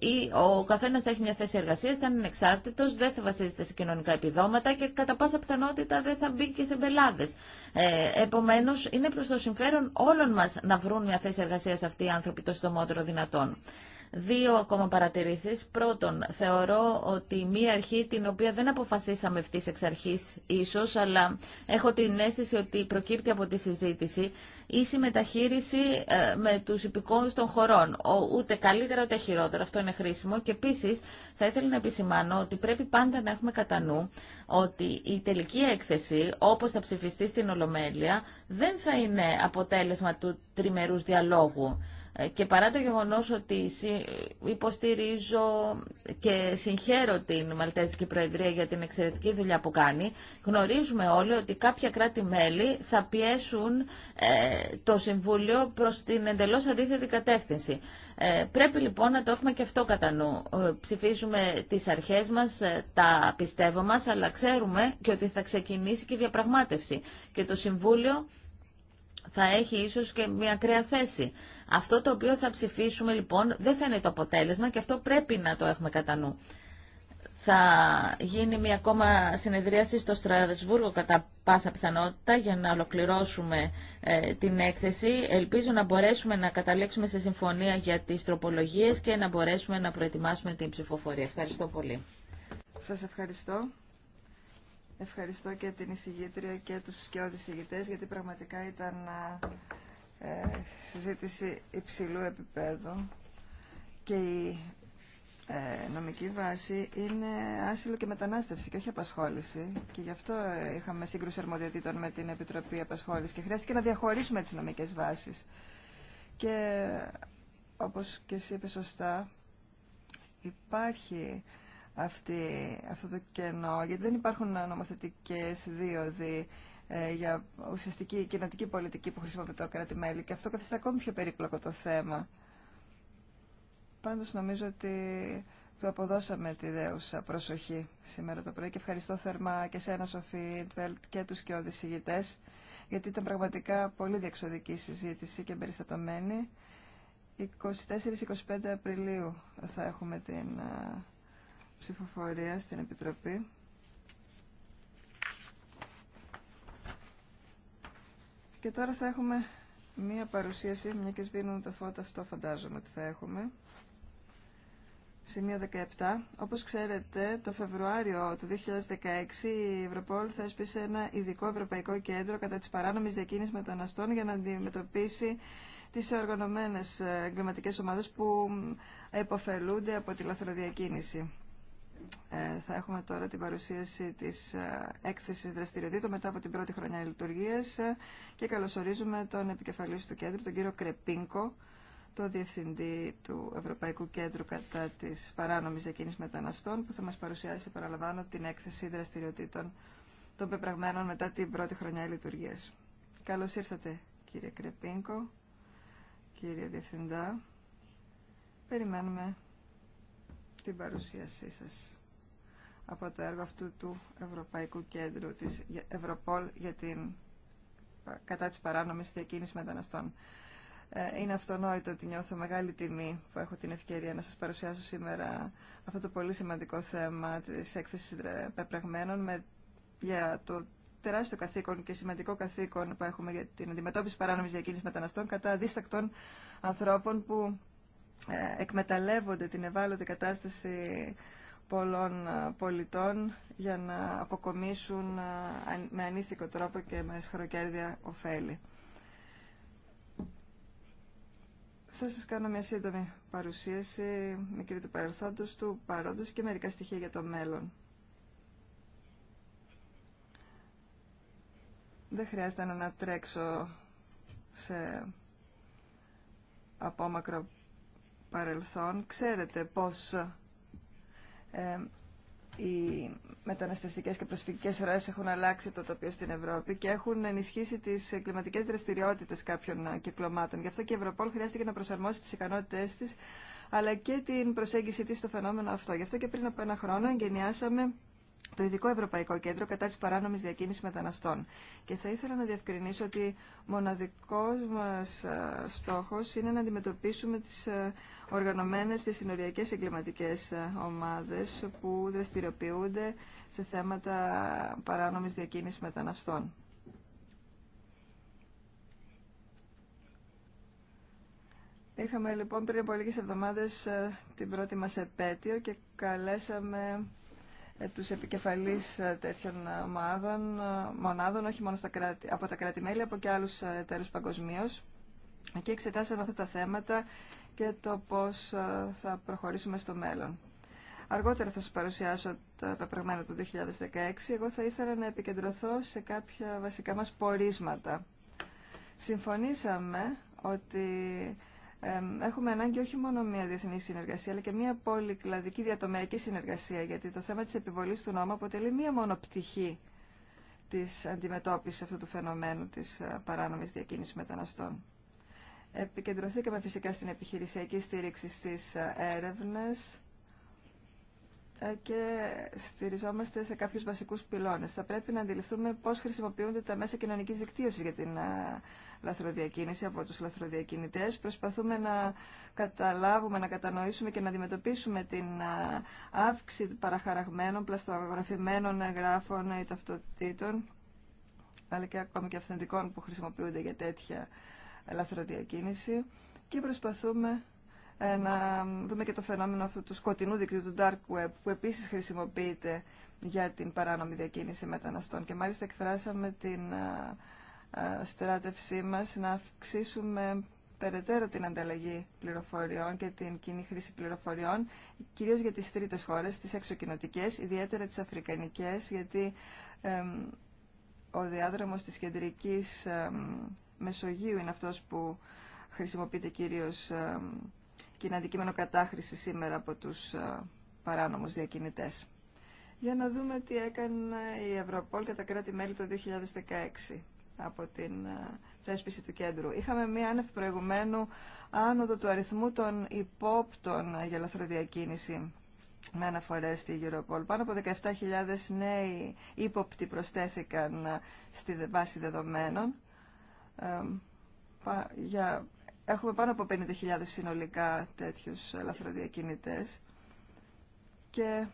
ε, ο καθένας θα έχει μια θέση εργασίας, θα είναι εξάρτητος, δεν θα βασίζεται σε κοινωνικά επιδόματα και κατά πάσα πιθανότητα δεν θα μπει και σε μπελάδες. Ε, επομένως, είναι προς το συμφέρον όλων μας να βρουν μια θέση εργασίας αυτοί οι άνθρωποι το συντομότερο δυνατόν. Δύο ακόμα παρατηρήσεις. Πρώτον, θεωρώ ότι μία αρχή την οποία δεν αποφασίσαμε ευθύ εξ αρχής ίσως, αλλά έχω την αίσθηση ότι προκύπτει από τη συζήτηση, η μεταχείριση ε, με τους υπηκόους των χωρών. Ούτε καλύτερα ούτε χειρότερα. Αυτό είναι χρήσιμο. Και επίση θα ήθελα να επισημάνω ότι πρέπει πάντα να έχουμε κατά νου ότι η τελική έκθεση, όπως θα ψηφιστεί στην Ολομέλεια, δεν θα είναι αποτέλεσμα του τριμερούς διαλόγου και παρά το γεγονός ότι υποστηρίζω και συγχαίρω την Μαλτέζικη Προεδρία για την εξαιρετική δουλειά που κάνει, γνωρίζουμε όλοι ότι κάποια κράτη-μέλη θα πιέσουν ε, το Συμβούλιο προς την εντελώς αντίθετη κατεύθυνση. Ε, πρέπει λοιπόν να το έχουμε και αυτό κατά νου. Ε, ψηφίζουμε τις αρχές μας, ε, τα πιστεύω μας, αλλά ξέρουμε και ότι θα ξεκινήσει και η διαπραγμάτευση. Και το Συμβούλιο θα έχει ίσως και μια ακραία θέση. Αυτό το οποίο θα ψηφίσουμε λοιπόν δεν θα είναι το αποτέλεσμα και αυτό πρέπει να το έχουμε κατά νου. Θα γίνει μια ακόμα συνεδρίαση στο Στρασβούργο κατά πάσα πιθανότητα για να ολοκληρώσουμε ε, την έκθεση. Ελπίζω να μπορέσουμε να καταλήξουμε σε συμφωνία για τις τροπολογίες και να μπορέσουμε να προετοιμάσουμε την ψηφοφορία. Ευχαριστώ πολύ. Σας ευχαριστώ. Ευχαριστώ και την εισηγήτρια και τους σκιώδης εισηγητές γιατί πραγματικά ήταν ε, ε, συζήτηση υψηλού επίπεδου και η ε, νομική βάση είναι άσυλο και μετανάστευση και όχι απασχόληση και γι' αυτό ε, είχαμε σύγκρουση αρμοδιοτήτων με την Επιτροπή Απασχόληση και χρειάστηκε να διαχωρίσουμε τις νομικές βάσεις. Και όπως και εσύ είπε σωστά, υπάρχει αυτή, αυτό το κενό, γιατί δεν υπάρχουν νομοθετικές δίωδοι ε, για ουσιαστική κοινοτική πολιτική που χρησιμοποιεί το κράτη-μέλη και αυτό καθιστά ακόμη πιο περίπλοκο το θέμα. Πάντως νομίζω ότι του αποδώσαμε τη δέουσα προσοχή σήμερα το πρωί και ευχαριστώ θερμά και σένα Σοφή Ιντβέλτ και τους και οδησηγητές γιατί ήταν πραγματικά πολύ διεξοδική συζήτηση και περιστατωμένη. 24-25 Απριλίου θα έχουμε την ε, ψηφοφορία στην Επιτροπή. Και τώρα θα έχουμε μία παρουσίαση, μια και σβήνουν τα φώτα αυτό φαντάζομαι ότι θα έχουμε. Σημείο 17. Όπως ξέρετε, το Φεβρουάριο του 2016 η Ευρωπόλ θέσπισε ένα ειδικό ευρωπαϊκό κέντρο κατά της παράνομης διακίνησης μεταναστών για να αντιμετωπίσει τις οργανωμένες ε, εγκληματικές ομάδες που υποφελούνται από τη λαθροδιακίνηση. Ε, θα έχουμε τώρα την παρουσίαση της ε, έκθεσης δραστηριοτήτων μετά από την πρώτη χρονιά λειτουργίας και καλωσορίζουμε τον επικεφαλής του κέντρου, τον κύριο Κρεπίνκο, το Διευθυντή του Ευρωπαϊκού Κέντρου κατά της παράνομης διακίνησης μεταναστών που θα μας παρουσιάσει, παραλαμβάνω, την έκθεση δραστηριοτήτων των πεπραγμένων μετά την πρώτη χρονιά λειτουργίας. Καλώς ήρθατε κύριε Κρεπίνκο, κύριε Διευθυντά. Περιμένουμε την παρουσίασή σας από το έργο αυτού του Ευρωπαϊκού Κέντρου της Ευρωπόλ για την, κατά της παράνομης διακίνηση μεταναστών. Ε, είναι αυτονόητο ότι νιώθω μεγάλη τιμή που έχω την ευκαιρία να σας παρουσιάσω σήμερα αυτό το πολύ σημαντικό θέμα της έκθεσης ε, πεπραγμένων με, για το τεράστιο καθήκον και σημαντικό καθήκον που έχουμε για την αντιμετώπιση παράνομης διακίνησης μεταναστών κατά δίστακτων ανθρώπων που ε, εκμεταλλεύονται την ευάλωτη κατάσταση πολλών ε, πολιτών για να αποκομίσουν ε, με ανήθικο τρόπο και με σχροκέρδια ωφέλη. Θα σας κάνω μια σύντομη παρουσίαση μικρή του παρελθόντος, του παρόντος και μερικά στοιχεία για το μέλλον. Δεν χρειάζεται να τρέξω σε απόμακρο παρελθόν ξέρετε πώς ε, οι μεταναστευτικές και προσφυγικές ροές έχουν αλλάξει το τοπίο στην Ευρώπη και έχουν ενισχύσει τις κλιματικές δραστηριότητες κάποιων κυκλωμάτων. Γι' αυτό και η Ευρωπόλ χρειάστηκε να προσαρμόσει τις ικανότητές της αλλά και την προσέγγιση της στο φαινόμενο αυτό. Γι' αυτό και πριν από ένα χρόνο εγκαινιάσαμε το Ειδικό Ευρωπαϊκό Κέντρο κατά της παράνομης διακίνησης μεταναστών. Και θα ήθελα να διευκρινίσω ότι μοναδικός μας ε, στόχος είναι να αντιμετωπίσουμε τις ε, οργανωμένες τις συνοριακές εγκληματικές ε, ομάδες που δραστηριοποιούνται σε θέματα παράνομης διακίνησης μεταναστών. Είχαμε λοιπόν πριν από λίγες εβδομάδες την πρώτη μας επέτειο και καλέσαμε ε, τους επικεφαλείς ε, τέτοιων ε, ομάδων, μονάδων, όχι μόνο στα από τα κράτη-μέλη, από και άλλους εταίρους παγκοσμίω. Και εξετάσαμε αυτά τα θέματα και το πώς θα προχωρήσουμε στο μέλλον. Αργότερα θα σας παρουσιάσω τα πεπραγμένα του 2016. Εγώ θα ήθελα να επικεντρωθώ σε κάποια βασικά μας πορίσματα. Συμφωνήσαμε ότι έχουμε ανάγκη όχι μόνο μια διεθνή συνεργασία, αλλά και μια πολυκλαδική διατομιακή συνεργασία, γιατί το θέμα της επιβολής του νόμου αποτελεί μία μόνο πτυχή της αντιμετώπισης αυτού του φαινομένου της ε, παράνομης διακίνησης μεταναστών. Επικεντρωθήκαμε φυσικά στην επιχειρησιακή στήριξη στις ε, έρευνες, ε, και στηριζόμαστε σε κάποιους βασικούς πυλώνες. Θα πρέπει να αντιληφθούμε πώς χρησιμοποιούνται τα μέσα κοινωνικής δικτύωσης για την ε, λαθροδιακίνηση από τους λαθροδιακινητές. Προσπαθούμε να καταλάβουμε, να κατανοήσουμε και να αντιμετωπίσουμε την ε, αύξηση παραχαραγμένων, πλαστογραφημένων εγγράφων ή ταυτοτήτων, αλλά και ακόμη και αυθεντικών που χρησιμοποιούνται για τέτοια λαθροδιακίνηση και προσπαθούμε ε, να δούμε και το φαινόμενο αυτού του σκοτεινού δικτύου του dark web που επίσης χρησιμοποιείται για την παράνομη διακίνηση μεταναστών και μάλιστα εκφράσαμε την ε, ε, στράτευσή μας να αυξήσουμε περαιτέρω την ανταλλαγή πληροφοριών και την κοινή χρήση πληροφοριών, κυρίως για τις τρίτες χώρες, τις εξοκοινωτικές, ιδιαίτερα τις αφρικανικές, γιατί ο διάδρομος της κεντρικής Μεσογείου είναι αυτός που χρησιμοποιείται κυρίως και είναι αντικείμενο κατάχρηση σήμερα από τους ε, παράνομους διακινητές. Για να δούμε τι έκανε η Ευρωπόλ και τα κράτη-μέλη το 2016 από την ε, θέσπιση του κέντρου. Είχαμε μία άνευ προηγουμένου άνοδο του αριθμού των υπόπτων για λαθροδιακίνηση με αναφορέ στη Ευρωπόλ. Πάνω από 17.000 νέοι ύποπτοι προστέθηκαν ε, στη βάση δεδομένων για Έχουμε πάνω από 50.000 συνολικά τέτοιους ελαφροδιακινητές και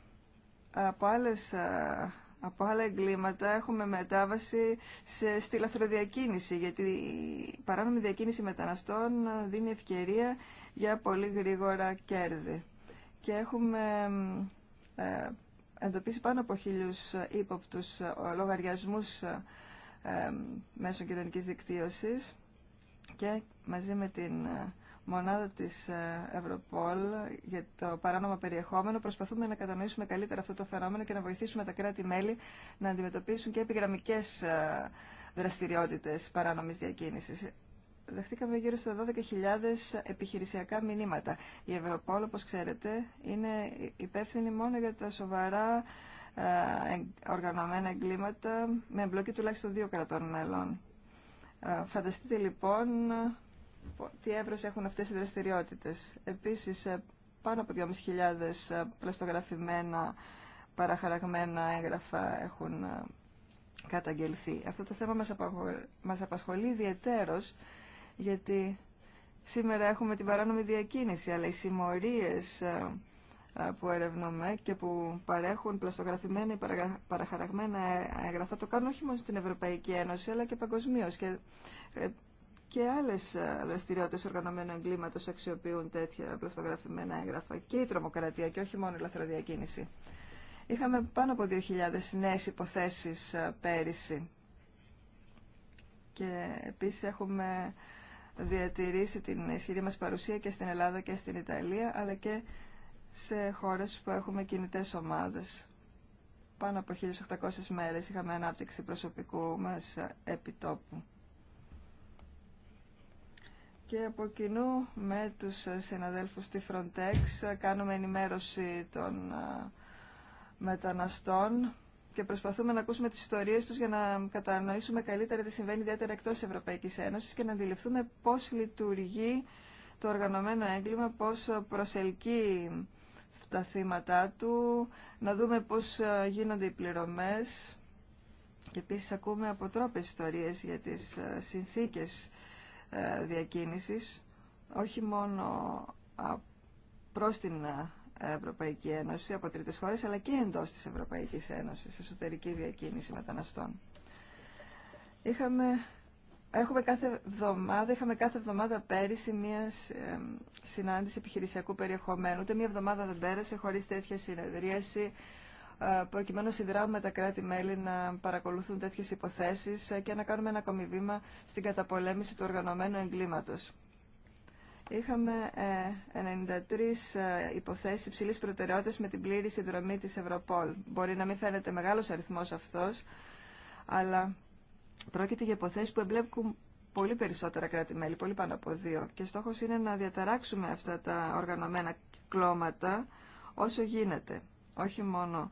από, άλλες, ε, από άλλα εγκλήματα έχουμε μετάβαση σε, στη λαθροδιακίνηση γιατί η παράνομη διακίνηση μεταναστών ε, δίνει ευκαιρία για πολύ γρήγορα κέρδη. Και έχουμε ε, εντοπίσει πάνω από χίλιους ύποπτους λογαριασμούς ε, μέσω κοινωνικής δικτύωσης και μαζί με την ε, μονάδα της ε, Ευρωπόλ για το παράνομο περιεχόμενο προσπαθούμε να κατανοήσουμε καλύτερα αυτό το φαινόμενο και να βοηθήσουμε τα κράτη-μέλη να αντιμετωπίσουν και επιγραμμικές ε, δραστηριότητες παράνομης διακίνησης. Δεχτήκαμε γύρω στα 12.000 επιχειρησιακά μηνύματα. Η Ευρωπόλ, όπως ξέρετε, είναι υπεύθυνη μόνο για τα σοβαρά οργανωμένα εγκλήματα με εμπλοκή τουλάχιστον δύο κρατών μέλων Φανταστείτε λοιπόν τι έβρος έχουν αυτές οι δραστηριότητες. Επίσης, ε, πάνω από 2.500 ε, πλαστογραφημένα παραχαραγμένα έγγραφα έχουν ε, καταγγελθεί. Αυτό το θέμα μας απασχολεί ιδιαιτέρως γιατί σήμερα έχουμε την παράνομη διακίνηση αλλά οι συμμορίες ε, που ερευνούμε και που παρέχουν πλαστογραφημένα ή παραχαραγμένα έγγραφα ε, το κάνουν όχι μόνο στην Ευρωπαϊκή Ένωση αλλά και παγκοσμίω. Και, ε, και άλλε δραστηριότητε οργανωμένου εγκλήματο αξιοποιούν τέτοια πλαστογραφημένα έγγραφα και η τρομοκρατία και όχι μόνο η λαθροδιακίνηση. Είχαμε πάνω από 2.000 νέε υποθέσει πέρυσι. Και επίσης έχουμε διατηρήσει την ισχυρή μα παρουσία και στην Ελλάδα και στην Ιταλία, αλλά και σε χώρες που έχουμε κινητές ομάδες. Πάνω από 1.800 μέρες είχαμε ανάπτυξη προσωπικού μας επιτόπου. Και από κοινού με τους συναδέλφους στη Frontex κάνουμε ενημέρωση των μεταναστών και προσπαθούμε να ακούσουμε τις ιστορίες τους για να κατανοήσουμε καλύτερα τι συμβαίνει ιδιαίτερα εκτός Ευρωπαϊκής Ένωσης και να αντιληφθούμε πώς λειτουργεί το οργανωμένο έγκλημα, πώς προσελκύει τα θύματα του, να δούμε πώς ε, γίνονται οι πληρωμές και επίσης ακούμε τρόπες ιστορίες για τις ε, συνθήκες ε, διακίνησης, όχι μόνο προς την Ευρωπαϊκή Ένωση από τρίτες χώρες, αλλά και εντός της Ευρωπαϊκής Ένωσης, εσωτερική διακίνηση μεταναστών. Είχαμε Έχουμε κάθε εβδομάδα, είχαμε κάθε εβδομάδα πέρυσι μια συνάντηση επιχειρησιακού περιεχομένου. Ούτε μια εβδομάδα δεν πέρασε χωρί τέτοια συνεδρίαση, ε, προκειμένου να συνδράμουμε τα κράτη-μέλη να παρακολουθούν τέτοιε υποθέσει ε, και να κάνουμε ένα ακόμη βήμα στην καταπολέμηση του οργανωμένου εγκλήματο. Είχαμε 93 ε, υποθέσει υψηλή προτεραιότητα με την πλήρη συνδρομή τη Ευρωπόλ. Μπορεί να μην φαίνεται μεγάλο αριθμό αυτό, αλλά πρόκειται για υποθέσει που εμπλέκουν πολύ περισσότερα κράτη-μέλη, πολύ πάνω από δύο. Και στόχος είναι να διαταράξουμε αυτά τα οργανωμένα κλώματα όσο γίνεται. Όχι μόνο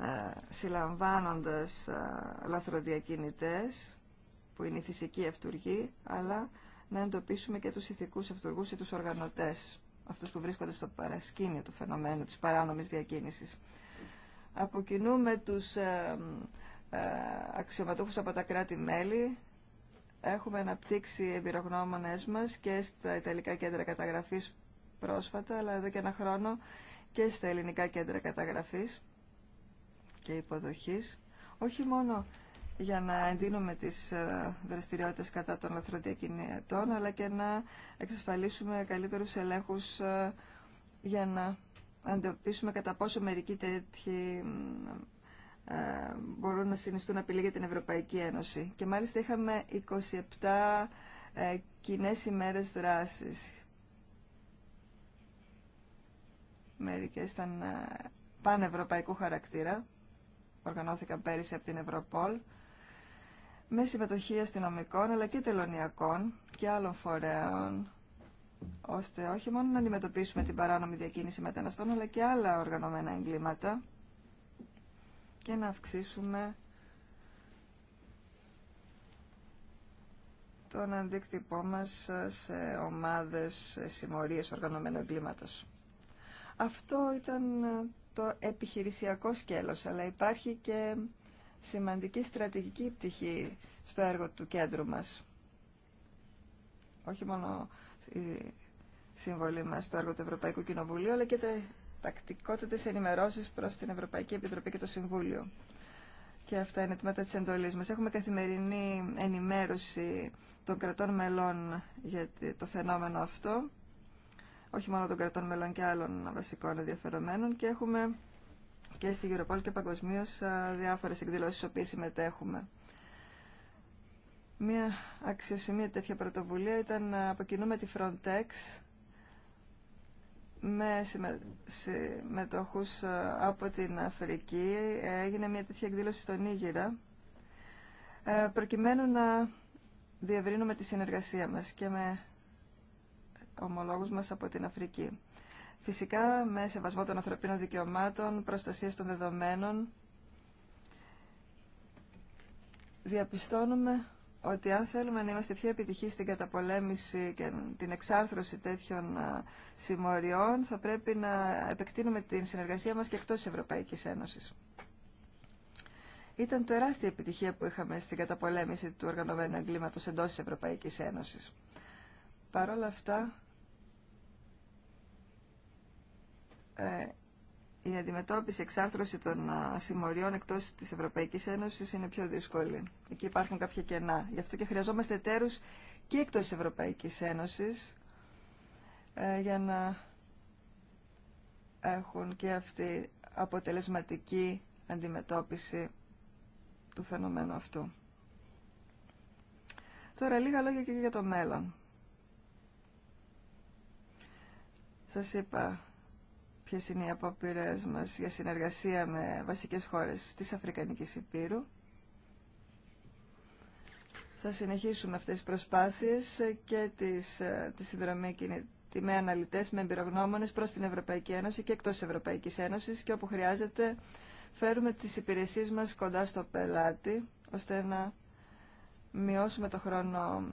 ε, συλλαμβάνοντας ε, λαθροδιακινητές, που είναι η φυσική αυτούργη, αλλά να εντοπίσουμε και τους ηθικού αυτούργου ή του οργανωτές, αυτούς που βρίσκονται στο παρασκήνιο του φαινομένου τη παράνομη διακίνηση. Από ε, αξιωματούχους από τα κράτη-μέλη. Έχουμε αναπτύξει εμπειρογνώμονες μας και στα Ιταλικά κέντρα καταγραφής πρόσφατα, αλλά εδώ και ένα χρόνο και στα Ελληνικά κέντρα καταγραφής και υποδοχής. Όχι μόνο για να εντείνουμε τις ε, δραστηριότητες κατά των λαθροδιακινητών, αλλά και να εξασφαλίσουμε καλύτερους ελέγχους ε, για να αντιμετωπίσουμε κατά πόσο μερικοί τέτοιοι ε, μπορούν να συνιστούν απειλή για την Ευρωπαϊκή Ένωση. Και μάλιστα είχαμε 27 ε, κοινέ ημέρε δράση. Μερικέ ήταν ε, πανευρωπαϊκού χαρακτήρα, οργανώθηκαν πέρυσι από την Ευρωπόλ, με συμμετοχή αστυνομικών αλλά και τελωνιακών και άλλων φορέων, ώστε όχι μόνο να αντιμετωπίσουμε την παράνομη διακίνηση μεταναστών, αλλά και άλλα οργανωμένα εγκλήματα, και να αυξήσουμε τον αντίκτυπό μας σε ομάδες συμμορίες οργανωμένου εγκλήματος. Αυτό ήταν το επιχειρησιακό σκέλος, αλλά υπάρχει και σημαντική στρατηγική πτυχή στο έργο του κέντρου μας. Όχι μόνο η συμβολή μας στο έργο του Ευρωπαϊκού Κοινοβουλίου, αλλά και τα Τακτικότητε ενημερώσει προς την Ευρωπαϊκή Επιτροπή και το Συμβούλιο. Και αυτά είναι τμήματα της εντολή μα. Έχουμε καθημερινή ενημέρωση των κρατών μελών για το φαινόμενο αυτό, όχι μόνο των κρατών μελών και άλλων βασικών ενδιαφερομένων και έχουμε και στη Γεροπόλη και παγκοσμίω διάφορες εκδηλώσει στι οποίε συμμετέχουμε. Μία αξιοσημεία τέτοια πρωτοβουλία ήταν να αποκοινούμε τη Frontex με συμμετοχούς ε, από την Αφρική έγινε μια τέτοια εκδήλωση στον Νίγηρα ε, προκειμένου να διευρύνουμε τη συνεργασία μας και με ομολόγους μας από την Αφρική. Φυσικά με σεβασμό των ανθρωπίνων δικαιωμάτων, προστασία των δεδομένων διαπιστώνουμε ότι αν θέλουμε να είμαστε πιο επιτυχεί στην καταπολέμηση και την εξάρθρωση τέτοιων συμμοριών, θα πρέπει να επεκτείνουμε την συνεργασία μας και εκτός της Ευρωπαϊκής Ένωσης. Ήταν τεράστια επιτυχία που είχαμε στην καταπολέμηση του οργανωμένου εγκλήματος εντός της Ευρωπαϊκής Ένωσης. Παρ' όλα αυτά, ε, η αντιμετώπιση, εξάρθρωση των συμμοριών εκτός της Ευρωπαϊκής Ένωσης είναι πιο δύσκολη. Εκεί υπάρχουν κάποια κενά. Γι' αυτό και χρειαζόμαστε εταίρους και εκτός της Ευρωπαϊκής Ένωσης ε, για να έχουν και αυτή αποτελεσματική αντιμετώπιση του φαινομένου αυτού. Τώρα λίγα λόγια και για το μέλλον. Σας είπα ποιε είναι οι απόπειρε μα για συνεργασία με βασικέ χώρε τη Αφρικανική Υπήρου. Θα συνεχίσουμε αυτές τις προσπάθειες και τις, ε, τη συνδρομή κινητή με αναλυτές, με εμπειρογνώμονες προς την Ευρωπαϊκή Ένωση και εκτός Ευρωπαϊκή Ευρωπαϊκής και όπου χρειάζεται φέρουμε τις υπηρεσίες μας κοντά στο πελάτη ώστε να μειώσουμε το χρόνο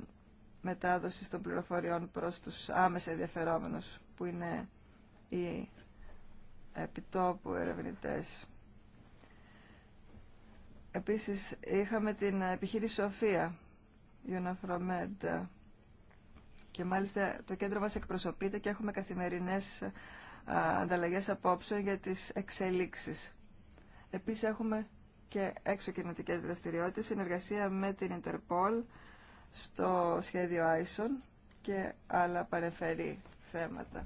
μετάδοσης των πληροφοριών προς τους άμεσα ενδιαφερόμενους που είναι οι επιτόπου ερευνητές. Επίσης είχαμε την επιχείρηση Σοφία, UNAFROMED και μάλιστα το κέντρο μας εκπροσωπείται και έχουμε καθημερινές ανταλλαγές απόψεων για τις εξελίξεις. Επίσης έχουμε και έξω κοινωτικέ δραστηριότητες, συνεργασία με την Ιντερπόλ στο σχέδιο ISON και άλλα παρεμφερή θέματα.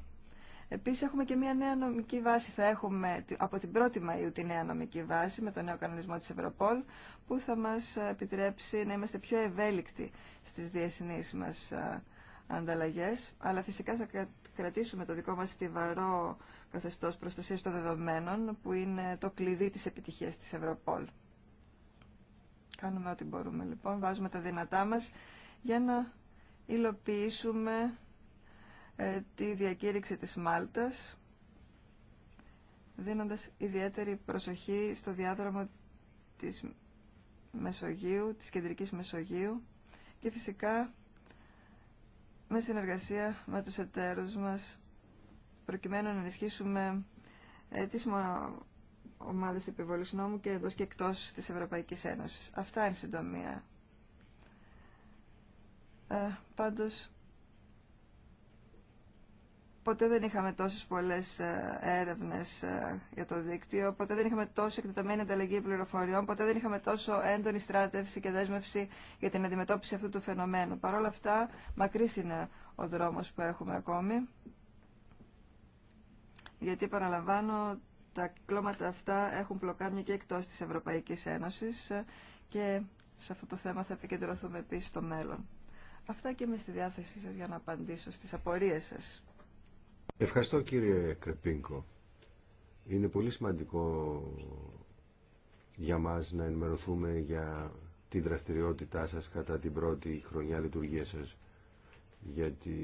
Επίσης έχουμε και μια νέα νομική βάση. Θα έχουμε από την 1η Μαΐου τη νέα νομική βάση με τον νέο κανονισμό της Ευρωπόλ που θα μας επιτρέψει να είμαστε πιο ευέλικτοι στις διεθνείς μας ε, ανταλλαγές. Αλλά φυσικά θα κρατήσουμε το δικό μας στιβαρό καθεστώς προστασίας των δεδομένων που είναι το κλειδί της επιτυχίας της Ευρωπόλ. Κάνουμε ό,τι μπορούμε λοιπόν, βάζουμε τα δυνατά μας για να υλοποιήσουμε ε, τη διακήρυξη της Μάλτας, δίνοντας ιδιαίτερη προσοχή στο διάδρομο της Μεσογείου, της Κεντρικής Μεσογείου και φυσικά με συνεργασία με τους εταίρους μας προκειμένου να ενισχύσουμε ε, τις ομάδες επιβολής νόμου και εδώ και εκτός της Ευρωπαϊκής Ένωσης. Αυτά είναι συντομία. Ε, πάντως, ποτέ δεν είχαμε τόσες πολλές ε, έρευνες ε, για το δίκτυο, ποτέ δεν είχαμε τόσο εκτεταμένη ανταλλαγή πληροφοριών, ποτέ δεν είχαμε τόσο έντονη στράτευση και δέσμευση για την αντιμετώπιση αυτού του φαινομένου. Παρ' όλα αυτά, μακρύς είναι ο δρόμος που έχουμε ακόμη, γιατί παραλαμβάνω, τα κλώματα αυτά έχουν πλοκάμια και εκτός της Ευρωπαϊκής Ένωσης ε, και σε αυτό το θέμα θα επικεντρωθούμε επίσης στο μέλλον. Αυτά και είμαι στη διάθεσή σας για να απαντήσω στις απορίες σας. Ευχαριστώ κύριε Κρεπίνκο. Είναι πολύ σημαντικό για μας να ενημερωθούμε για τη δραστηριότητά σας κατά την πρώτη χρονιά λειτουργίας σας γιατί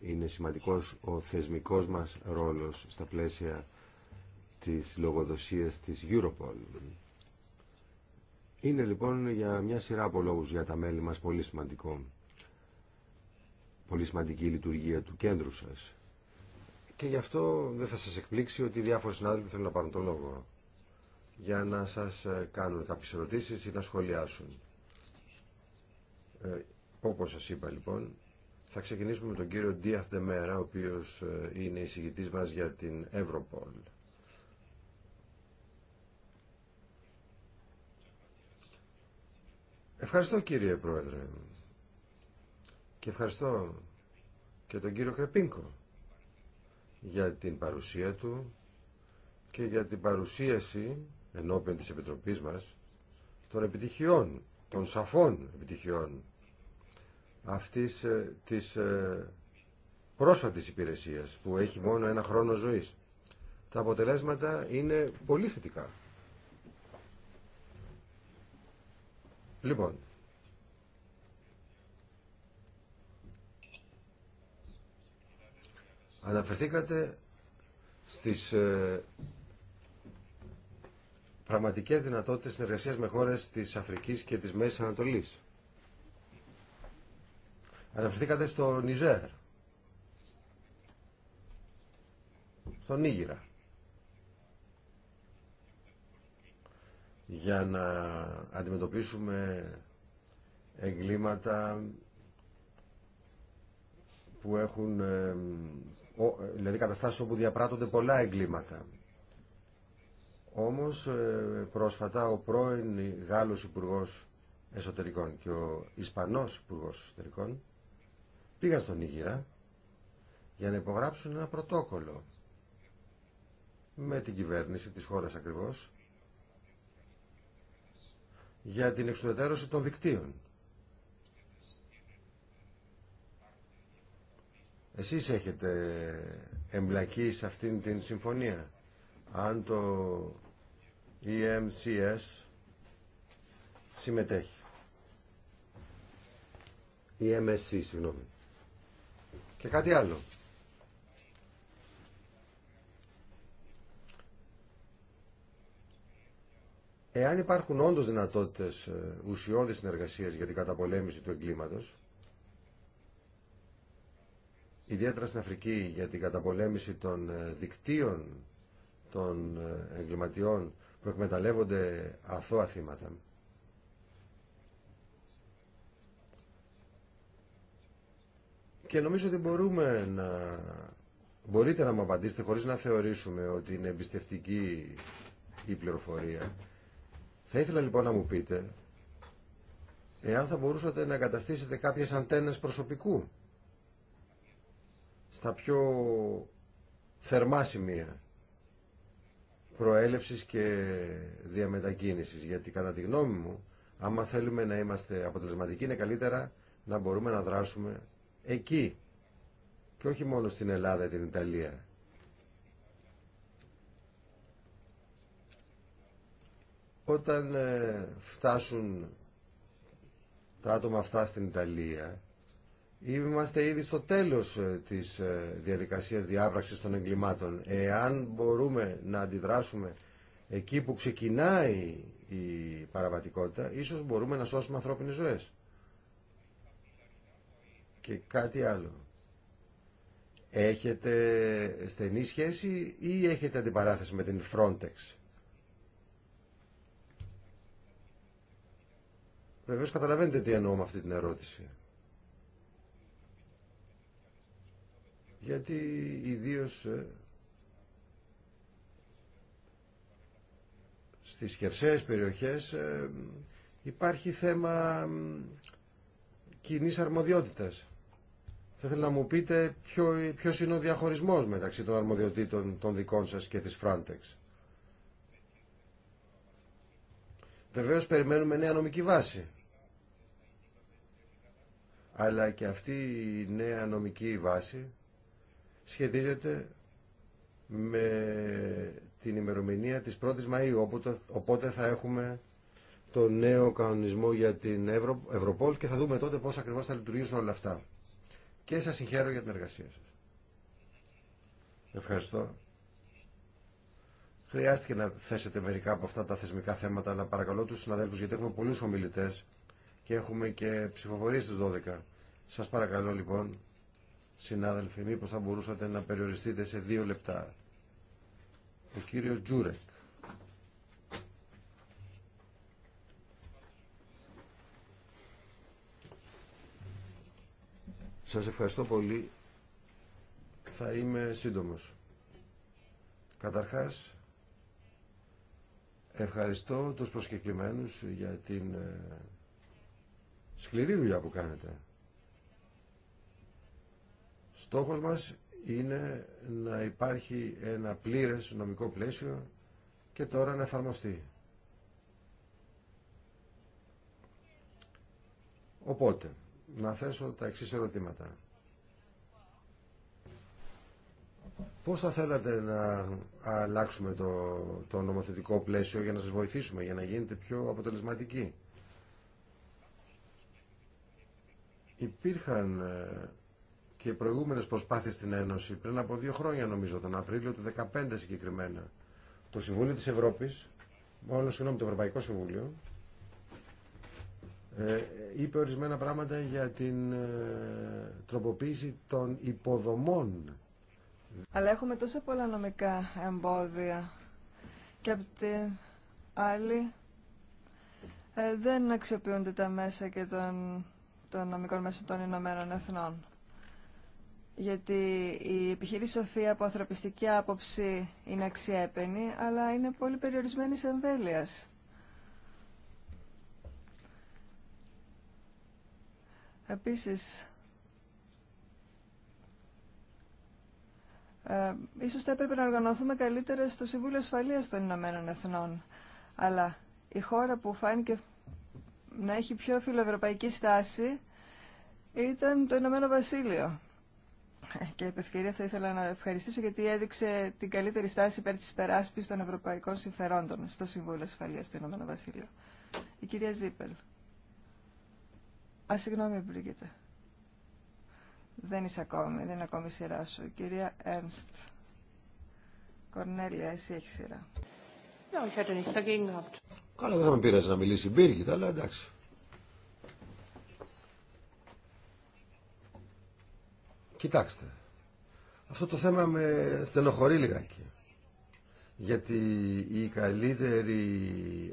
είναι σημαντικός ο θεσμικός μας ρόλος στα πλαίσια της λογοδοσίας της Europol. Είναι λοιπόν για μια σειρά από λόγους για τα μέλη μας πολύ σημαντικό. Πολύ σημαντική η λειτουργία του κέντρου σας. Και γι' αυτό δεν θα σας εκπλήξει ότι οι διάφοροι συνάδελφοι θέλουν να πάρουν το λόγο για να σας ε, κάνουν κάποιες ερωτήσεις ή να σχολιάσουν. Ε, όπως σας είπα λοιπόν, θα ξεκινήσουμε με τον κύριο Ντίαθ Δεμέρα, ο οποίος ε, είναι εισηγητής μας για την Ευρωπόλ. Ευχαριστώ κύριε Πρόεδρε και ευχαριστώ και τον κύριο Κρεπίνκο για την παρουσία του και για την παρουσίαση ενώπιον της Επιτροπής μας των επιτυχιών, των σαφών επιτυχιών αυτής ε, της ε, πρόσφατης υπηρεσίας που έχει μόνο ένα χρόνο ζωής. Τα αποτελέσματα είναι πολύ θετικά. Λοιπόν, Αναφερθήκατε στις ε, πραγματικές δυνατότητες συνεργασίας με χώρες της Αφρικής και της Μέσης Ανατολής. Αναφερθήκατε στο Νιζέρ, στο Νίγηρα. για να αντιμετωπίσουμε εγκλήματα που έχουν ε, ε, δηλαδή καταστάσεις όπου διαπράττονται πολλά εγκλήματα. Όμως ε, πρόσφατα ο πρώην Γάλλος Υπουργός Εσωτερικών και ο Ισπανός Υπουργός Εσωτερικών πήγαν στον Ήγηρα για να υπογράψουν ένα πρωτόκολλο με την κυβέρνηση της χώρας ακριβώς για την εξουδετερώση των δικτύων. Εσείς έχετε εμπλακεί σε αυτήν την συμφωνία. Αν το EMCS συμμετέχει. EMSC, συγγνώμη. Και κάτι άλλο. Εάν υπάρχουν όντως δυνατότητες ε, ουσιώδης συνεργασίας για την καταπολέμηση του εγκλήματος, ιδιαίτερα στην Αφρική για την καταπολέμηση των ε, δικτύων των ε, εγκληματιών που εκμεταλλεύονται αθώα θύματα. Και νομίζω ότι μπορούμε να... Μπορείτε να μου απαντήσετε χωρίς να θεωρήσουμε ότι είναι εμπιστευτική η πληροφορία. Θα ήθελα λοιπόν να μου πείτε εάν θα μπορούσατε να εγκαταστήσετε κάποιες αντένες προσωπικού στα πιο θερμά σημεία προέλευσης και διαμετακίνησης. Γιατί κατά τη γνώμη μου, άμα θέλουμε να είμαστε αποτελεσματικοί, είναι καλύτερα να μπορούμε να δράσουμε εκεί και όχι μόνο στην Ελλάδα ή την Ιταλία. Όταν ε, φτάσουν τα άτομα αυτά στην Ιταλία, Είμαστε ήδη στο τέλος ε, της ε, διαδικασίας διάπραξης των εγκλημάτων. Εάν μπορούμε να αντιδράσουμε εκεί που ξεκινάει η παραβατικότητα, ίσως μπορούμε να σώσουμε ανθρώπινες ζωές. Και κάτι άλλο. Έχετε στενή σχέση ή έχετε αντιπαράθεση με την Frontex. Βεβαίως καταλαβαίνετε τι εννοώ με αυτή την ερώτηση. γιατί ιδίως ε, στις χερσαίες περιοχές ε, υπάρχει θέμα κοινής αρμοδιότητας. Θα ήθελα να μου πείτε ποιο, ποιος είναι ο διαχωρισμός μεταξύ των αρμοδιοτήτων των δικών σας και της Frontex. Βεβαίως περιμένουμε νέα νομική βάση. Αλλά και αυτή η νέα νομική βάση σχετίζεται με την ημερομηνία της 1ης Μαΐου, οπότε θα έχουμε το νέο κανονισμό για την Ευρω... Ευρωπόλ και θα δούμε τότε πώς ακριβώς θα λειτουργήσουν όλα αυτά. Και σας συγχαίρω για την εργασία σας. Ευχαριστώ. Χρειάστηκε να θέσετε μερικά από αυτά τα θεσμικά θέματα, αλλά παρακαλώ τους συναδέλφους, γιατί έχουμε πολλούς ομιλητές και έχουμε και ψηφοφορίες στις 12. Σας παρακαλώ λοιπόν συνάδελφοι, μήπω θα μπορούσατε να περιοριστείτε σε δύο λεπτά. Ο κύριος Τζούρεκ. Σας ευχαριστώ πολύ. Θα είμαι σύντομος. Καταρχάς, ευχαριστώ τους προσκεκλημένους για την ε, σκληρή δουλειά που κάνετε. Στόχος μας είναι να υπάρχει ένα πλήρες νομικό πλαίσιο και τώρα να εφαρμοστεί. Οπότε, να θέσω τα εξή ερωτήματα. Πώς θα θέλατε να αλλάξουμε το, το νομοθετικό πλαίσιο για να σας βοηθήσουμε, για να γίνετε πιο αποτελεσματικοί. Υπήρχαν ε, και προηγούμενες προσπάθειες στην Ένωση πριν από δύο χρόνια νομίζω, τον Απρίλιο του 2015 συγκεκριμένα. Το Συμβούλιο της Ευρώπης, μόνο συγγνώμη το Ευρωπαϊκό Συμβούλιο, ε, είπε ορισμένα πράγματα για την ε, τροποποίηση των υποδομών. Αλλά έχουμε τόσα πολλά νομικά εμπόδια και από την άλλη ε, δεν αξιοποιούνται τα μέσα και των, των νομικών μέσων των Ηνωμένων Εθνών γιατί η επιχείρηση Σοφία από ανθρωπιστική άποψη είναι αξιέπαινη, αλλά είναι πολύ περιορισμένη σε εμβέλειας. Επίσης, ε, ίσως θα έπρεπε να οργανωθούμε καλύτερα στο Συμβούλιο Ασφαλείας των Ηνωμένων Εθνών. Αλλά η χώρα που φάνηκε να έχει πιο φιλοευρωπαϊκή στάση ήταν το Ηνωμένο Βασίλειο και επ' ευκαιρία θα ήθελα να ευχαριστήσω γιατί έδειξε την καλύτερη στάση υπέρ τη υπεράσπιση των ευρωπαϊκών συμφερόντων στο Συμβούλιο Ασφαλεία του Ηνωμένου Βασίλειου. Η κυρία Ζίπελ. Α, συγγνώμη, Μπρίγκετε. Δεν είσαι ακόμη, δεν είναι ακόμη η σειρά σου. Η κυρία Έρνστ. Κορνέλια, εσύ έχει σειρά. Καλά, δεν θα με πειράζει να μιλήσει η αλλά εντάξει. Κοιτάξτε, αυτό το θέμα με στενοχωρεί λιγάκι. Γιατί η καλύτερη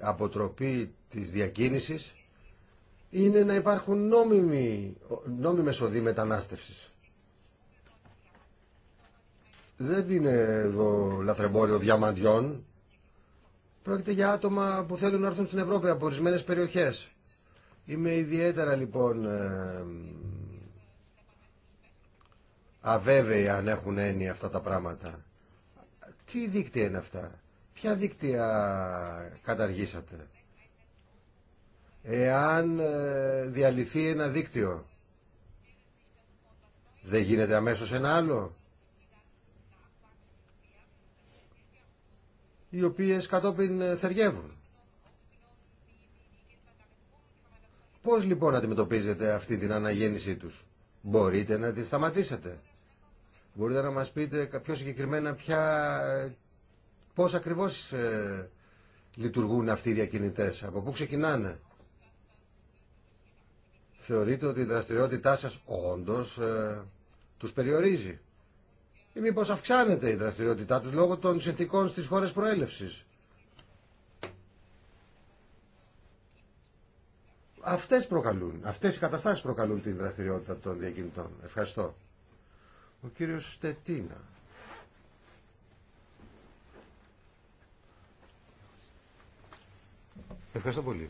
αποτροπή της διακίνησης είναι να υπάρχουν νόμιμοι, νόμιμες οδοί μετανάστευσης. Δεν είναι εδώ λαθρεμπόριο διαμαντιών. Πρόκειται για άτομα που θέλουν να έρθουν στην Ευρώπη από ορισμένε περιοχές. Είμαι ιδιαίτερα λοιπόν ε, αβέβαιοι αν έχουν έννοια αυτά τα πράγματα. Τι δίκτυα είναι αυτά. Ποια δίκτυα καταργήσατε. Εάν ε, διαλυθεί ένα δίκτυο, δεν γίνεται αμέσως ένα άλλο. Οι οποίες κατόπιν ε, θεριεύουν. Πώς λοιπόν αντιμετωπίζετε αυτή την αναγέννησή τους μπορείτε να τη σταματήσετε. Μπορείτε να μας πείτε πιο συγκεκριμένα ποια, πώς ακριβώς ε, λειτουργούν αυτοί οι διακινητές, από πού ξεκινάνε. Θεωρείτε ότι η δραστηριότητά σας όντως ε, τους περιορίζει. Ή μήπως αυξάνεται η δραστηριότητά τους λόγω των συνθήκων στις χώρες προέλευσης. Αυτές προκαλούν, αυτές οι καταστάσεις προκαλούν την δραστηριότητα των διακινητών. Ευχαριστώ. Ο κύριος Στετίνα. Ευχαριστώ πολύ.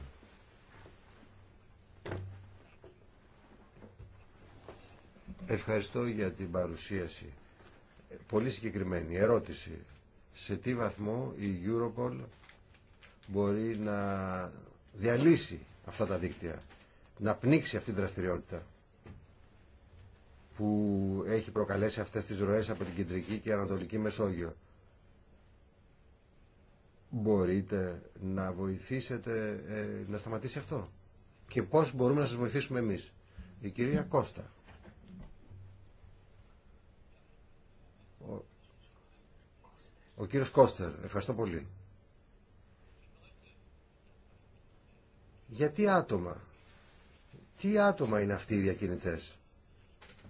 Ευχαριστώ για την παρουσίαση. Πολύ συγκεκριμένη ερώτηση. Σε τι βαθμό η Europol μπορεί να διαλύσει αυτά τα δίκτυα. Να πνίξει αυτή την δραστηριότητα που έχει προκαλέσει αυτές τις ροές από την Κεντρική και Ανατολική Μεσόγειο. Μπορείτε να βοηθήσετε ε, να σταματήσει αυτό. Και πώς μπορούμε να σας βοηθήσουμε εμείς. Η κυρία Κώστα. Ο, ο κύριος Κώστερ. Ευχαριστώ πολύ. Γιατί άτομα. Τι άτομα είναι αυτοί οι διακινητές.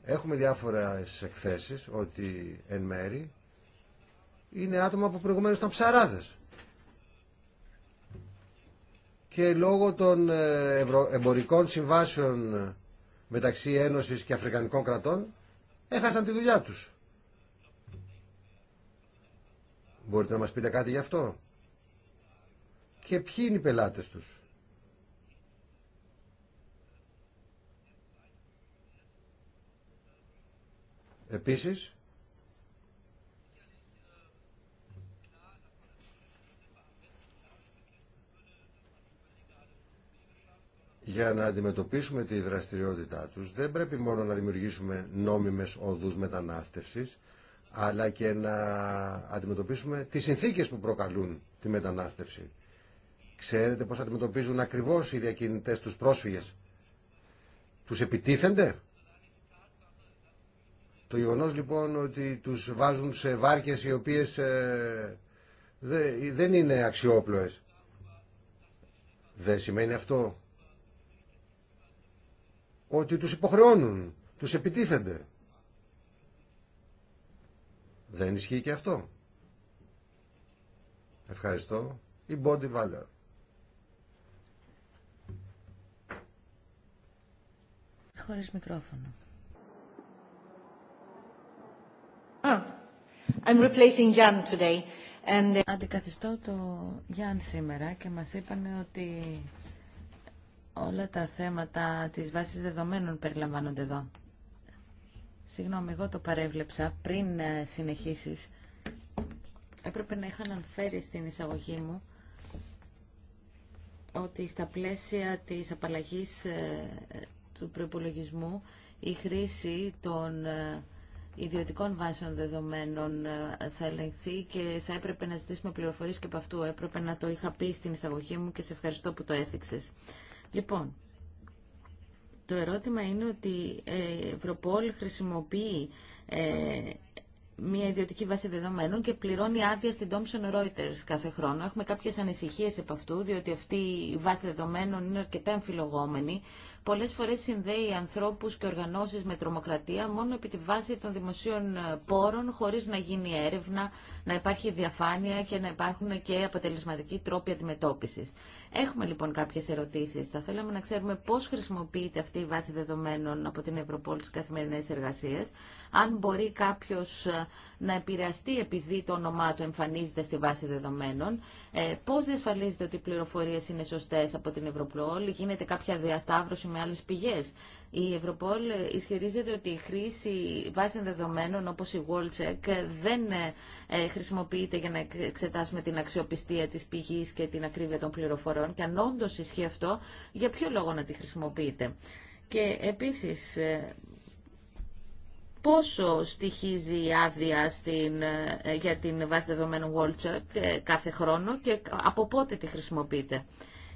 Έχουμε διάφορες εκθέσεις ότι εν μέρη είναι άτομα που προηγουμένως ήταν ψαράδες. Και λόγω των ε, εμπορικών συμβάσεων μεταξύ Ένωσης και Αφρικανικών κρατών έχασαν τη δουλειά τους. Μπορείτε να μας πείτε κάτι γι' αυτό. Και ποιοι είναι οι πελάτες τους. Επίσης, για να αντιμετωπίσουμε τη δραστηριότητά τους δεν πρέπει μόνο να δημιουργήσουμε νόμιμες οδούς μετανάστευσης αλλά και να αντιμετωπίσουμε τις συνθήκες που προκαλούν τη μετανάστευση. Ξέρετε πώς αντιμετωπίζουν ακριβώς οι διακινητές τους πρόσφυγες. Τους επιτίθενται το γεγονός λοιπόν ότι τους βάζουν σε βάρκες οι οποίες ε, δεν είναι αξιόπλοες. Δεν σημαίνει αυτό ότι τους υποχρεώνουν, τους επιτίθενται. Δεν ισχύει και αυτό. Ευχαριστώ. Η Body Valor. Χωρίς μικρόφωνο. I'm replacing Jan uh, Αντικαθιστώ το Γιάν σήμερα και μας είπαν ότι όλα τα θέματα της βάσης δεδομένων περιλαμβάνονται εδώ. Συγγνώμη, εγώ το παρέβλεψα πριν ε, συνεχίσεις. Έπρεπε να είχα αναφέρει στην εισαγωγή μου ότι στα πλαίσια της απαλλαγής ε, του προπολογισμού η χρήση των ε, ιδιωτικών βάσεων δεδομένων ε, θα ελεγχθεί και θα έπρεπε να ζητήσουμε πληροφορίες και από αυτού. Έπρεπε να το είχα πει στην εισαγωγή μου και σε ευχαριστώ που το έθιξες. Λοιπόν, το ερώτημα είναι ότι ε, η Ευρωπόλ χρησιμοποιεί ε, μια ιδιωτική βάση δεδομένων και πληρώνει άδεια στην Thomson Reuters κάθε χρόνο. Έχουμε κάποιες ανησυχίες από αυτού, διότι αυτή η βάση δεδομένων είναι αρκετά εμφυλογόμενη πολλές φορές συνδέει ανθρώπους και οργανώσεις με τρομοκρατία μόνο επί τη βάση των δημοσίων ε, πόρων, χωρίς να γίνει έρευνα, να υπάρχει διαφάνεια και να υπάρχουν και αποτελεσματικοί τρόποι αντιμετώπισης. Έχουμε λοιπόν κάποιες ερωτήσεις. Θα θέλαμε να ξέρουμε πώς χρησιμοποιείται αυτή η βάση δεδομένων από την Ευρωπόλη στις καθημερινές εργασίες, αν μπορεί κάποιο ε, να επηρεαστεί επειδή το όνομά του εμφανίζεται στη βάση δεδομένων, ε, πώς διασφαλίζεται ότι οι πληροφορίες είναι σωστές από την Ευρωπόλ, γίνεται κάποια διασταύρωση με άλλες πηγές. Η Ευρωπόλ ισχυρίζεται ότι η χρήση βάσεων δεδομένων όπως η WorldCheck δεν ε, ε, χρησιμοποιείται για να εξετάσουμε την αξιοπιστία της πηγής και την ακρίβεια των πληροφοριών και αν όντως ισχύει αυτό, για ποιο λόγο να τη χρησιμοποιείτε. Και επίσης, ε, πόσο στοιχίζει η άδεια για την βάση δεδομένων WorldCheck κάθε χρόνο και από πότε τη χρησιμοποιείτε.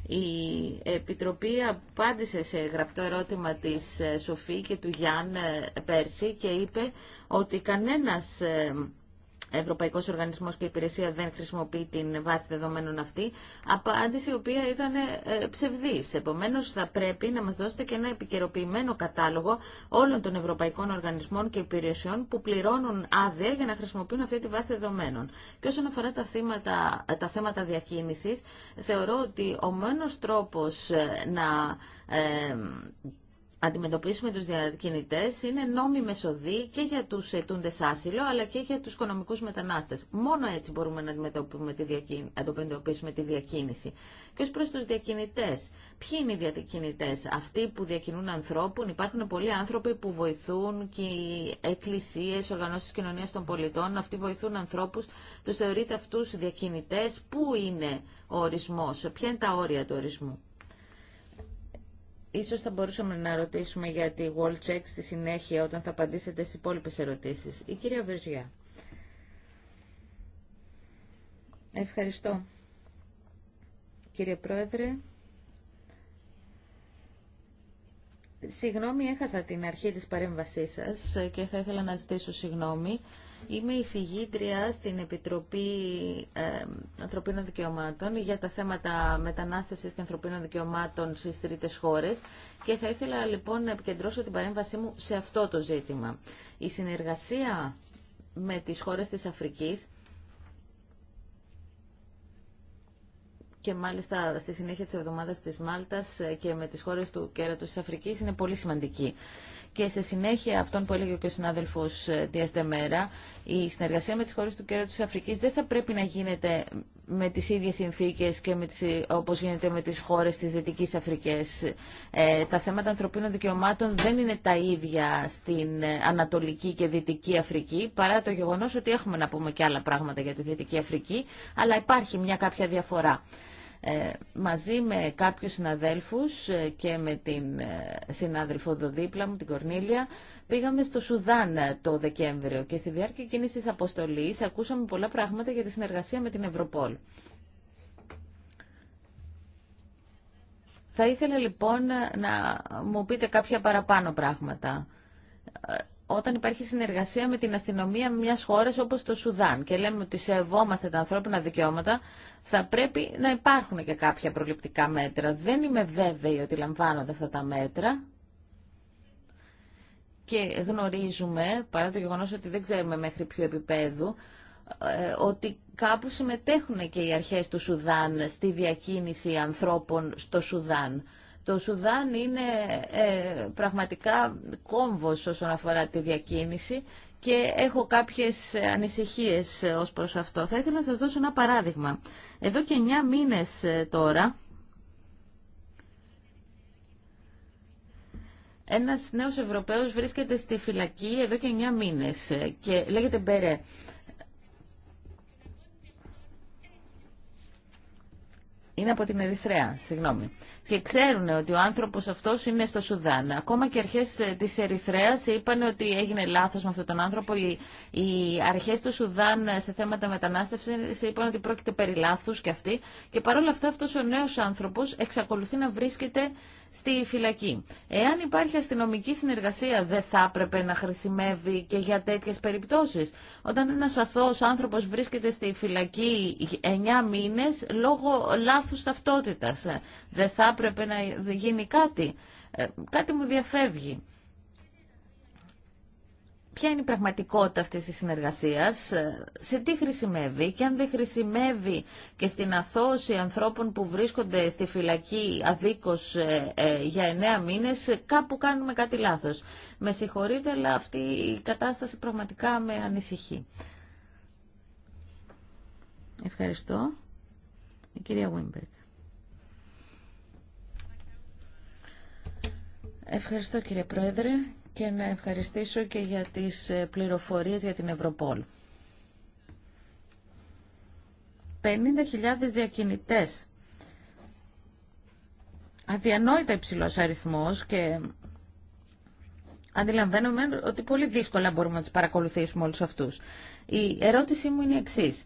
Η Επιτροπή απάντησε σε γραπτό ερώτημα της ε, Σοφή και του Γιάνν ε, πέρσι και είπε ότι κανένας ε, Ευρωπαϊκό Οργανισμό και Υπηρεσία δεν χρησιμοποιεί την βάση δεδομένων αυτή, απάντηση η οποία ήταν ε, ε, ψευδή. Επομένως θα πρέπει να μας δώσετε και ένα επικαιροποιημένο κατάλογο όλων των ευρωπαϊκών οργανισμών και υπηρεσιών που πληρώνουν άδεια για να χρησιμοποιούν αυτή τη βάση δεδομένων. Και όσον αφορά τα, ε, τα θέματα διακίνησης, θεωρώ ότι ο μόνο τρόπο να αντιμετωπίσουμε τους διακινητές είναι νόμιμη οδοί και για τους ετούντες άσυλο αλλά και για τους οικονομικούς μετανάστες. Μόνο έτσι μπορούμε να αντιμετωπίσουμε τη, αντιμετωπίσουμε τη διακίνηση. Και ως προς τους διακινητές. Ποιοι είναι οι διακινητές. Αυτοί που διακινούν ανθρώπου, Υπάρχουν πολλοί άνθρωποι που βοηθούν και οι εκκλησίες, οργανώσεις κοινωνίας των πολιτών. Αυτοί βοηθούν ανθρώπους. Τους θεωρείτε αυτούς διακινητές. Πού είναι ο ορισμός. Ποια είναι τα όρια του ορισμού. Ίσως θα μπορούσαμε να ρωτήσουμε για τη wall check στη συνέχεια όταν θα απαντήσετε στις υπόλοιπες ερωτήσεις. Η κυρία Βερζιά. Ευχαριστώ. Κύριε Πρόεδρε, συγγνώμη έχασα την αρχή της παρέμβασής σας και θα ήθελα να ζητήσω συγγνώμη. Είμαι εισηγήτρια στην Επιτροπή ε, Ανθρωπίνων Δικαιωμάτων για τα θέματα μετανάστευσης και ανθρωπίνων δικαιωμάτων στις τρίτες χώρες και θα ήθελα λοιπόν να επικεντρώσω την παρέμβασή μου σε αυτό το ζήτημα. Η συνεργασία με τις χώρες της Αφρικής και μάλιστα στη συνέχεια της εβδομάδας της Μάλτας και με τις χώρες του κέρατος της Αφρικής είναι πολύ σημαντική και σε συνέχεια αυτόν που έλεγε και ο συνάδελφος ε, Διασδεμέρα, η συνεργασία με τι χώρε του κέρατο τη Αφρική δεν θα πρέπει να γίνεται με τι ίδιε συνθήκε και όπω γίνεται με τι χώρε τη Δυτική Αφρική. Ε, τα θέματα ανθρωπίνων δικαιωμάτων δεν είναι τα ίδια στην ε, Ανατολική και Δυτική Αφρική, παρά το γεγονό ότι έχουμε να πούμε και άλλα πράγματα για τη Δυτική Αφρική, αλλά υπάρχει μια κάποια διαφορά. Ε, μαζί με κάποιους συναδέλφους ε, και με την ε, συνάδελφο εδώ δίπλα μου, την Κορνίλια, πήγαμε στο Σουδάν το Δεκέμβριο και στη διάρκεια εκείνης της αποστολής ακούσαμε πολλά πράγματα για τη συνεργασία με την Ευρωπόλ. Θα ήθελα λοιπόν να μου πείτε κάποια παραπάνω πράγματα όταν υπάρχει συνεργασία με την αστυνομία μιας χώρας όπως το Σουδάν και λέμε ότι σεβόμαστε τα ανθρώπινα δικαιώματα, θα πρέπει να υπάρχουν και κάποια προληπτικά μέτρα. Δεν είμαι βέβαιη ότι λαμβάνονται αυτά τα μέτρα. Και γνωρίζουμε, παρά το γεγονός ότι δεν ξέρουμε μέχρι ποιο επίπεδο, ε, ότι κάπου συμμετέχουν και οι αρχές του Σουδάν στη διακίνηση ανθρώπων στο Σουδάν. Το Σουδάν είναι ε, πραγματικά κόμβος όσον αφορά τη διακίνηση και έχω κάποιες ανησυχίες ως προς αυτό. Θα ήθελα να σας δώσω ένα παράδειγμα. Εδώ και 9 μήνες ε, τώρα, ένας νέος Ευρωπαίος βρίσκεται στη φυλακή εδώ και 9 μήνες ε, και λέγεται Μπερέ. Είναι από την Ερυθρέα, συγγνώμη και ξέρουν ότι ο άνθρωπος αυτός είναι στο Σουδάν. Ακόμα και αρχές ε, της Ερυθρέας είπαν ότι έγινε λάθος με αυτόν τον άνθρωπο. Οι, οι αρχές του Σουδάν ε, σε θέματα μετανάστευση είπαν ότι πρόκειται περί λάθους και αυτοί. Και παρόλα αυτά αυτό ο νέος άνθρωπος εξακολουθεί να βρίσκεται στη φυλακή. Εάν υπάρχει αστυνομική συνεργασία δεν θα έπρεπε να χρησιμεύει και για τέτοιες περιπτώσεις. Όταν ένας αθώος άνθρωπος βρίσκεται στη φυλακή 9 μήνες λόγω λάθους ταυτότητας ε, δεν θα έπρεπε να γίνει κάτι. Ε, κάτι μου διαφεύγει ποια είναι η πραγματικότητα αυτής της συνεργασίας, ε, σε τι χρησιμεύει και αν δεν χρησιμεύει και στην αθώωση ανθρώπων που βρίσκονται στη φυλακή αδίκως ε, ε, για εννέα μήνες, κάπου κάνουμε κάτι λάθος. Με συγχωρείτε, αλλά αυτή η κατάσταση πραγματικά με ανησυχεί. Ευχαριστώ. Η κυρία Βουίμπερκ. Ευχαριστώ κύριε Πρόεδρε και να ευχαριστήσω και για τις ε, πληροφορίες για την Ευρωπόλ. 50.000 διακινητές. Αδιανόητα υψηλός αριθμός και αντιλαμβάνομαι ότι πολύ δύσκολα μπορούμε να τις παρακολουθήσουμε όλους αυτούς. Η ερώτησή μου είναι η εξής.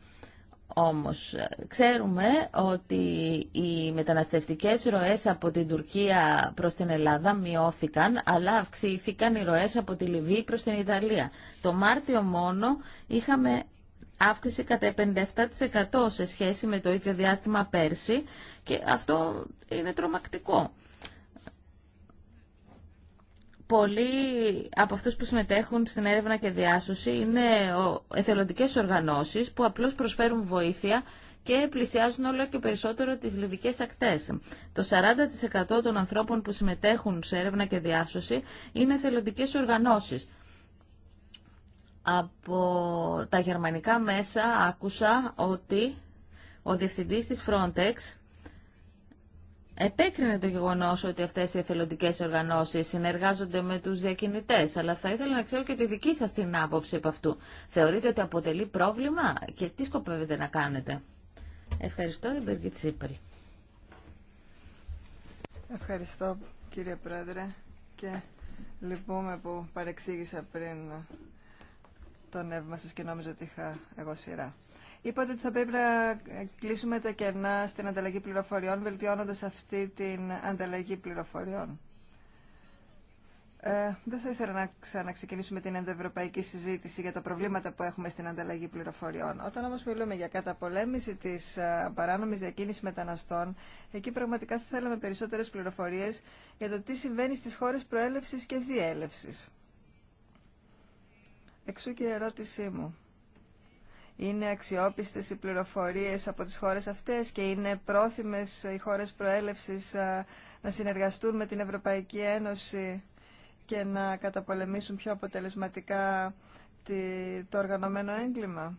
Όμως ξέρουμε ότι οι μεταναστευτικές ροές από την Τουρκία προς την Ελλάδα μειώθηκαν, αλλά αυξήθηκαν οι ροές από τη Λιβύη προς την Ιταλία. Το Μάρτιο μόνο είχαμε αύξηση κατά 57% σε σχέση με το ίδιο διάστημα πέρσι και αυτό είναι τρομακτικό πολλοί από αυτούς που συμμετέχουν στην έρευνα και διάσωση είναι εθελοντικές οργανώσεις που απλώς προσφέρουν βοήθεια και πλησιάζουν όλο και περισσότερο τις λιβικές ακτές. Το 40% των ανθρώπων που συμμετέχουν σε έρευνα και διάσωση είναι εθελοντικές οργανώσεις. Από τα γερμανικά μέσα άκουσα ότι ο διευθυντής της Frontex επέκρινε το γεγονός ότι αυτές οι εθελοντικέ οργανώσεις συνεργάζονται με τους διακινητές, αλλά θα ήθελα να ξέρω και τη δική σα την άποψη από αυτού. Θεωρείτε ότι αποτελεί πρόβλημα και τι σκοπεύετε να κάνετε. Ευχαριστώ, η Μπεργκή Ευχαριστώ, κύριε Πρόεδρε, και λυπούμε που παρεξήγησα πριν το νεύμα σα και νόμιζα ότι είχα εγώ σειρά. Είπατε ότι θα πρέπει να κλείσουμε τα κενά στην ανταλλαγή πληροφοριών, βελτιώνοντας αυτή την ανταλλαγή πληροφοριών. Ε, δεν θα ήθελα να ξαναξεκινήσουμε την ενδοευρωπαϊκή συζήτηση για τα προβλήματα που έχουμε στην ανταλλαγή πληροφοριών. Όταν όμως μιλούμε για καταπολέμηση της ε, παράνομης διακίνησης μεταναστών, εκεί πραγματικά θα θέλαμε περισσότερες πληροφορίες για το τι συμβαίνει στις χώρες προέλευσης και διέλευσης. Εξού και η ερώτησή μου είναι αξιόπιστες οι πληροφορίες από τις χώρες αυτές και είναι πρόθυμες οι χώρες προέλευσης ε, να συνεργαστούν με την Ευρωπαϊκή Ένωση και να καταπολεμήσουν πιο αποτελεσματικά το οργανωμένο έγκλημα.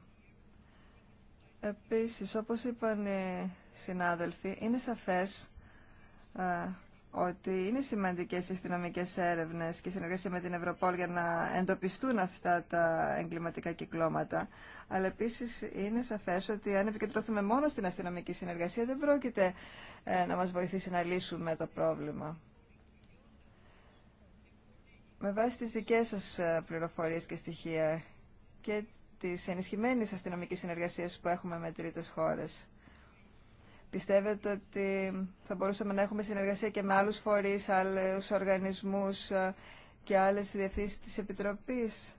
Επίσης, όπως είπαν οι συνάδελφοι, είναι σαφές ε, ότι είναι σημαντικές οι αστυνομικέ έρευνε και η συνεργασία με την Ευρωπόλ για να εντοπιστούν αυτά τα εγκληματικά κυκλώματα. Αλλά επίσης είναι σαφές ότι αν επικεντρωθούμε μόνο στην αστυνομική συνεργασία δεν πρόκειται ε, να μας βοηθήσει να λύσουμε το πρόβλημα. Με βάση τις δικές σας ε, πληροφορίες και στοιχεία και τη ενισχυμένη αστυνομική συνεργασία που έχουμε με τρίτες χώρε. Πιστεύετε ότι θα μπορούσαμε να έχουμε συνεργασία και με άλλους φορείς, άλλους οργανισμούς ε, και άλλες διευθύνσεις της Επιτροπής.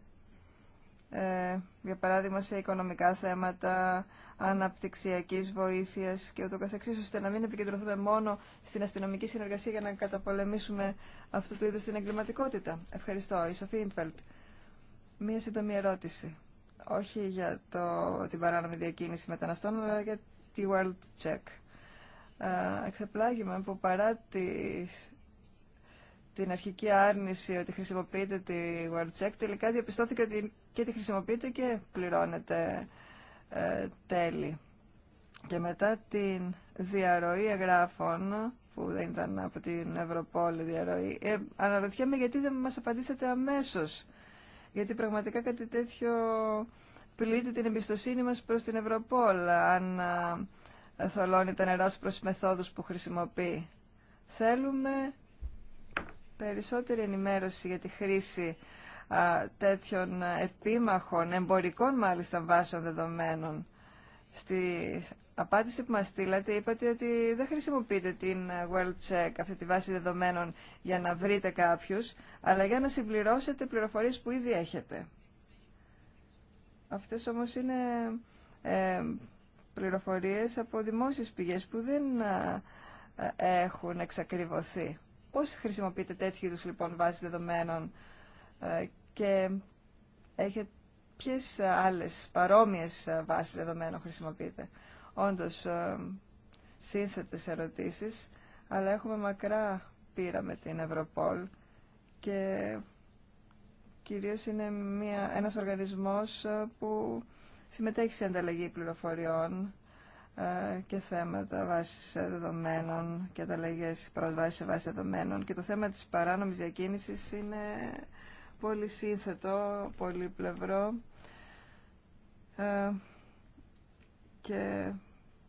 Ε, για παράδειγμα σε οικονομικά θέματα, αναπτυξιακής βοήθειας και ούτω καθεξής, ώστε να μην επικεντρωθούμε μόνο στην αστυνομική συνεργασία για να καταπολεμήσουμε αυτού του είδους την εγκληματικότητα. Ευχαριστώ. Η Σοφή Ιντφελτ. Μία σύντομη ερώτηση. Όχι για το, την παράνομη διακίνηση μεταναστών, αλλά για τη World Check. Εξεπλάγημα που παρά την αρχική άρνηση ότι χρησιμοποιείται τη World Check, τελικά διαπιστώθηκε ότι και τη χρησιμοποιείται και πληρώνεται ε, τέλη. Και μετά την διαρροή εγγράφων, που δεν ήταν από την Ευρωπόλη διαρροή, ε, αναρωτιέμαι γιατί δεν μας απαντήσατε αμέσως. Γιατί πραγματικά κάτι τέτοιο πλήττει την εμπιστοσύνη μας προς την Ευρωπόλ αν θολώνει τα νερά προς μεθόδους που χρησιμοποιεί. Θέλουμε περισσότερη ενημέρωση για τη χρήση τέτοιων επίμαχων, εμπορικών μάλιστα βάσεων δεδομένων. Στη απάντηση που μας στείλατε είπατε ότι δεν χρησιμοποιείτε την World Check, αυτή τη βάση δεδομένων, για να βρείτε κάποιους, αλλά για να συμπληρώσετε πληροφορίες που ήδη έχετε. Αυτές όμως είναι ε, πληροφορίες από δημόσιες πηγές που δεν ε, ε, έχουν εξακριβωθεί. Πώς χρησιμοποιείτε τέτοιου είδους λοιπόν βάσει δεδομένων ε, και έχετε, ποιες άλλες παρόμοιες βάσεις δεδομένων χρησιμοποιείτε. Όντως, σύνθετες ερωτήσεις, αλλά έχουμε μακρά πείρα με την Ευρωπόλ και κυρίως είναι μια, ένας οργανισμός ε, που συμμετέχει σε ανταλλαγή πληροφοριών ε, και θέματα βάσης δεδομένων και ανταλλαγές προσβάσης σε βάση δεδομένων και το θέμα της παράνομης διακίνησης είναι πολύ σύνθετο, πολύ πλευρό ε, και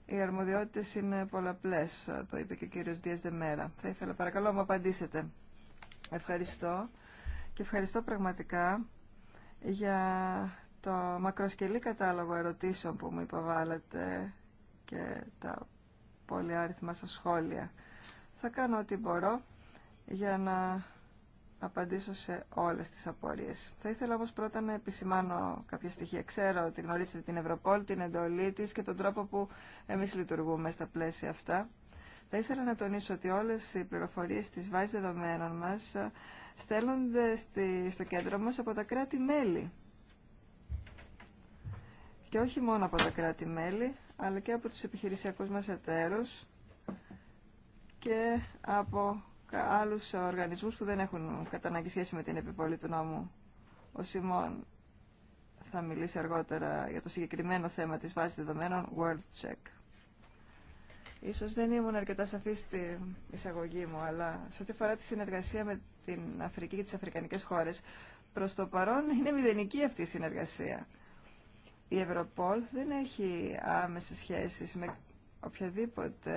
οι αρμοδιότητες είναι πολλαπλές, το είπε και ο κύριος Δίας Δεμέρα. Θα ήθελα παρακαλώ να μου απαντήσετε. Ευχαριστώ και ευχαριστώ πραγματικά για το μακροσκελή κατάλογο ερωτήσεων που μου υποβάλλετε και τα πολύ άριθμα σας σχόλια. Θα κάνω ό,τι μπορώ για να απαντήσω σε όλες τις απορίες. Θα ήθελα όμως πρώτα να επισημάνω κάποια στοιχεία. Ξέρω ότι γνωρίζετε την Ευρωπόλ, την εντολή της και τον τρόπο που εμείς λειτουργούμε στα πλαίσια αυτά. Θα ήθελα να τονίσω ότι όλες οι πληροφορίες της βάσης δεδομένων μας στέλνονται στη, στο κέντρο μας από τα κράτη-μέλη. Και όχι μόνο από τα κράτη-μέλη, αλλά και από τους επιχειρησιακούς μας εταίρους και από άλλους οργανισμούς που δεν έχουν κατά σχέση με την επιβολή του νόμου. Ο Σιμών θα μιλήσει αργότερα για το συγκεκριμένο θέμα της βάσης δεδομένων World Check. Ίσως δεν ήμουν αρκετά σαφή στην εισαγωγή μου, αλλά σε ό,τι αφορά τη συνεργασία με την Αφρική και τις αφρικανικές χώρες, προς το παρόν είναι μηδενική αυτή η συνεργασία. Η Ευρωπόλ δεν έχει άμεσες σχέσεις με οποιαδήποτε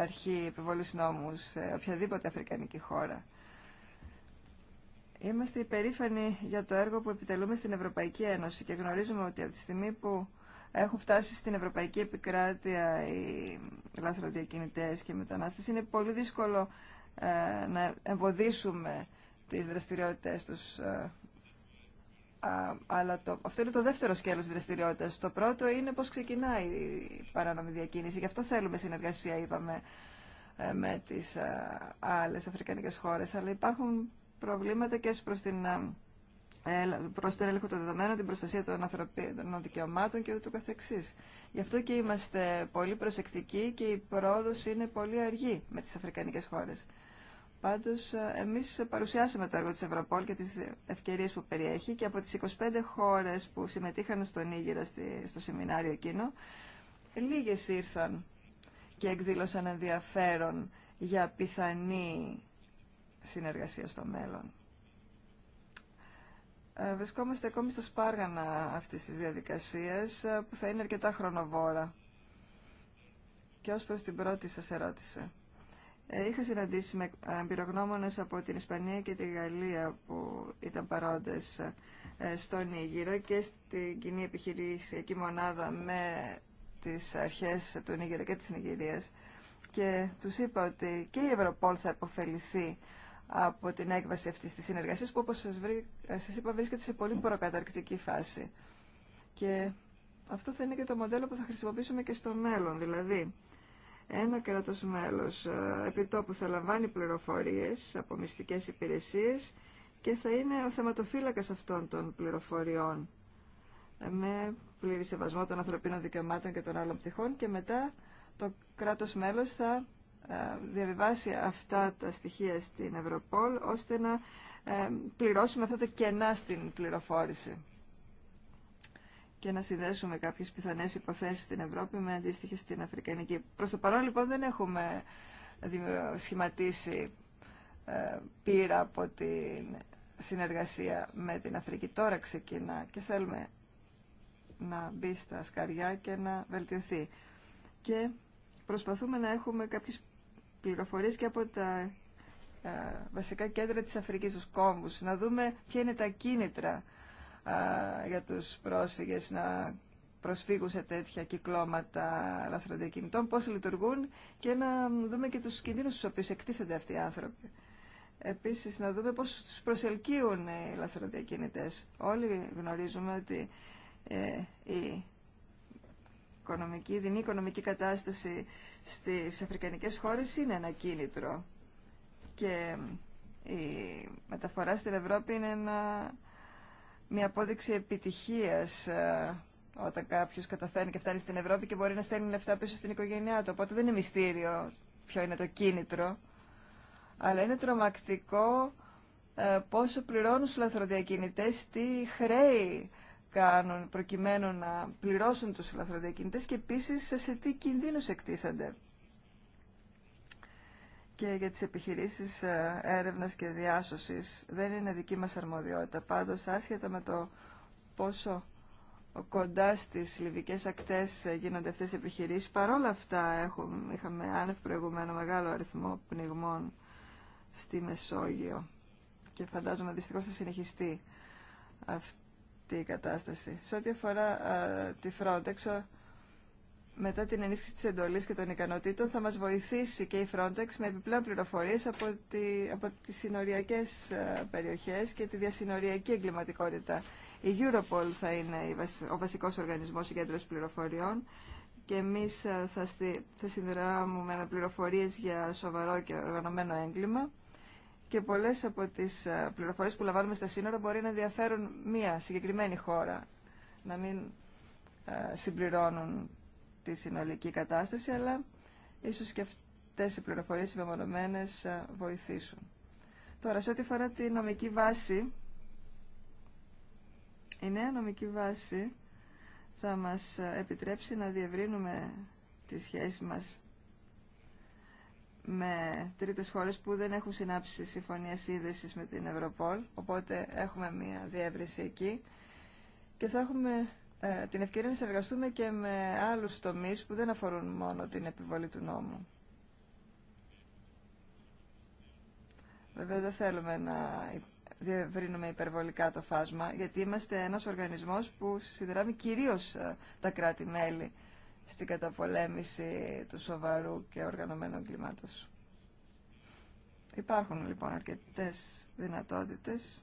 αρχή επιβολή νόμου σε οποιαδήποτε αφρικανική χώρα. Είμαστε υπερήφανοι για το έργο που επιτελούμε στην Ευρωπαϊκή Ένωση και γνωρίζουμε ότι από τη στιγμή που έχουν φτάσει στην ευρωπαϊκή επικράτεια οι λαθροδιακινητές και οι μετανάστες. Είναι πολύ δύσκολο ε, να εμποδίσουμε τις δραστηριότητες τους. Ε, αλλά το, αυτό είναι το δεύτερο σκέλος της δραστηριότητας. Το πρώτο είναι πώς ξεκινάει η παράνομη διακίνηση. Γι' αυτό θέλουμε συνεργασία, είπαμε, ε, με τις άλλες αφρικανικές χώρες. Αλλά υπάρχουν προβλήματα και προς την προς τον έλεγχο των δεδομένων, την προστασία των ανθρωπίνων δικαιωμάτων και ούτω καθεξής. Γι' αυτό και είμαστε πολύ προσεκτικοί και η πρόοδος είναι πολύ αργή με τις αφρικανικές χώρες. Πάντως, εμείς παρουσιάσαμε το έργο της Ευρωπόλ και τις ευκαιρίες που περιέχει και από τις 25 χώρες που συμμετείχαν στον Ήγηρα στο σεμινάριο εκείνο, λίγες ήρθαν και εκδήλωσαν ενδιαφέρον για πιθανή συνεργασία στο μέλλον. Ε, βρισκόμαστε ακόμη στα σπάργανα αυτή της διαδικασίας ε, που θα είναι αρκετά χρονοβόρα. Και ως προς την πρώτη σας ερώτηση. Ε, είχα συναντήσει με εμπειρογνώμονες από την Ισπανία και τη Γαλλία που ήταν παρόντες στον Ήγυρο και στην κοινή επιχειρησιακή μονάδα με τις αρχές του Νίγηρα και της Νιγηρίας και τους είπα ότι και η Ευρωπόλ θα υποφεληθεί από την έκβαση αυτής της συνεργασίας που όπως σας, είπα βρίσκεται σε πολύ προκαταρκτική φάση. Και αυτό θα είναι και το μοντέλο που θα χρησιμοποιήσουμε και στο μέλλον. Δηλαδή, ένα κράτος μέλος ε, επιτόπου θα λαμβάνει πληροφορίες από μυστικές υπηρεσίες και θα είναι ο θεματοφύλακας αυτών των πληροφοριών ε, με πλήρη σεβασμό των ανθρωπίνων δικαιωμάτων και των άλλων πτυχών και μετά το κράτος μέλος θα ε, διαβιβάσει αυτά τα στοιχεία στην Ευρωπόλ ώστε να ε, πληρώσουμε αυτά τα κενά στην πληροφόρηση και να συνδέσουμε κάποιες πιθανές υποθέσεις στην Ευρώπη με αντίστοιχε στην Αφρικανική. Προς το παρόν λοιπόν δεν έχουμε σχηματίσει ε, πείρα από την συνεργασία με την Αφρική. Τώρα ξεκινά και θέλουμε να μπει στα σκαριά και να βελτιωθεί. Και προσπαθούμε να έχουμε κάποιες πληροφορίες και από τα ε, βασικά κέντρα της Αφρικής, τους κόμβους, να δούμε ποια είναι τα κίνητρα ε, για τους πρόσφυγες να προσφύγουν σε τέτοια κυκλώματα λαθροδιακινητών, πώς λειτουργούν και να δούμε και τους κινδύνους στους οποίους εκτίθενται αυτοί οι άνθρωποι. Επίσης, να δούμε πώς τους προσελκύουν οι λαθροδιακινητές. Όλοι γνωρίζουμε ότι ε, η οικονομική, η δινή οικονομική κατάσταση στις αφρικανικές χώρες είναι ένα κίνητρο και η μεταφορά στην Ευρώπη είναι μια απόδειξη επιτυχίας ε, όταν κάποιος καταφέρνει και φτάνει στην Ευρώπη και μπορεί να στέλνει λεφτά πίσω στην οικογένειά του. Οπότε δεν είναι μυστήριο ποιο είναι το κίνητρο, αλλά είναι τρομακτικό ε, πόσο πληρώνουν στους λαθροδιακινητές τι χρέη κάνουν προκειμένου να πληρώσουν τους ελαφροδιακινητές και επίσης σε τι κινδύνους εκτίθενται. Και για τις επιχειρήσεις ε, έρευνας και διάσωσης δεν είναι δική μας αρμοδιότητα. Πάντως, άσχετα με το πόσο κοντά στις λιβικές ακτές ε, γίνονται αυτές οι επιχειρήσεις, παρόλα αυτά έχουμε, είχαμε άνευ προηγουμένο μεγάλο αριθμό πνιγμών στη Μεσόγειο. Και φαντάζομαι δυστυχώς θα συνεχιστεί αυτό η κατάσταση. Σε ό,τι αφορά τη Frontex, μετά την ενίσχυση της εντολής και των ικανοτήτων θα μας βοηθήσει και η Frontex με επιπλέον πληροφορίες από, τη, από τις συνοριακές περιοχές και τη διασυνοριακή εγκληματικότητα. Η Europol θα είναι ο βασικός οργανισμός συγκέντρωσης πληροφοριών και εμείς θα, στη, θα συνδράμουμε με πληροφορίες για σοβαρό και οργανωμένο έγκλημα και πολλές από τις ε, πληροφορίες που λαμβάνουμε στα σύνορα μπορεί να ενδιαφέρουν μία συγκεκριμένη χώρα, να μην ε, συμπληρώνουν τη συνολική κατάσταση, αλλά ίσως και αυτέ οι πληροφορίες οι ε, βοηθήσουν. Τώρα, σε ό,τι αφορά τη νομική βάση, η νέα νομική βάση θα μας επιτρέψει να διευρύνουμε τις σχέση μας με τρίτες χώρες που δεν έχουν συνάψει συμφωνία σύνδεση με την Ευρωπόλ, οπότε έχουμε μία διεύρυνση εκεί και θα έχουμε ε, την ευκαιρία να συνεργαστούμε και με άλλους τομείς που δεν αφορούν μόνο την επιβολή του νόμου. Βέβαια δεν θέλουμε να διευρύνουμε υπερβολικά το φάσμα, γιατί είμαστε ένας οργανισμός που συνδράμει κυρίως ε, τα κράτη-μέλη στην καταπολέμηση του σοβαρού και οργανωμένου εγκλήματος. Υπάρχουν λοιπόν αρκετές δυνατότητες,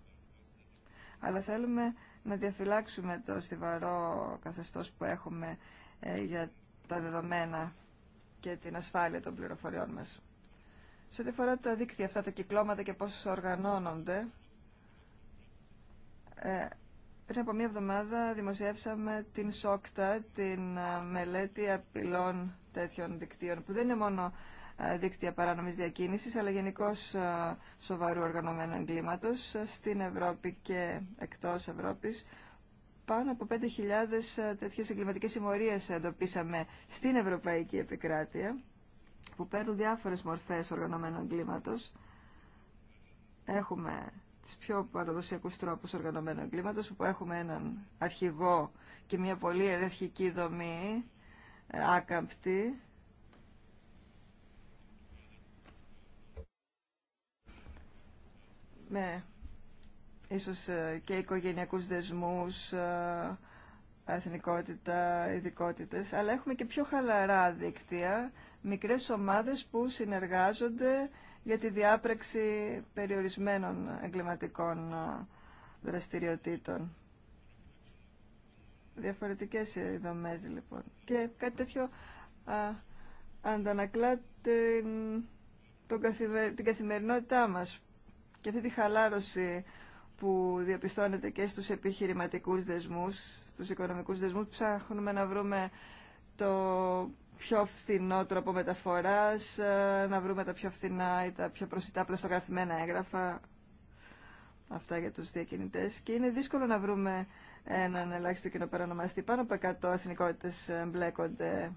αλλά θέλουμε να διαφυλάξουμε το στιβαρό καθεστώς που έχουμε ε, για τα δεδομένα και την ασφάλεια των πληροφοριών μας. Σε ό,τι αφορά τα δίκτυα αυτά, τα κυκλώματα και πώς οργανώνονται, ε, πριν από μία εβδομάδα δημοσιεύσαμε την ΣΟΚΤΑ, την ε, μελέτη απειλών τέτοιων δικτύων, που δεν είναι μόνο ε, δίκτυα παράνομης διακίνησης, αλλά γενικώ ε, σοβαρού οργανωμένου εγκλήματος στην Ευρώπη και εκτός Ευρώπης. Πάνω από 5.000 τέτοιες εγκληματικές συμμορίες εντοπίσαμε στην Ευρωπαϊκή Επικράτεια, που παίρνουν διάφορες μορφές οργανωμένου εγκλήματος. Έχουμε τις πιο παραδοσιακούς τρόπους οργανωμένου εγκλήματος, όπου έχουμε έναν αρχηγό και μια πολύ ιεραρχική δομή, ε, άκαμπτη. Με ίσως ε, και οικογενειακούς δεσμούς, ε, εθνικότητα, ειδικότητε, αλλά έχουμε και πιο χαλαρά δίκτυα, μικρές ομάδες που συνεργάζονται για τη διάπραξη περιορισμένων εγκληματικών δραστηριοτήτων. Διαφορετικές οι λοιπόν. Και κάτι τέτοιο α, αντανακλά την, τον την καθημερινότητά μας και αυτή τη χαλάρωση που διαπιστώνεται και στους επιχειρηματικούς δεσμούς, στους οικονομικούς δεσμούς, ψάχνουμε να βρούμε το πιο φθηνό τρόπο μεταφοράς, ε, να βρούμε τα πιο φθηνά ή τα πιο προσιτά πλαστογραφημένα έγγραφα. Αυτά για τους διακινητές. Και είναι δύσκολο να βρούμε έναν ελάχιστο κοινό Πάνω από 100 εθνικότητες μπλέκονται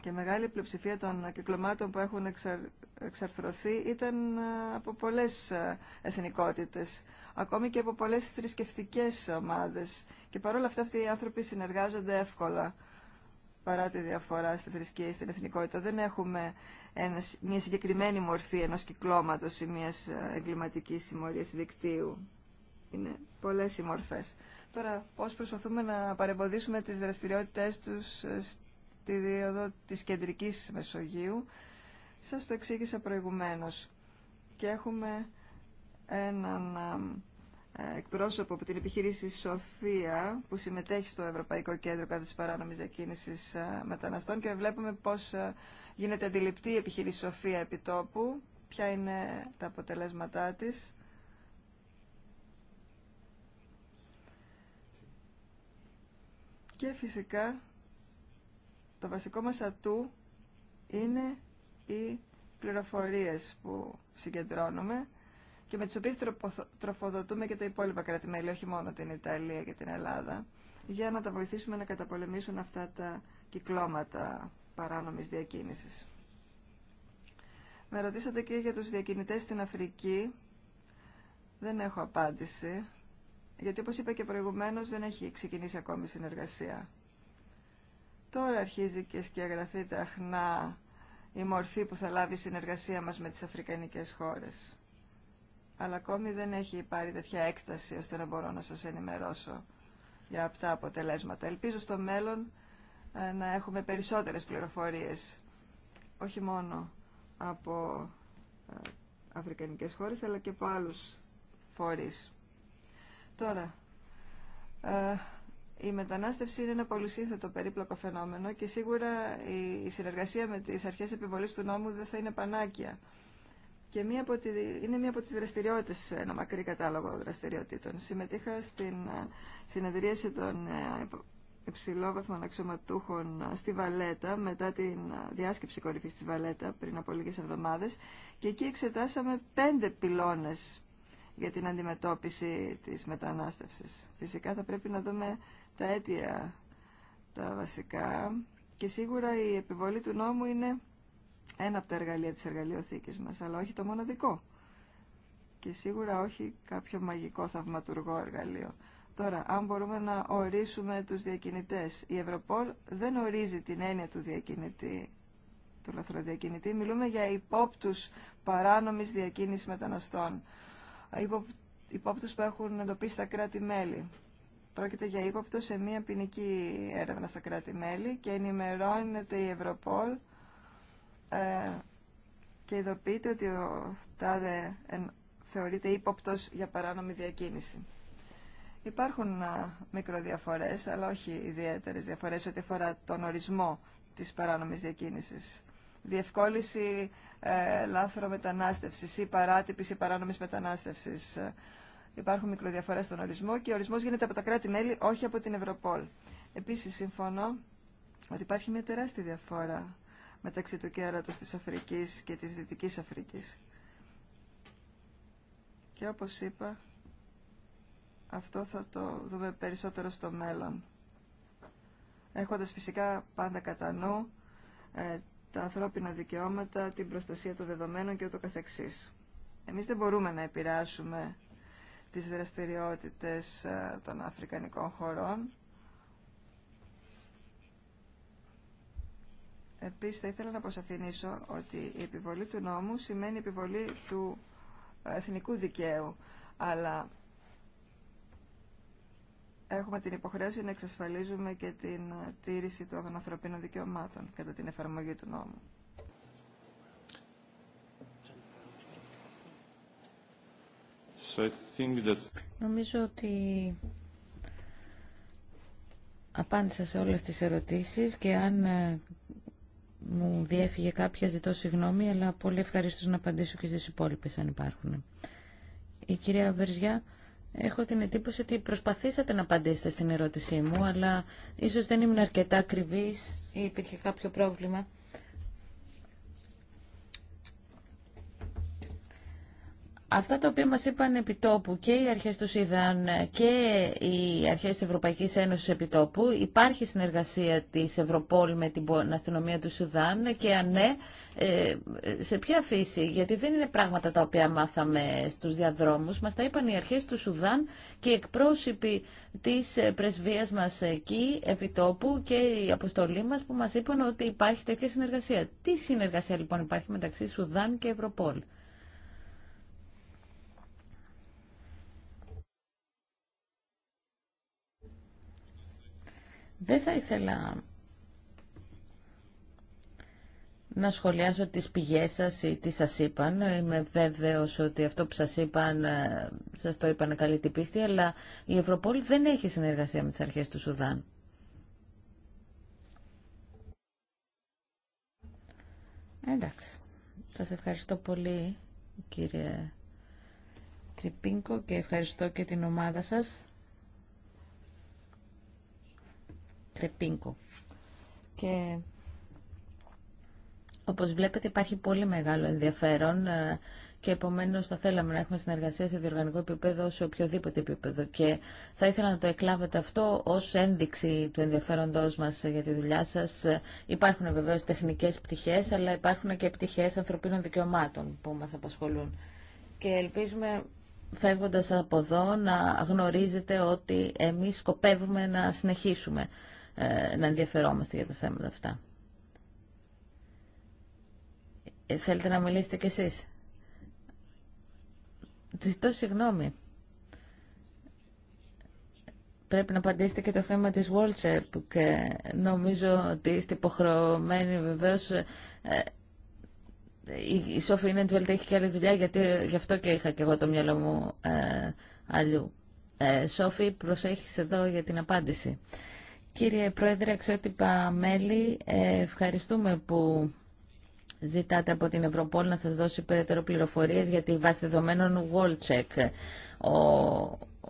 και μεγάλη πλειοψηφία των κυκλωμάτων που έχουν εξαρ... εξαρθρωθεί ήταν ε, από πολλές ε, εθνικότητες, ακόμη και από πολλές θρησκευτικέ ομάδες. Και παρόλα αυτά αυτοί οι άνθρωποι συνεργάζονται εύκολα παρά τη διαφορά στη θρησκεία ή στην εθνικότητα. Δεν έχουμε μια συγκεκριμένη μορφή ενός κυκλώματος ή μιας ε, εγκληματικής συμμορίας δικτύου. Είναι πολλές οι μορφές. Τώρα, πώς προσπαθούμε να παρεμποδίσουμε τις δραστηριότητες τους ε, στη διόδο της κεντρικής Μεσογείου, σας το εξήγησα προηγουμένως. Και έχουμε έναν ε, ε, εκπρόσωπο από την επιχείρηση Σοφία που συμμετέχει στο Ευρωπαϊκό Κέντρο κατά της παράνομης διακίνησης ε, μεταναστών και βλέπουμε πώς ε, γίνεται αντιληπτή η επιχείρηση Σοφία επιτόπου, ποια είναι τα αποτελέσματά της. Και φυσικά το βασικό μας ατού είναι οι πληροφορίες που συγκεντρώνουμε και με τις οποίες τροφοδοτούμε και τα υπόλοιπα κράτη-μέλη, όχι μόνο την Ιταλία και την Ελλάδα, για να τα βοηθήσουμε να καταπολεμήσουν αυτά τα κυκλώματα παράνομης διακίνησης. Με ρωτήσατε και για τους διακινητές στην Αφρική. Δεν έχω απάντηση, γιατί όπως είπα και προηγουμένως δεν έχει ξεκινήσει ακόμη συνεργασία. Τώρα αρχίζει και σκιαγραφείται αχνά η μορφή που θα λάβει η συνεργασία μας με τις αφρικανικές χώρες αλλά ακόμη δεν έχει πάρει τέτοια έκταση ώστε να μπορώ να σας ενημερώσω για αυτά αποτελέσματα. Ελπίζω στο μέλλον ε, να έχουμε περισσότερες πληροφορίες, όχι μόνο από ε, αφρικανικές χώρες, αλλά και από άλλους φορείς. Τώρα, ε, η μετανάστευση είναι ένα πολυσύνθετο περίπλοκο φαινόμενο και σίγουρα η συνεργασία με τις αρχές επιβολής του νόμου δεν θα είναι πανάκια. Και μία από τη, είναι μία από τις δραστηριότητες, ένα μακρύ κατάλογο δραστηριοτήτων. Συμμετείχα στην ε, συνεδρίαση των ε, υψηλόβαθμων αξιωματούχων ε, στη Βαλέτα μετά την διάσκεψη κορυφής της Βαλέτα πριν από λίγες εβδομάδες και εκεί εξετάσαμε πέντε πυλώνες για την αντιμετώπιση της μετανάστευσης. Φυσικά θα πρέπει να δούμε τα αίτια τα βασικά και σίγουρα η επιβολή του νόμου είναι ένα από τα εργαλεία της εργαλειοθήκης μας, αλλά όχι το μοναδικό. Και σίγουρα όχι κάποιο μαγικό θαυματουργό εργαλείο. Τώρα, αν μπορούμε να ορίσουμε τους διακινητές. Η Ευρωπόλ δεν ορίζει την έννοια του διακινητή, του λαθροδιακινητή. Μιλούμε για υπόπτους παράνομης διακίνησης μεταναστών. Υπόπτους που έχουν εντοπίσει τα κράτη-μέλη. Πρόκειται για ύποπτο σε μία ποινική έρευνα στα κράτη-μέλη και ενημερώνεται η Ευρωπόλ ε, και ειδοποιείται ότι ο ΤΑΔΕ θεωρείται ύποπτος για παράνομη διακίνηση. Υπάρχουν μικροδιαφορές, αλλά όχι ιδιαίτερες διαφορές ό,τι αφορά τον ορισμό της παράνομης διακίνησης. Διευκόλυση ε, λάθρο μετανάστευσης ή παράτυπης ή παράνομης μετανάστευσης. Ε, υπάρχουν μικροδιαφορές στον ορισμό και ο ορισμός γίνεται από τα κράτη-μέλη, όχι από την Ευρωπόλ. Επίσης, συμφωνώ ότι υπάρχει μια τεράστια διαφορά μεταξύ του κέρατος της Αφρικής και της Δυτικής Αφρικής. Και όπως είπα, αυτό θα το δούμε περισσότερο στο μέλλον. Έχοντας φυσικά πάντα κατά νου ε, τα ανθρώπινα δικαιώματα, την προστασία των δεδομένων και ούτω καθεξής. Εμείς δεν μπορούμε να επηρεάσουμε τις δραστηριότητες ε, των αφρικανικών χωρών, Επίσης θα ήθελα να αποσαφηνήσω ότι η επιβολή του νόμου σημαίνει επιβολή του εθνικού δικαίου, αλλά έχουμε την υποχρέωση να εξασφαλίζουμε και την τήρηση των ανθρωπίνων δικαιωμάτων κατά την εφαρμογή του νόμου. Νομίζω ότι απάντησα σε όλες τις ερωτήσεις και αν ε, μου διέφυγε κάποια, ζητώ συγγνώμη, αλλά πολύ ευχαριστώ να απαντήσω και στις υπόλοιπε αν υπάρχουν. Η κυρία Βερζιά, έχω την εντύπωση ότι προσπαθήσατε να απαντήσετε στην ερώτησή μου, αλλά ίσως δεν ήμουν αρκετά ακριβή ή υπήρχε κάποιο πρόβλημα. Αυτά τα οποία μας είπαν επιτόπου και οι αρχές του ΣΥΔΑΝ και οι αρχές της Ευρωπαϊκής Ένωσης επιτόπου, υπάρχει συνεργασία της Ευρωπόλ με την αστυνομία του Σουδάν και αν ναι, ε, σε ποια φύση, γιατί δεν είναι πράγματα τα οποία μάθαμε στους διαδρόμους, μας τα είπαν οι αρχές του Σουδάν και οι εκπρόσωποι της πρεσβείας μας εκεί επιτόπου και η αποστολή μας που μας είπαν ότι υπάρχει τέτοια συνεργασία. Τι συνεργασία λοιπόν υπάρχει μεταξύ Σουδάν και Ευρωπόλ. Δεν θα ήθελα να σχολιάσω τις πηγές σας ή τι σας είπαν. Είμαι βέβαιος ότι αυτό που σας είπαν, ε, σας το είπαν καλή την πίστη, αλλά η Ευρωπόλη δεν έχει συνεργασία με τις αρχές του Σουδάν. Εντάξει. Σας ευχαριστώ πολύ, κύριε Κρυπίνκο, και ευχαριστώ και την ομάδα σας. Τρεπίνκο. Και όπως βλέπετε υπάρχει πολύ μεγάλο ενδιαφέρον ε, και επομένως θα θέλαμε να έχουμε συνεργασία σε διοργανικό επίπεδο, σε οποιοδήποτε επίπεδο. Και θα ήθελα να το εκλάβετε αυτό ως ένδειξη του ενδιαφέροντός μας για τη δουλειά σας. Ε, υπάρχουν βεβαίως τεχνικές πτυχές, αλλά υπάρχουν και πτυχές ανθρωπίνων δικαιωμάτων που μας απασχολούν. Και ελπίζουμε φεύγοντας από εδώ να γνωρίζετε ότι εμείς σκοπεύουμε να συνεχίσουμε. Ε, να ενδιαφερόμαστε για τα θέματα αυτά. Ε, θέλετε να μιλήσετε κι εσείς. Ζητώ συγγνώμη. Πρέπει να απαντήσετε και το θέμα της Walser που νομίζω ότι είστε υποχρεωμένοι βεβαίως ε, η Σόφη είναι έχει και άλλη δουλειά γιατί γι' αυτό και είχα και εγώ το μυαλό μου ε, αλλού. Σόφη, προσέχεις εδώ για την απάντηση. Κύριε Πρόεδρε, αξιότυπα μέλη, ε, ευχαριστούμε που ζητάτε από την Ευρωπόλ να σας δώσει περαιτέρω πληροφορίες για τη βάση δεδομένων Wallcheck. Ο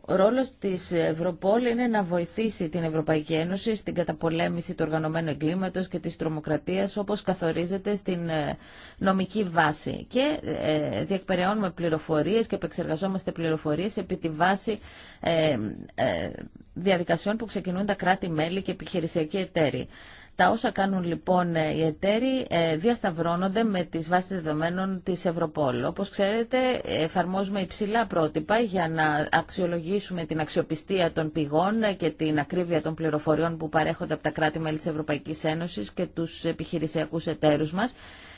ο ρόλος της Ευρωπόλ είναι να βοηθήσει την Ευρωπαϊκή Ένωση στην καταπολέμηση του οργανωμένου εγκλήματος και της τρομοκρατίας όπως καθορίζεται στην ε, νομική βάση. Και ε, διεκπεραιώνουμε πληροφορίες και επεξεργαζόμαστε πληροφορίες επί τη βάση ε, ε, διαδικασιών που ξεκινούν τα κράτη-μέλη και επιχειρησιακοί εταίροι. Τα όσα κάνουν λοιπόν ε, οι εταίροι ε, διασταυρώνονται με τις βάσεις δεδομένων της Ευρωπόλ. Όπως ξέρετε εφαρμόζουμε υψηλά πρότυπα για να αξιολογήσουμε την αξιοπιστία των πηγών ε, και την ακρίβεια των πληροφοριών που παρέχονται από τα κράτη-μέλη της Ευρωπαϊκής Ένωσης και τους επιχειρησιακούς εταίρους μας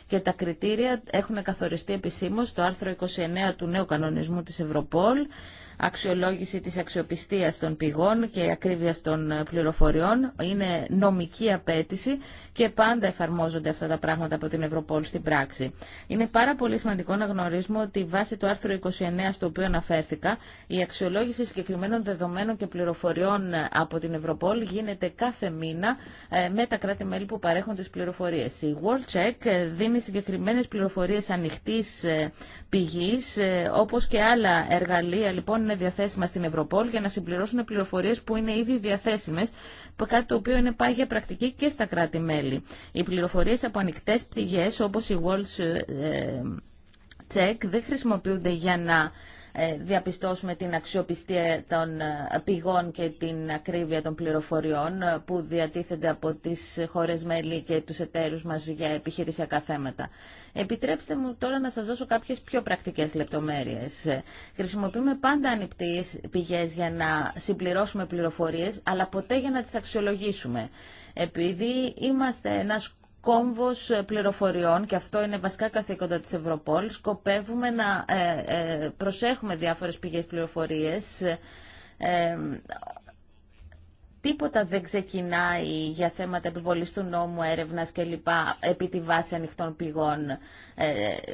και τα κριτήρια έχουν καθοριστεί επισήμως στο άρθρο 29 του νέου κανονισμού της Ευρωπόλ αξιολόγηση της αξιοπιστίας των πηγών και ακρίβειας των πληροφοριών. Είναι νομική απέτηση και πάντα εφαρμόζονται αυτά τα πράγματα από την Ευρωπόλ στην πράξη. Είναι πάρα πολύ σημαντικό να γνωρίζουμε ότι βάσει του άρθρου 29 στο οποίο αναφέρθηκα, η αξιολόγηση συγκεκριμένων δεδομένων και πληροφοριών από την Ευρωπόλ γίνεται κάθε μήνα ε, με τα κράτη-μέλη που παρέχουν τις πληροφορίες. Η World Check ε, δίνει συγκεκριμένες πληροφορίες ανοιχτής ε, πηγής, ε, όπως και άλλα εργαλεία λοιπόν είναι διαθέσιμα στην Ευρωπόλ για να συμπληρώσουν πληροφορίες που είναι ήδη διαθέσιμες, κάτι το οποίο είναι πάγια πρακτική και στα κράτη-μέλη. Οι πληροφορίες από ανοιχτέ πηγές όπως η Walls ε, ε, Check δεν χρησιμοποιούνται για να ε, διαπιστώσουμε την αξιοπιστία των ε, πηγών και την ακρίβεια των πληροφοριών ε, που διατίθενται από τις χώρες μέλη και τους εταίρους μας για επιχειρησιακά θέματα. Επιτρέψτε μου τώρα να σας δώσω κάποιες πιο πρακτικές λεπτομέρειες. Χρησιμοποιούμε πάντα ανοιχτές πηγές για να συμπληρώσουμε πληροφορίες, αλλά ποτέ για να τις αξιολογήσουμε. Επειδή είμαστε ένας Κόμβο πληροφοριών, και αυτό είναι βασικά καθήκοντα της Ευρωπόλ, σκοπεύουμε να ε, ε, προσέχουμε διάφορες πηγές πληροφορίες. Ε, τίποτα δεν ξεκινάει για θέματα επιβολής του νόμου, έρευνα κλπ. επί τη βάση ανοιχτών πηγών.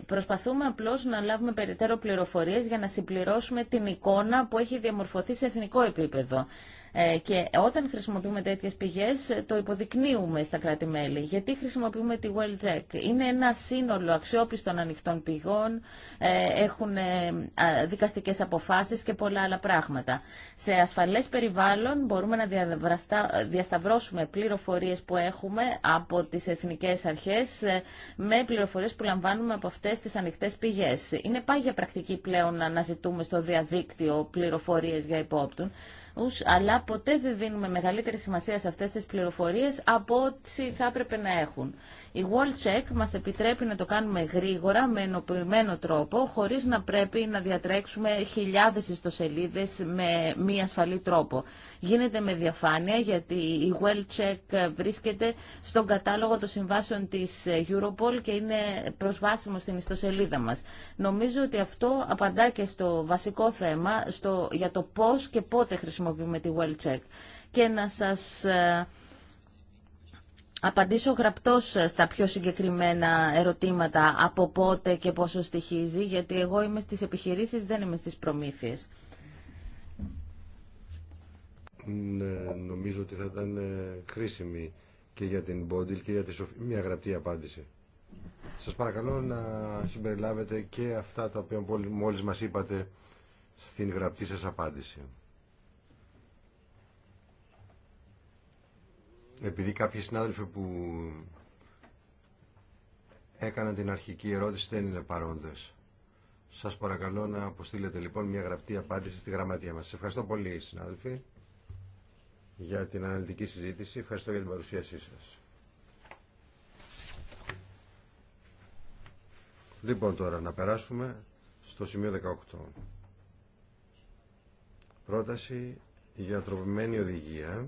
Προσπαθούμε απλώς να λάβουμε περιττέρω πληροφορίες για να συμπληρώσουμε την εικόνα που έχει διαμορφωθεί σε εθνικό επίπεδο. Ε, και όταν χρησιμοποιούμε τέτοιε πηγέ ε, το υποδεικνύουμε στα κράτη-μέλη. Γιατί χρησιμοποιούμε τη WellCheck. Είναι ένα σύνολο αξιόπιστων ανοιχτών πηγών, ε, έχουν δικαστικέ αποφάσει και πολλά άλλα πράγματα. Σε ασφαλέ περιβάλλον μπορούμε να διασταυρώσουμε πληροφορίε που έχουμε από τις εθνικές αρχές με πληροφορίε που λαμβάνουμε από αυτέ τι ανοιχτέ πηγέ. Είναι πάγια πρακτική πλέον να αναζητούμε στο διαδίκτυο πληροφορίε για υπόπτουν αλλά ποτέ δεν δίνουμε μεγαλύτερη σημασία σε αυτές τις πληροφορίες από ό,τι θα έπρεπε να έχουν. Η wall check μας επιτρέπει να το κάνουμε γρήγορα, με ενοποιημένο τρόπο, χωρίς να πρέπει να διατρέξουμε χιλιάδες ιστοσελίδες με μη ασφαλή τρόπο. Γίνεται με διαφάνεια, γιατί η wall check βρίσκεται στον κατάλογο των συμβάσεων της Europol και είναι προσβάσιμο στην ιστοσελίδα μας. Νομίζω ότι αυτό απαντά και στο βασικό θέμα, στο, για το πώς και πότε χρησιμοποιούμε τη World check. Και να σας ε, απαντήσω γραπτός ε, στα πιο συγκεκριμένα ερωτήματα από πότε και πόσο στοιχίζει, γιατί εγώ είμαι στις επιχειρήσεις, δεν είμαι στις προμήθειες. Ναι, νομίζω ότι θα ήταν ε, χρήσιμη και για την Μπόντιλ και για τη Σοφία μια γραπτή απάντηση. Σας παρακαλώ να συμπεριλάβετε και αυτά τα οποία μόλις μας είπατε στην γραπτή σας απάντηση. επειδή κάποιοι συνάδελφοι που έκαναν την αρχική ερώτηση δεν είναι παρόντες. Σας παρακαλώ να αποστείλετε λοιπόν μια γραπτή απάντηση στη γραμματεία μας. Σας ευχαριστώ πολύ συνάδελφοι για την αναλυτική συζήτηση. Ευχαριστώ για την παρουσίασή σας. Λοιπόν τώρα να περάσουμε στο σημείο 18. Πρόταση για τροπημένη οδηγία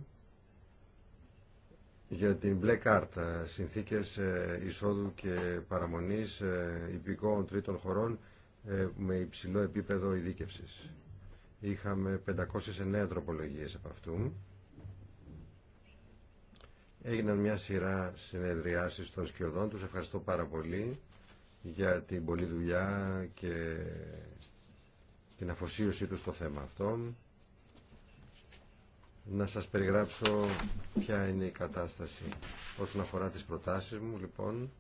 για την μπλε κάρτα, συνθήκες ε, εισόδου και παραμονής ε, υπηκόων τρίτων χωρών ε, με υψηλό επίπεδο ειδίκευσης. Είχαμε 509 τροπολογίες από αυτού. Έγιναν μια σειρά συνεδριάσεις των σκιωδών. Τους ευχαριστώ πάρα πολύ για την πολλή δουλειά και την αφοσίωσή τους στο θέμα αυτό να σας περιγράψω ποια είναι η κατάσταση όσον αφορά τις προτάσεις μου λοιπόν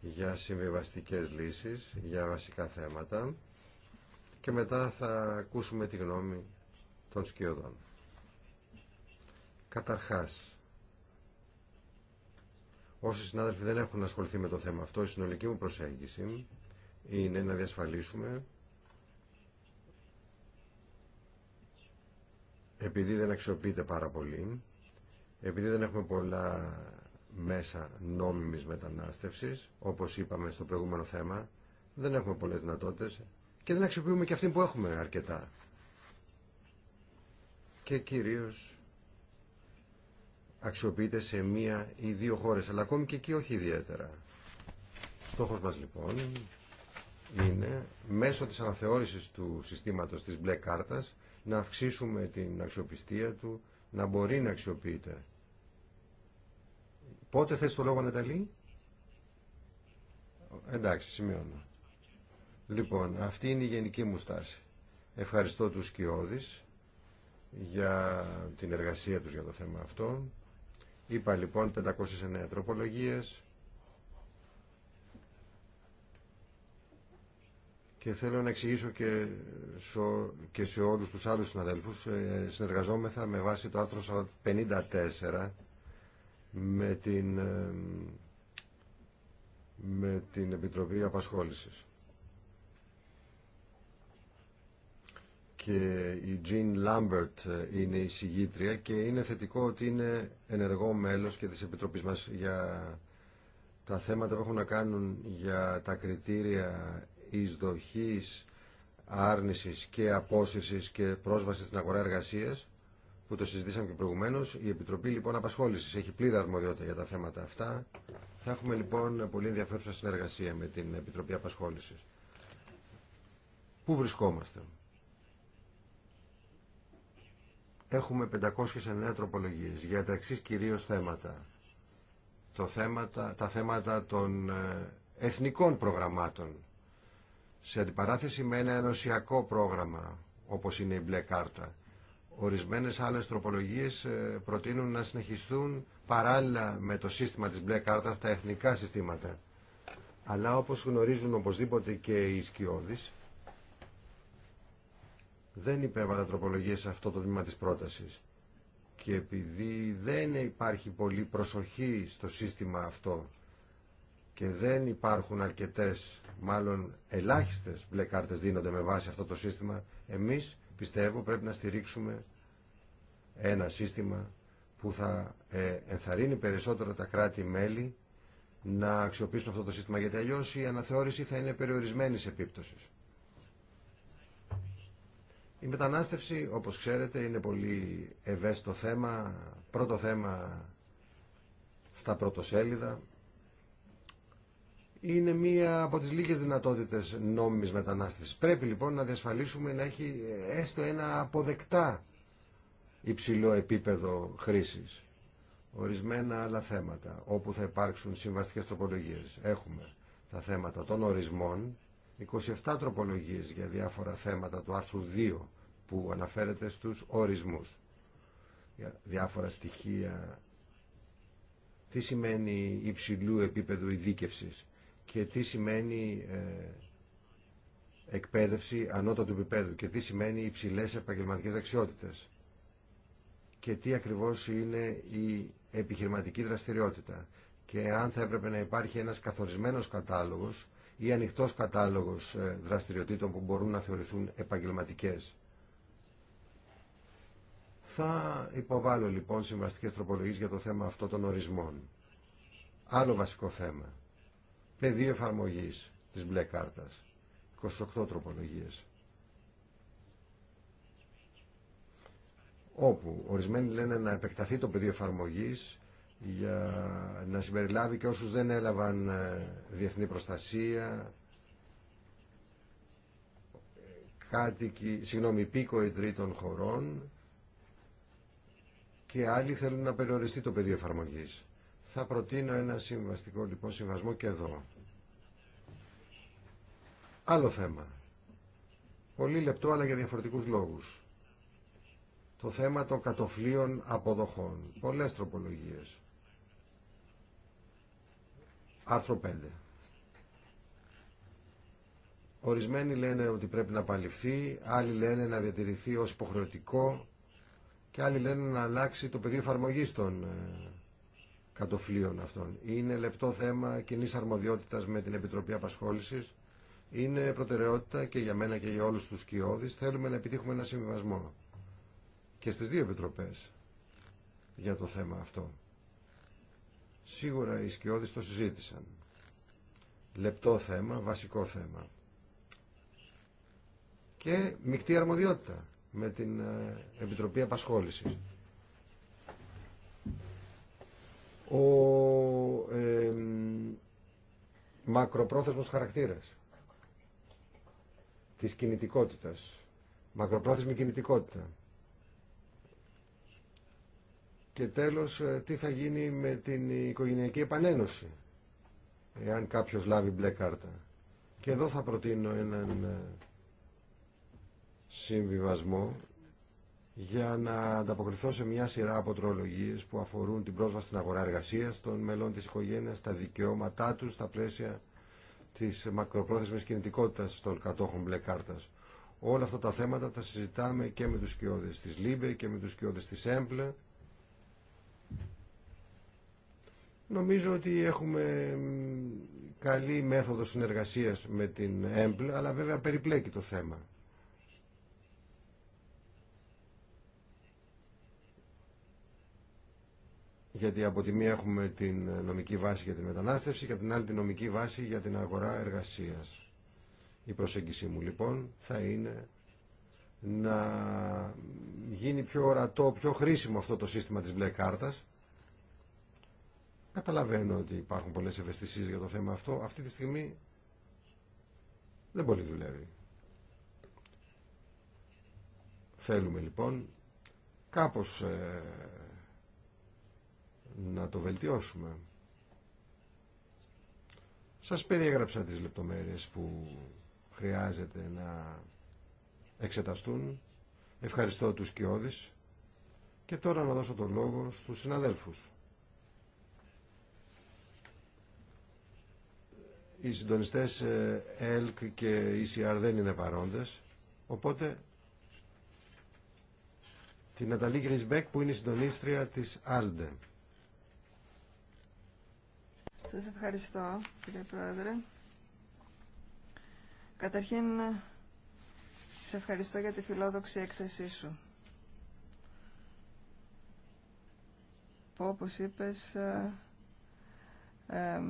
για συμβιβαστικές λύσεις, για βασικά θέματα και μετά θα ακούσουμε τη γνώμη των σκιωδών. Καταρχάς, όσοι συνάδελφοι δεν έχουν ασχοληθεί με το θέμα αυτό, η συνολική μου προσέγγιση είναι να διασφαλίσουμε επειδή δεν αξιοποιείται πάρα πολύ, επειδή δεν έχουμε πολλά μέσα νόμιμης μετανάστευσης, όπως είπαμε στο προηγούμενο θέμα, δεν έχουμε πολλές δυνατότητες και δεν αξιοποιούμε και αυτή που έχουμε αρκετά. Και κυρίως αξιοποιείται σε μία ή δύο χώρες, αλλά ακόμη και εκεί όχι ιδιαίτερα. Στόχος μας λοιπόν είναι μέσω της αναθεώρησης του συστήματος της μπλε κάρτας να αυξήσουμε την αξιοπιστία του, να μπορεί να αξιοποιείται. Πότε θες το λόγο, Νεταλή? Εντάξει, σημειώνω. Λοιπόν, αυτή είναι η γενική μου στάση. Ευχαριστώ τους Σκιώδης για την εργασία τους για το θέμα αυτό. Είπα λοιπόν 509 τροπολογίες και θέλω να εξηγήσω και, σε όλους τους άλλους συναδέλφους ε, συνεργαζόμεθα με βάση το άρθρο 54 με την, ε, με την Επιτροπή Απασχόλησης. και η Jean Lambert ε, είναι η συγγήτρια και είναι θετικό ότι είναι ενεργό μέλος και της Επιτροπής μας για τα θέματα που έχουν να κάνουν για τα κριτήρια εισδοχής, άρνησης και απόσυρσης και πρόσβασης στην αγορά εργασίας, που το συζητήσαμε και προηγουμένως. Η Επιτροπή λοιπόν Απασχόλησης έχει πλήρη αρμοδιότητα για τα θέματα αυτά. Θα έχουμε λοιπόν πολύ ενδιαφέρουσα συνεργασία με την Επιτροπή Απασχόλησης. Πού βρισκόμαστε. Έχουμε 509 τροπολογίες για τα εξής κυρίως θέματα. θέματα τα θέματα των ε, εθνικών προγραμμάτων σε αντιπαράθεση με ένα ενωσιακό πρόγραμμα όπως είναι η μπλε κάρτα. Ορισμένες άλλες τροπολογίες ε, προτείνουν να συνεχιστούν παράλληλα με το σύστημα της μπλε κάρτας τα εθνικά συστήματα. Αλλά όπως γνωρίζουν οπωσδήποτε και οι σκιώδεις, δεν υπέβαλα τροπολογίες σε αυτό το τμήμα της πρότασης. Και επειδή δεν υπάρχει πολύ προσοχή στο σύστημα αυτό και δεν υπάρχουν αρκετές, μάλλον ελάχιστες μπλε κάρτες δίνονται με βάση αυτό το σύστημα, εμείς πιστεύω πρέπει να στηρίξουμε ένα σύστημα που θα ε, ενθαρρύνει περισσότερο τα κράτη-μέλη να αξιοποιήσουν αυτό το σύστημα, γιατί αλλιώ η αναθεώρηση θα είναι σε επίπτωση. Η μετανάστευση, όπως ξέρετε, είναι πολύ ευαίσθητο θέμα, πρώτο θέμα στα πρωτοσέλιδα είναι μία από τις λίγες δυνατότητες νόμιμης μετανάστευσης. Πρέπει λοιπόν να διασφαλίσουμε να έχει έστω ένα αποδεκτά υψηλό επίπεδο χρήσης. Ορισμένα άλλα θέματα όπου θα υπάρξουν συμβαστικές τροπολογίες. Έχουμε τα θέματα των ορισμών, 27 τροπολογίες για διάφορα θέματα του άρθρου 2 που αναφέρεται στους ορισμούς. Για διάφορα στοιχεία τι σημαίνει υψηλού επίπεδου ειδίκευσης και τι σημαίνει ε, εκπαίδευση ανώτατου επίπεδου και τι σημαίνει υψηλές επαγγελματικές δεξιότητες και τι ακριβώς είναι η επιχειρηματική δραστηριότητα και αν θα έπρεπε να υπάρχει ένας καθορισμένος κατάλογος ή ανοιχτός κατάλογος ε, δραστηριοτήτων που μπορούν να θεωρηθούν επαγγελματικές. Θα υποβάλω λοιπόν συμβαστικές τροπολογίες για το θέμα αυτό των ορισμών. Άλλο βασικό θέμα πεδίο εφαρμογή της μπλε κάρτας. 28 τροπολογίες. Όπου ορισμένοι λένε να επεκταθεί το πεδίο εφαρμογή για να συμπεριλάβει και όσους δεν έλαβαν ε, διεθνή προστασία, κάτοικοι, συγγνώμη, πήκοοι τρίτων χωρών και άλλοι θέλουν να περιοριστεί το πεδίο εφαρμογής. Θα προτείνω ένα συμβαστικό λοιπόν συμβασμό και εδώ. Άλλο θέμα. Πολύ λεπτό αλλά για διαφορετικούς λόγους. Το θέμα των κατοφλίων αποδοχών. Πολλές τροπολογίες. Άρθρο 5. Ορισμένοι λένε ότι πρέπει να παλιφθεί, άλλοι λένε να διατηρηθεί ως υποχρεωτικό και άλλοι λένε να αλλάξει το πεδίο εφαρμογή των ε, κατοφλίων αυτών. Είναι λεπτό θέμα κοινή αρμοδιότητα με την Επιτροπή απασχόληση, Είναι προτεραιότητα και για μένα και για όλους τους κοιόδης. Θέλουμε να επιτύχουμε ένα συμβιβασμό και στις δύο επιτροπές για το θέμα αυτό. Σίγουρα οι σκιώδεις το συζήτησαν. Λεπτό θέμα, βασικό θέμα. Και μεικτή αρμοδιότητα με την ε, Επιτροπή Απασχόλησης. ο ε, μακροπρόθεσμος χαρακτήρας της κινητικότητας, μακροπρόθεσμη κινητικότητα. Και τέλος, ε, τι θα γίνει με την οικογενειακή επανένωση, εάν κάποιος λάβει μπλε κάρτα. Και εδώ θα προτείνω έναν ε, συμβιβασμό για να ανταποκριθώ σε μια σειρά από που αφορούν την πρόσβαση στην αγορά εργασία των μελών τη οικογένειας, τα δικαιώματά τους στα πλαίσια της μακροπρόθεσμης κινητικότητας των κατόχων μπλε κάρτας. Όλα αυτά τα θέματα τα συζητάμε και με τους σκιώδες της ΛΥΜΠΕ και με τους σκιώδες της ΕΜΠΛΕ. Νομίζω ότι έχουμε καλή μέθοδο συνεργασίας με την ΕΜΠΛ, αλλά βέβαια περιπλέκει το θέμα. γιατί από τη μία έχουμε την νομική βάση για τη μετανάστευση και από την άλλη την νομική βάση για την αγορά εργασίας. Η προσέγγιση μου λοιπόν θα είναι να γίνει πιο ορατό, πιο χρήσιμο αυτό το σύστημα της μπλε κάρτας. Καταλαβαίνω ότι υπάρχουν πολλές ευαισθησίες για το θέμα αυτό. Αυτή τη στιγμή δεν πολύ δουλεύει. Θέλουμε λοιπόν κάπως ε, να το βελτιώσουμε. Σας περιέγραψα τις λεπτομέρειες που χρειάζεται να εξεταστούν. Ευχαριστώ τους Κιώδης και τώρα να δώσω το λόγο στους συναδέλφους. Οι συντονιστές ε, ΕΛΚ και ECR δεν είναι παρόντες, οπότε την Ναταλή Γκρισμπέκ που είναι συντονίστρια της ΑΛΔΕ. Σας ευχαριστώ, κύριε Πρόεδρε. Καταρχήν, σε ευχαριστώ για τη φιλόδοξη έκθεσή σου. Που, όπως είπες, ε,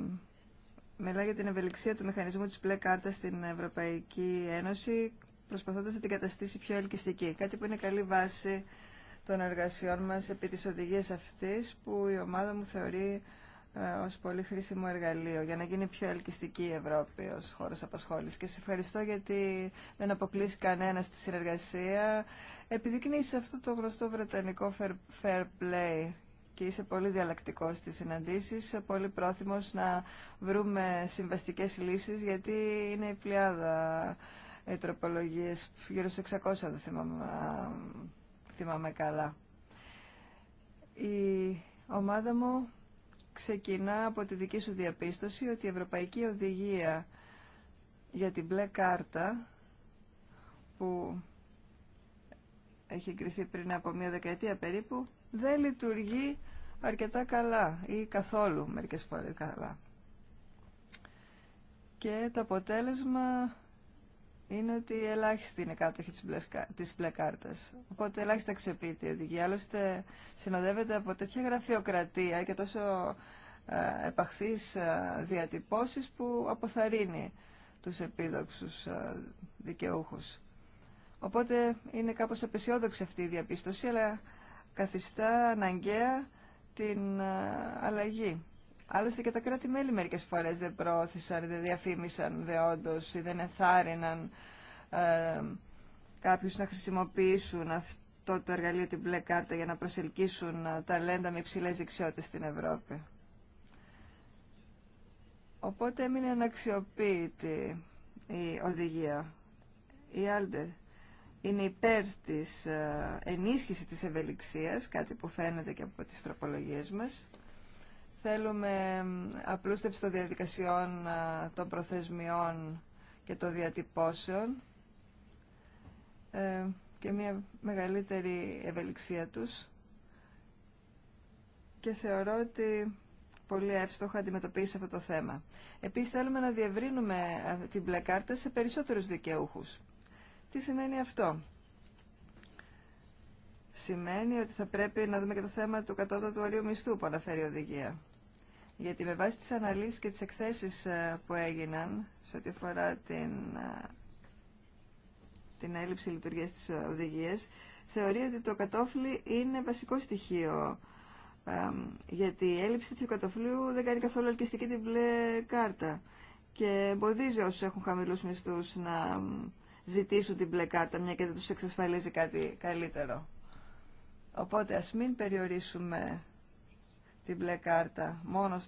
μιλά για την ευελιξία του μηχανισμού της πλε κάρτας στην Ευρωπαϊκή Ένωση, προσπαθώντας να την καταστήσει πιο ελκυστική. Κάτι που είναι καλή βάση των εργασιών μας επί της οδηγίας αυτής, που η ομάδα μου θεωρεί ε, ως πολύ χρήσιμο εργαλείο για να γίνει πιο ελκυστική η Ευρώπη ως χώρος απασχόλησης. Και σε ευχαριστώ γιατί δεν αποκλείσει κανένα τη συνεργασία. Επιδεικνύεις αυτό το γνωστό βρετανικό fair play και είσαι πολύ διαλλακτικός στις συναντήσεις, πολύ πρόθυμος να βρούμε συμβαστικές λύσεις γιατί είναι η πλειάδα οι ε, τροπολογίες, γύρω στους 600 δεν θυμάμαι καλά. Η ομάδα μου ξεκινά από τη δική σου διαπίστωση ότι η Ευρωπαϊκή Οδηγία για την μπλε κάρτα που έχει εγκριθεί πριν από μία δεκαετία περίπου δεν λειτουργεί αρκετά καλά ή καθόλου μερικές φορές καλά. Και το αποτέλεσμα είναι ότι ελάχιστη είναι κάτοχη τη μπλε κάρτα. Οπότε ελάχιστα αξιοποιείται η οδηγία. Άλλωστε συνοδεύεται από τέτοια γραφειοκρατία και τόσο ε, επαχθείς ε, διατυπώσεις που αποθαρρύνει του επίδοξου ε, δικαιούχους. Οπότε είναι κάπω απεσιόδοξη αυτή η διαπίστωση, αλλά καθιστά αναγκαία την ε, αλλαγή. Άλλωστε και τα κράτη-μέλη μερικές φορές δεν προώθησαν, δεν διαφήμισαν δεόντως ή δεν ενθάρρυναν ε, κάποιους να χρησιμοποιήσουν αυτό το εργαλείο, την μπλε κάρτα, για να προσελκύσουν ε, ταλέντα με υψηλέ δεξιότητε στην Ευρώπη. Οπότε έμεινε αναξιοποίητη η οδηγία. Η Άλντε είναι υπέρ της ε, ενίσχυσης της ευελιξίας, κάτι που φαίνεται και από τις τροπολογίες μας. Θέλουμε απλούστευση των διαδικασιών των προθεσμιών και των διατυπώσεων ε, και μια μεγαλύτερη ευελιξία τους και θεωρώ ότι πολύ εύστοχα αντιμετωπίσει αυτό το θέμα. Επίσης θέλουμε να διευρύνουμε την μπλε κάρτα σε περισσότερους δικαιούχους. Τι σημαίνει αυτό. Σημαίνει ότι θα πρέπει να δούμε και το θέμα του κατώτατου ορίου μισθού που αναφέρει η οδηγία. Γιατί με βάση τις αναλύσεις και τις εκθέσεις ε, που έγιναν σε ό,τι αφορά την, ε, την έλλειψη λειτουργίας της οδηγίας, θεωρεί ότι το κατόφλι είναι βασικό στοιχείο. γιατί η έλλειψη του κατοφλίου δεν κάνει καθόλου ελκυστική την μπλε κάρτα και εμποδίζει όσους έχουν χαμηλούς μισθούς να ζητήσουν την μπλε κάρτα, μια και δεν τους εξασφαλίζει κάτι καλύτερο. Οπότε ας μην περιορίσουμε την μπλε κάρτα μόνο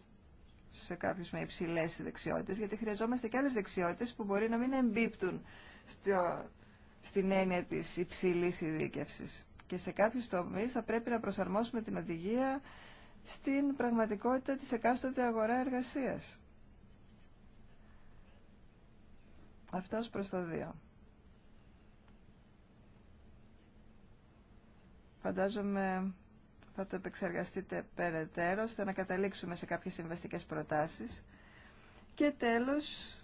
σε κάποιους με υψηλές δεξιότητες, γιατί χρειαζόμαστε και άλλες δεξιότητες που μπορεί να μην εμπίπτουν στο, στην έννοια της υψηλής ειδίκευσης. Και σε κάποιους τομείς θα πρέπει να προσαρμόσουμε την οδηγία στην πραγματικότητα της εκάστοτε αγορά εργασίας. Αυτά ως προς το δύο. Φαντάζομαι θα το επεξεργαστείτε περαιτέρω, ώστε να καταλήξουμε σε κάποιες συμβαστικές προτάσεις. Και τέλος,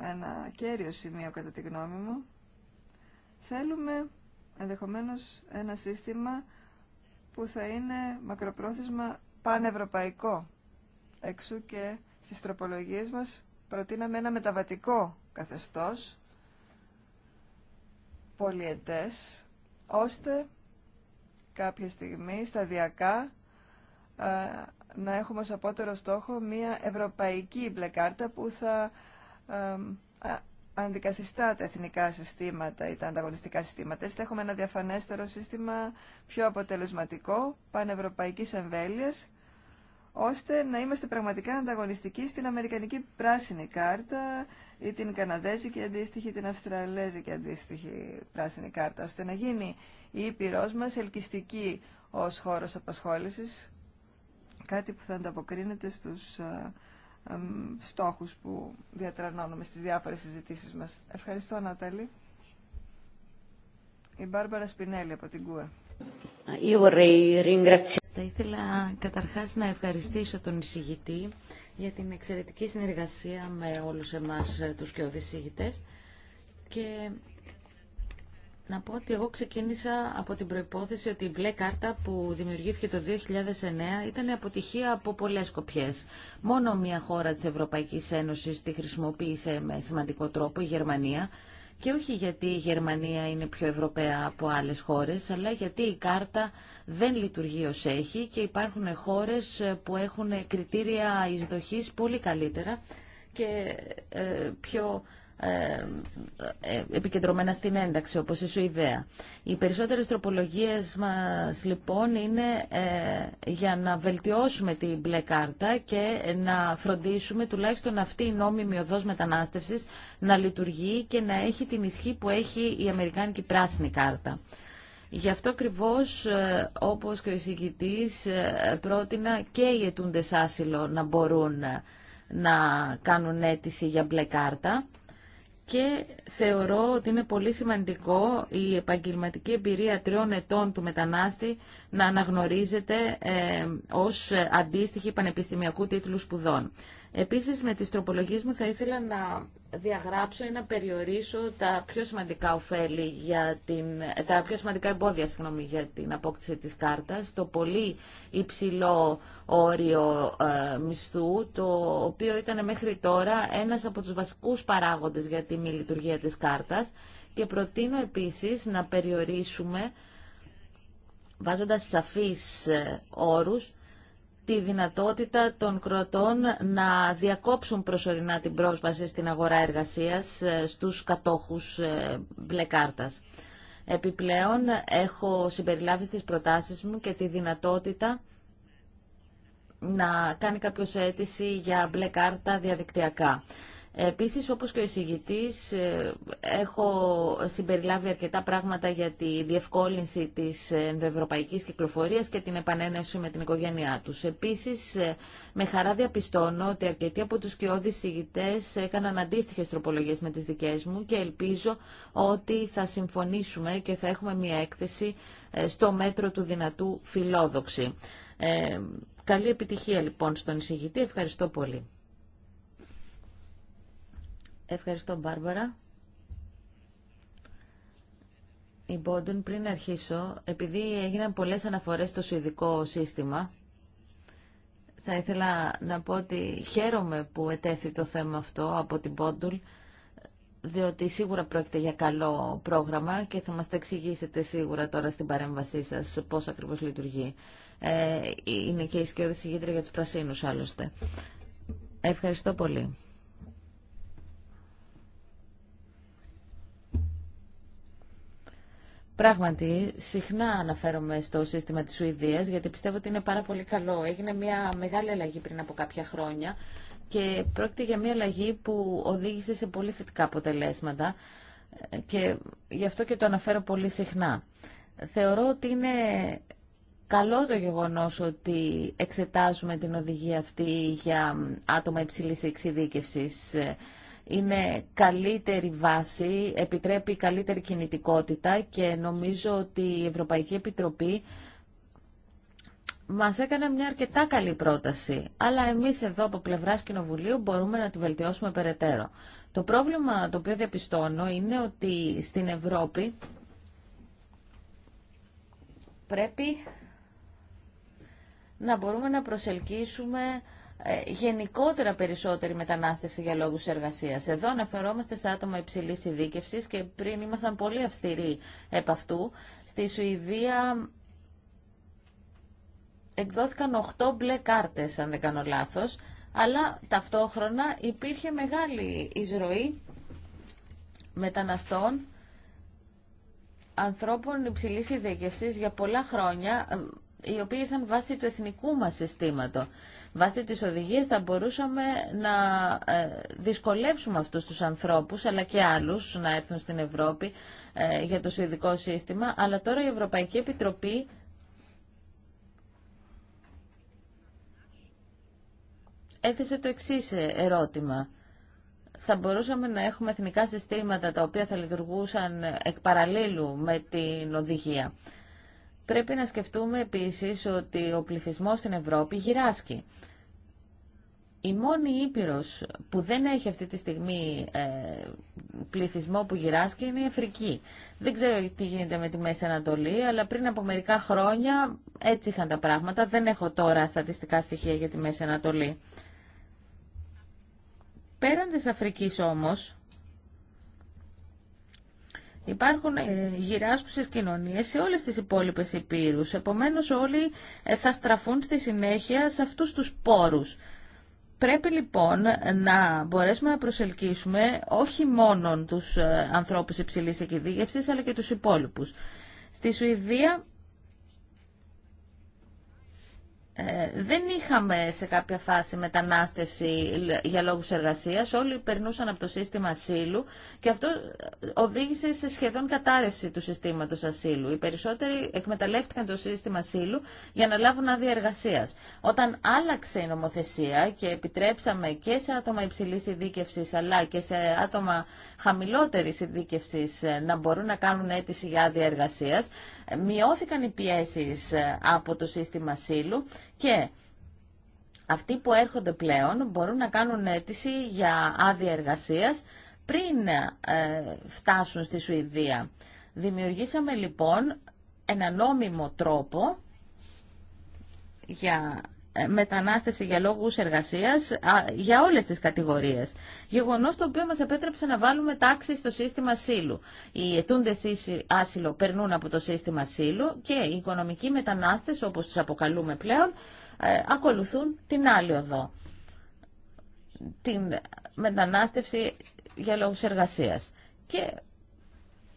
ένα κέριο σημείο κατά τη γνώμη μου, θέλουμε ενδεχομένως ένα σύστημα που θα είναι μακροπρόθεσμα πανευρωπαϊκό. Εξού και στις τροπολογίες μας προτείναμε ένα μεταβατικό καθεστώς, πολιετές, ώστε κάποια στιγμή σταδιακά να έχουμε ως απότερο στόχο μια ευρωπαϊκή μπλε κάρτα που θα αντικαθιστά τα εθνικά συστήματα ή τα ανταγωνιστικά συστήματα. Έτσι θα έχουμε ένα διαφανέστερο σύστημα πιο αποτελεσματικό, πανευρωπαϊκής εμβέλειας ώστε να είμαστε πραγματικά ανταγωνιστικοί στην Αμερικανική πράσινη κάρτα ή την Καναδέζικη αντίστοιχη, την Αυστραλέζικη αντίστοιχη πράσινη κάρτα, ώστε να γίνει η Ήπειρός μας ελκυστική ως χώρος απασχόλησης, κάτι που θα ανταποκρίνεται στους ε, ε, στόχους που διατρανώνουμε στις διάφορες συζητήσεις μας. Ευχαριστώ, Νατάλη. Η Μπάρμπαρα Σπινέλη από την ΚΟΕ. Θα ήθελα καταρχάς να ευχαριστήσω τον εισηγητή για την εξαιρετική συνεργασία με όλους εμάς ε, τους και οδησίγητες και να πω ότι εγώ ξεκίνησα από την προϋπόθεση ότι η μπλε κάρτα που δημιουργήθηκε το 2009 ήταν αποτυχία από πολλές κοπιές. Μόνο μια χώρα της Ευρωπαϊκής Ένωσης τη χρησιμοποίησε με σημαντικό τρόπο, η Γερμανία, και όχι γιατί η Γερμανία είναι πιο Ευρωπαία από άλλες χώρες, αλλά γιατί η κάρτα δεν λειτουργεί ως έχει και υπάρχουν χώρες που έχουν κριτήρια εισδοχής πολύ καλύτερα και ε, πιο ε, ε, επικεντρωμένα στην ένταξη, όπως η ιδέα. Οι περισσότερες τροπολογίες μας, λοιπόν, είναι ε, για να βελτιώσουμε την μπλε κάρτα και να φροντίσουμε τουλάχιστον αυτή η νόμιμη οδός μετανάστευσης να λειτουργεί και να έχει την ισχύ που έχει η Αμερικάνικη πράσινη κάρτα. Γι' αυτό ακριβώ, όπως και ο εισηγητής, πρότεινα και οι αιτούντες άσυλο να μπορούν να κάνουν αίτηση για μπλε κάρτα και θεωρώ ότι είναι πολύ σημαντικό η επαγγελματική εμπειρία τριών ετών του μετανάστη να αναγνωρίζεται ε, ως αντίστοιχη πανεπιστημιακού τίτλου σπουδών. Επίσης με τις τροπολογίες μου θα ήθελα να διαγράψω ή να περιορίσω τα πιο σημαντικά για την, τα πιο σημαντικά εμπόδια για την απόκτηση της κάρτας, το πολύ υψηλό όριο ε, μισθού, το οποίο ήταν μέχρι τώρα ένας από τους βασικούς παράγοντες για τη μη λειτουργία της κάρτας και προτείνω επίσης να περιορίσουμε βάζοντας σαφείς ε, όρους τη δυνατότητα των κροατών να διακόψουν προσωρινά την πρόσβαση στην αγορά εργασίας ε, στους κατόχους ε, μπλε κάρτας. Επιπλέον, έχω συμπεριλάβει στις προτάσεις μου και τη δυνατότητα να κάνει κάποιος αίτηση για μπλε κάρτα διαδικτυακά. Επίσης, όπως και ο εισηγητής, ε, έχω συμπεριλάβει αρκετά πράγματα για τη διευκόλυνση της ευρωπαϊκής κυκλοφορίας και την επανένωση με την οικογένειά τους. Επίσης, ε, με χαρά διαπιστώνω ότι αρκετοί από τους κοιόδης εισηγητές έκαναν αντίστοιχες τροπολογίες με τις δικές μου και ελπίζω ότι θα συμφωνήσουμε και θα έχουμε μια έκθεση ε, στο μέτρο του δυνατού φιλόδοξη. καλή επιτυχία λοιπόν στον εισηγητή. Ευχαριστώ πολύ. Ευχαριστώ, Μπάρμπαρα. Η Μπόντουν, πριν αρχίσω, επειδή έγιναν πολλές αναφορές στο σουηδικό σύστημα, θα ήθελα να πω ότι χαίρομαι που ετέθη το θέμα αυτό από την Μπόντουλ, διότι σίγουρα πρόκειται για καλό πρόγραμμα και θα μας το εξηγήσετε σίγουρα τώρα στην παρέμβασή σας πώς ακριβώς λειτουργεί. Ε, είναι και η σκιώδη για τους πρασίνους άλλωστε. Ευχαριστώ πολύ. Πράγματι, συχνά αναφέρομαι στο σύστημα της Σουηδίας, γιατί πιστεύω ότι είναι πάρα πολύ καλό. Έγινε μια μεγάλη αλλαγή πριν από κάποια χρόνια και πρόκειται για μια αλλαγή που οδήγησε σε πολύ θετικά αποτελέσματα και γι' αυτό και το αναφέρω πολύ συχνά. Θεωρώ ότι είναι καλό το γεγονός ότι εξετάζουμε την οδηγία αυτή για άτομα υψηλής εξειδίκευσης είναι καλύτερη βάση, επιτρέπει καλύτερη κινητικότητα και νομίζω ότι η Ευρωπαϊκή Επιτροπή μας έκανε μια αρκετά καλή πρόταση, αλλά εμείς εδώ από πλευράς Κοινοβουλίου μπορούμε να τη βελτιώσουμε περαιτέρω. Το πρόβλημα το οποίο διαπιστώνω είναι ότι στην Ευρώπη πρέπει να μπορούμε να προσελκύσουμε ε, γενικότερα περισσότερη μετανάστευση για λόγους εργασίας. Εδώ αναφερόμαστε σε άτομα υψηλή ειδίκευση και πριν ήμασταν πολύ αυστηροί επ' αυτού. Στη Σουηδία εκδόθηκαν 8 μπλε κάρτε αν δεν κάνω λάθος, αλλά ταυτόχρονα υπήρχε μεγάλη εισρωή μεταναστών ανθρώπων υψηλής ειδίκευση για πολλά χρόνια, ε, οι οποίοι ήρθαν βάσει του εθνικού μας συστήματο. Βάσει τις οδηγίες θα μπορούσαμε να ε, δυσκολέψουμε αυτούς τους ανθρώπους, αλλά και άλλους, να έρθουν στην Ευρώπη ε, για το σουηδικό σύστημα. Αλλά τώρα η Ευρωπαϊκή Επιτροπή έθεσε το εξής ε, ερώτημα θα μπορούσαμε να έχουμε εθνικά συστήματα τα οποία θα λειτουργούσαν εκ παραλλήλου με την οδηγία. Πρέπει να σκεφτούμε επίσης ότι ο πληθυσμός στην Ευρώπη γυράσκει. Η μόνη Ήπειρος που δεν έχει αυτή τη στιγμή ε, πληθυσμό που γυράσκει είναι η Αφρική. Δεν ξέρω τι γίνεται με τη Μέση Ανατολή, αλλά πριν από μερικά χρόνια έτσι είχαν τα πράγματα. Δεν έχω τώρα στατιστικά στοιχεία για τη Μέση Ανατολή. Πέραν της Αφρικής όμως, Υπάρχουν ε, γυράσκουσες κοινωνίες σε όλες τις υπόλοιπες υπήρους, επομένως όλοι ε, θα στραφούν στη συνέχεια σε αυτούς τους πόρους. Πρέπει λοιπόν να μπορέσουμε να προσελκύσουμε όχι μόνο τους ε, ανθρώπους υψηλής εκειδήγευσης, αλλά και τους υπόλοιπους. Στη Σουηδία ε, δεν είχαμε σε κάποια φάση μετανάστευση για λόγους εργασίας. Όλοι περνούσαν από το σύστημα ασύλου και αυτό οδήγησε σε σχεδόν κατάρρευση του συστήματος ασύλου. Οι περισσότεροι εκμεταλλεύτηκαν το σύστημα ασύλου για να λάβουν άδεια εργασία. Όταν άλλαξε η νομοθεσία και επιτρέψαμε και σε άτομα υψηλή ειδίκευση αλλά και σε άτομα χαμηλότερη ειδίκευση να μπορούν να κάνουν αίτηση για άδεια εργασία. μειώθηκαν οι πιέσει ε, από το σύστημα ασύλου και αυτοί που έρχονται πλέον μπορούν να κάνουν αίτηση για άδεια εργασίας πριν ε, φτάσουν στη Σουηδία. Δημιουργήσαμε λοιπόν ένα νόμιμο τρόπο για μετανάστευση για λόγους εργασίας για όλες τις κατηγορίες. Γεγονός το οποίο μας επέτρεψε να βάλουμε τάξη στο σύστημα ασύλου. Οι ετούντες άσυλο περνούν από το σύστημα σύλλου και οι οικονομικοί μετανάστες, όπως τους αποκαλούμε πλέον, ε, ακολουθούν την άλλη οδό. Την μετανάστευση για λόγους εργασίας. Και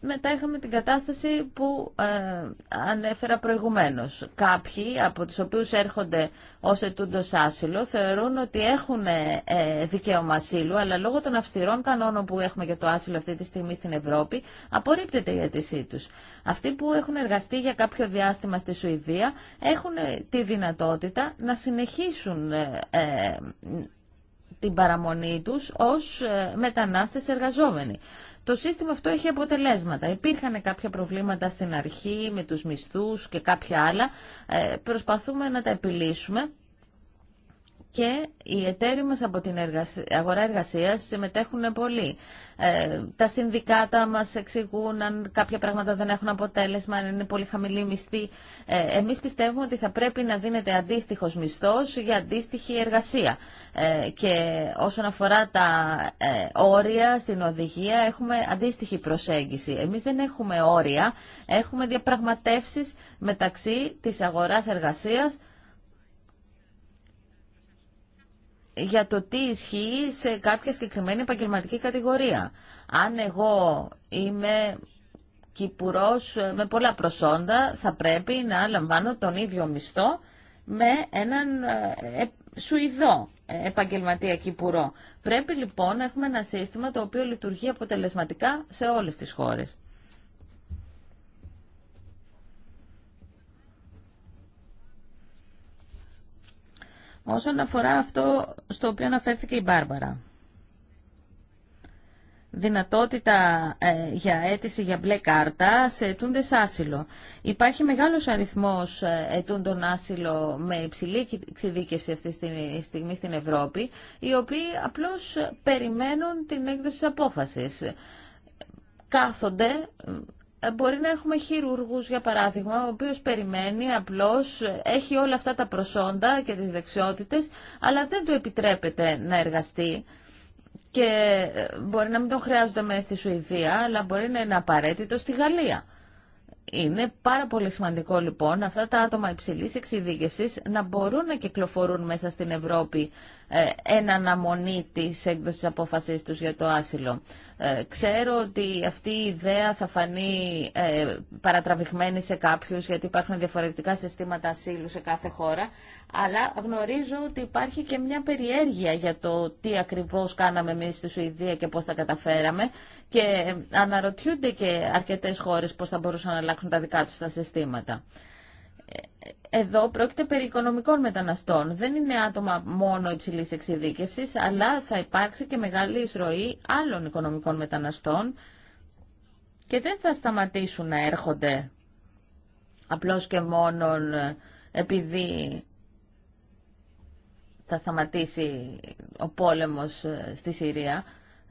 μετά είχαμε την κατάσταση που ε, ανέφερα προηγουμένως. Κάποιοι από τους οποίους έρχονται ως ετούντος άσυλο θεωρούν ότι έχουν ε, δικαίωμα ασύλου, αλλά λόγω των αυστηρών κανόνων που έχουμε για το άσυλο αυτή τη στιγμή στην Ευρώπη, απορρίπτεται η αίτησή τους. Αυτοί που έχουν εργαστεί για κάποιο διάστημα στη Σουηδία έχουν ε, τη δυνατότητα να συνεχίσουν ε, την παραμονή τους ως μετανάστες εργαζόμενοι. Το σύστημα αυτό έχει αποτελέσματα. Υπήρχαν κάποια προβλήματα στην αρχή με τους μισθούς και κάποια άλλα. Ε, προσπαθούμε να τα επιλύσουμε και οι εταίροι μας από την αγορά εργασίας συμμετέχουν πολύ. Ε, τα συνδικάτα μας εξηγούν αν κάποια πράγματα δεν έχουν αποτέλεσμα, αν είναι πολύ χαμηλή μισθή. Ε, εμείς πιστεύουμε ότι θα πρέπει να δίνεται αντίστοιχος μισθός για αντίστοιχη εργασία. Ε, και όσον αφορά τα ε, όρια στην οδηγία έχουμε αντίστοιχη προσέγγιση. Εμείς δεν έχουμε όρια, έχουμε διαπραγματεύσεις μεταξύ της αγοράς εργασίας για το τι ισχύει σε κάποια συγκεκριμένη επαγγελματική κατηγορία. Αν εγώ είμαι κυπουρός με πολλά προσόντα, θα πρέπει να λαμβάνω τον ίδιο μισθό με έναν ε, ε, Σουηδό επαγγελματία κυπουρό. Πρέπει λοιπόν να έχουμε ένα σύστημα το οποίο λειτουργεί αποτελεσματικά σε όλες τις χώρες. Όσον αφορά αυτό στο οποίο αναφέρθηκε η Μπάρμπαρα. Δυνατότητα ε, για αίτηση για μπλε κάρτα σε αιτούντες άσυλο. Υπάρχει μεγάλος αριθμός ε, αιτούντων άσυλο με υψηλή εξειδίκευση αυτή τη στιγμή στην Ευρώπη, οι οποίοι απλώς περιμένουν την έκδοση της απόφασης. Κάθονται ε, μπορεί να έχουμε χειρουργούς για παράδειγμα, ο οποίος περιμένει απλώς, έχει όλα αυτά τα προσόντα και τις δεξιότητες, αλλά δεν του επιτρέπεται να εργαστεί και ε, μπορεί να μην τον χρειάζονται μέσα στη Σουηδία, αλλά μπορεί να είναι απαραίτητο στη Γαλλία. Είναι πάρα πολύ σημαντικό λοιπόν αυτά τα άτομα υψηλής εξειδίκευσης να μπορούν να κυκλοφορούν μέσα στην Ευρώπη ε, εν αναμονή της έκδοσης απόφασής τους για το άσυλο. Ε, ξέρω ότι αυτή η ιδέα θα φανεί ε, παρατραβηγμένη σε κάποιους γιατί υπάρχουν διαφορετικά συστήματα ασύλου σε κάθε χώρα αλλά γνωρίζω ότι υπάρχει και μια περιέργεια για το τι ακριβώς κάναμε εμείς στη Σουηδία και πώς τα καταφέραμε και αναρωτιούνται και αρκετές χώρες πώς θα μπορούσαν να αλλάξουν τα δικά τους τα συστήματα εδώ πρόκειται περί οικονομικών μεταναστών. Δεν είναι άτομα μόνο υψηλή εξειδίκευση, αλλά θα υπάρξει και μεγάλη εισρωή άλλων οικονομικών μεταναστών και δεν θα σταματήσουν να έρχονται απλώς και μόνο ε, επειδή θα σταματήσει ο πόλεμος ε, στη Συρία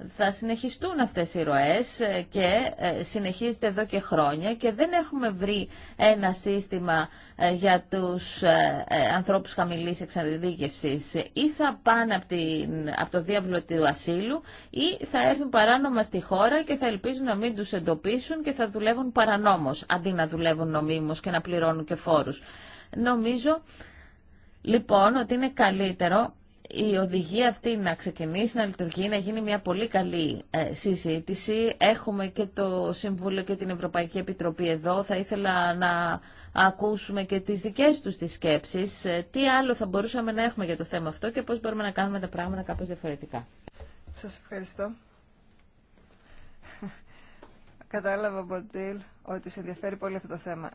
θα συνεχιστούν αυτές οι ροές ε, και ε, συνεχίζεται εδώ και χρόνια και δεν έχουμε βρει ένα σύστημα ε, για τους ανθρώπους χαμηλής εξαντιδίκευσης. Ή θα πάνε από, την, το διάβλο του ασύλου ή θα έρθουν παράνομα στη χώρα και θα ελπίζουν να μην τους εντοπίσουν και θα δουλεύουν παρανόμως αντί να δουλεύουν νομίμως και να πληρώνουν και φόρους. Νομίζω λοιπόν ότι είναι καλύτερο η οδηγία αυτή να ξεκινήσει, να λειτουργεί, να γίνει μια πολύ καλή ε, συζήτηση. Έχουμε και το Συμβούλιο και την Ευρωπαϊκή Επιτροπή εδώ. Θα ήθελα να ακούσουμε και τις δικές τους τις σκέψεις. Ε, τι άλλο θα μπορούσαμε να έχουμε για το θέμα αυτό και πώς μπορούμε να κάνουμε τα πράγματα κάπως διαφορετικά. Σας ευχαριστώ. Κατάλαβα, Μποντήλ, ότι σε ενδιαφέρει πολύ αυτό το θέμα.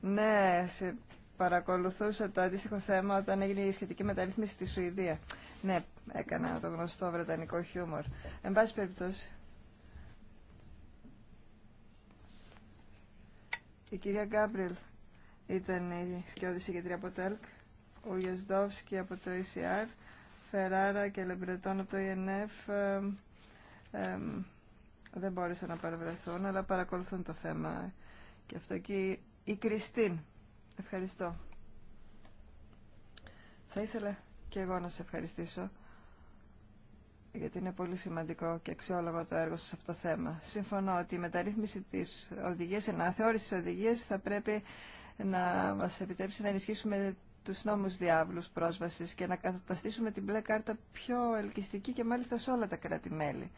Ναι, σε παρακολουθούσα το αντίστοιχο θέμα όταν έγινε η σχετική μεταρρύθμιση στη Σουηδία. Ναι, έκανα το γνωστό βρετανικό χιούμορ. Εν πάση περιπτώσει. Η κυρία Γκάμπριλ ήταν η σκιώδη γιατρή από το ΕΛΚ, ο Ιωσδόφσκι από το ECR, Φεράρα και Λεμπρετών από το ΙΕΝΕΦ. Ε, ε, δεν μπόρεσαν να παρευρεθούν, αλλά παρακολουθούν το θέμα. Και αυτό και η Κριστίν. Ευχαριστώ. Θα ήθελα και εγώ να σε ευχαριστήσω γιατί είναι πολύ σημαντικό και αξιόλογο το έργο σας σε αυτό το θέμα. Συμφωνώ ότι η μεταρρύθμιση της οδηγίας, η αναθεώρηση της οδηγίας θα πρέπει να μας επιτρέψει να ενισχύσουμε τους νόμους διάβλους πρόσβασης και να καταστήσουμε την μπλε κάρτα πιο ελκυστική και μάλιστα σε όλα τα κράτη-μέλη.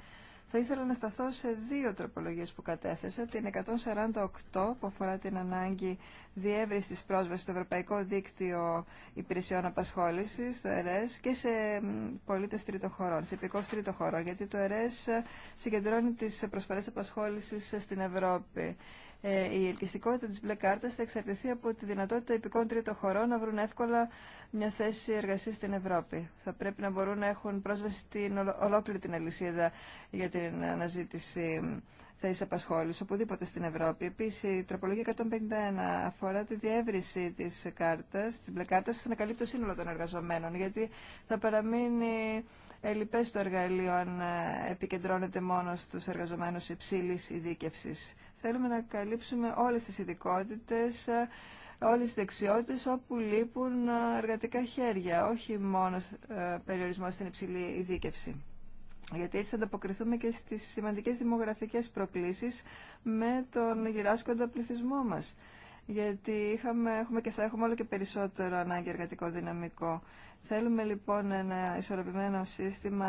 Θα ήθελα να σταθώ σε δύο τροπολογίες που κατέθεσα. Την 148 που αφορά την ανάγκη διεύρυνση της πρόσβασης στο Ευρωπαϊκό Δίκτυο Υπηρεσιών Απασχόλησης, το ΕΡΕΣ, και σε πολίτες τρίτο χωρών, σε υπηκός τρίτο χωρών, γιατί το ΕΡΕΣ συγκεντρώνει τις προσφορές απασχόλησης στην Ευρώπη. Ε, η ελκυστικότητα της μπλε κάρτας θα εξαρτηθεί από τη δυνατότητα υπηκών τρίτων χωρών να βρουν εύκολα μια θέση εργασίας στην Ευρώπη. Θα πρέπει να μπορούν να έχουν πρόσβαση στην ολόκληρη την αλυσίδα για την αναζήτηση θέση απασχόληση, οπουδήποτε στην Ευρώπη. Επίση, η τροπολογία 151 αφορά τη διεύρυνση τη κάρτα, τη μπλε κάρτα στο να καλύπτει το σύνολο των εργαζομένων, γιατί θα παραμείνει ελλειπέ το εργαλείο αν ε, επικεντρώνεται μόνο στους εργαζομένους υψηλή ειδίκευση. Θέλουμε να καλύψουμε όλες τις ειδικότητε, ε, όλες τις δεξιότητε όπου λείπουν ε, εργατικά χέρια, όχι μόνο περιορισμό στην υψηλή ειδίκευση. Γιατί έτσι θα ανταποκριθούμε και στις σημαντικές δημογραφικές προκλήσεις με τον γυράσκοντα πληθυσμό μας γιατί έχουμε και θα έχουμε όλο και περισσότερο ανάγκη εργατικό δυναμικό. Θέλουμε λοιπόν ένα ισορροπημένο σύστημα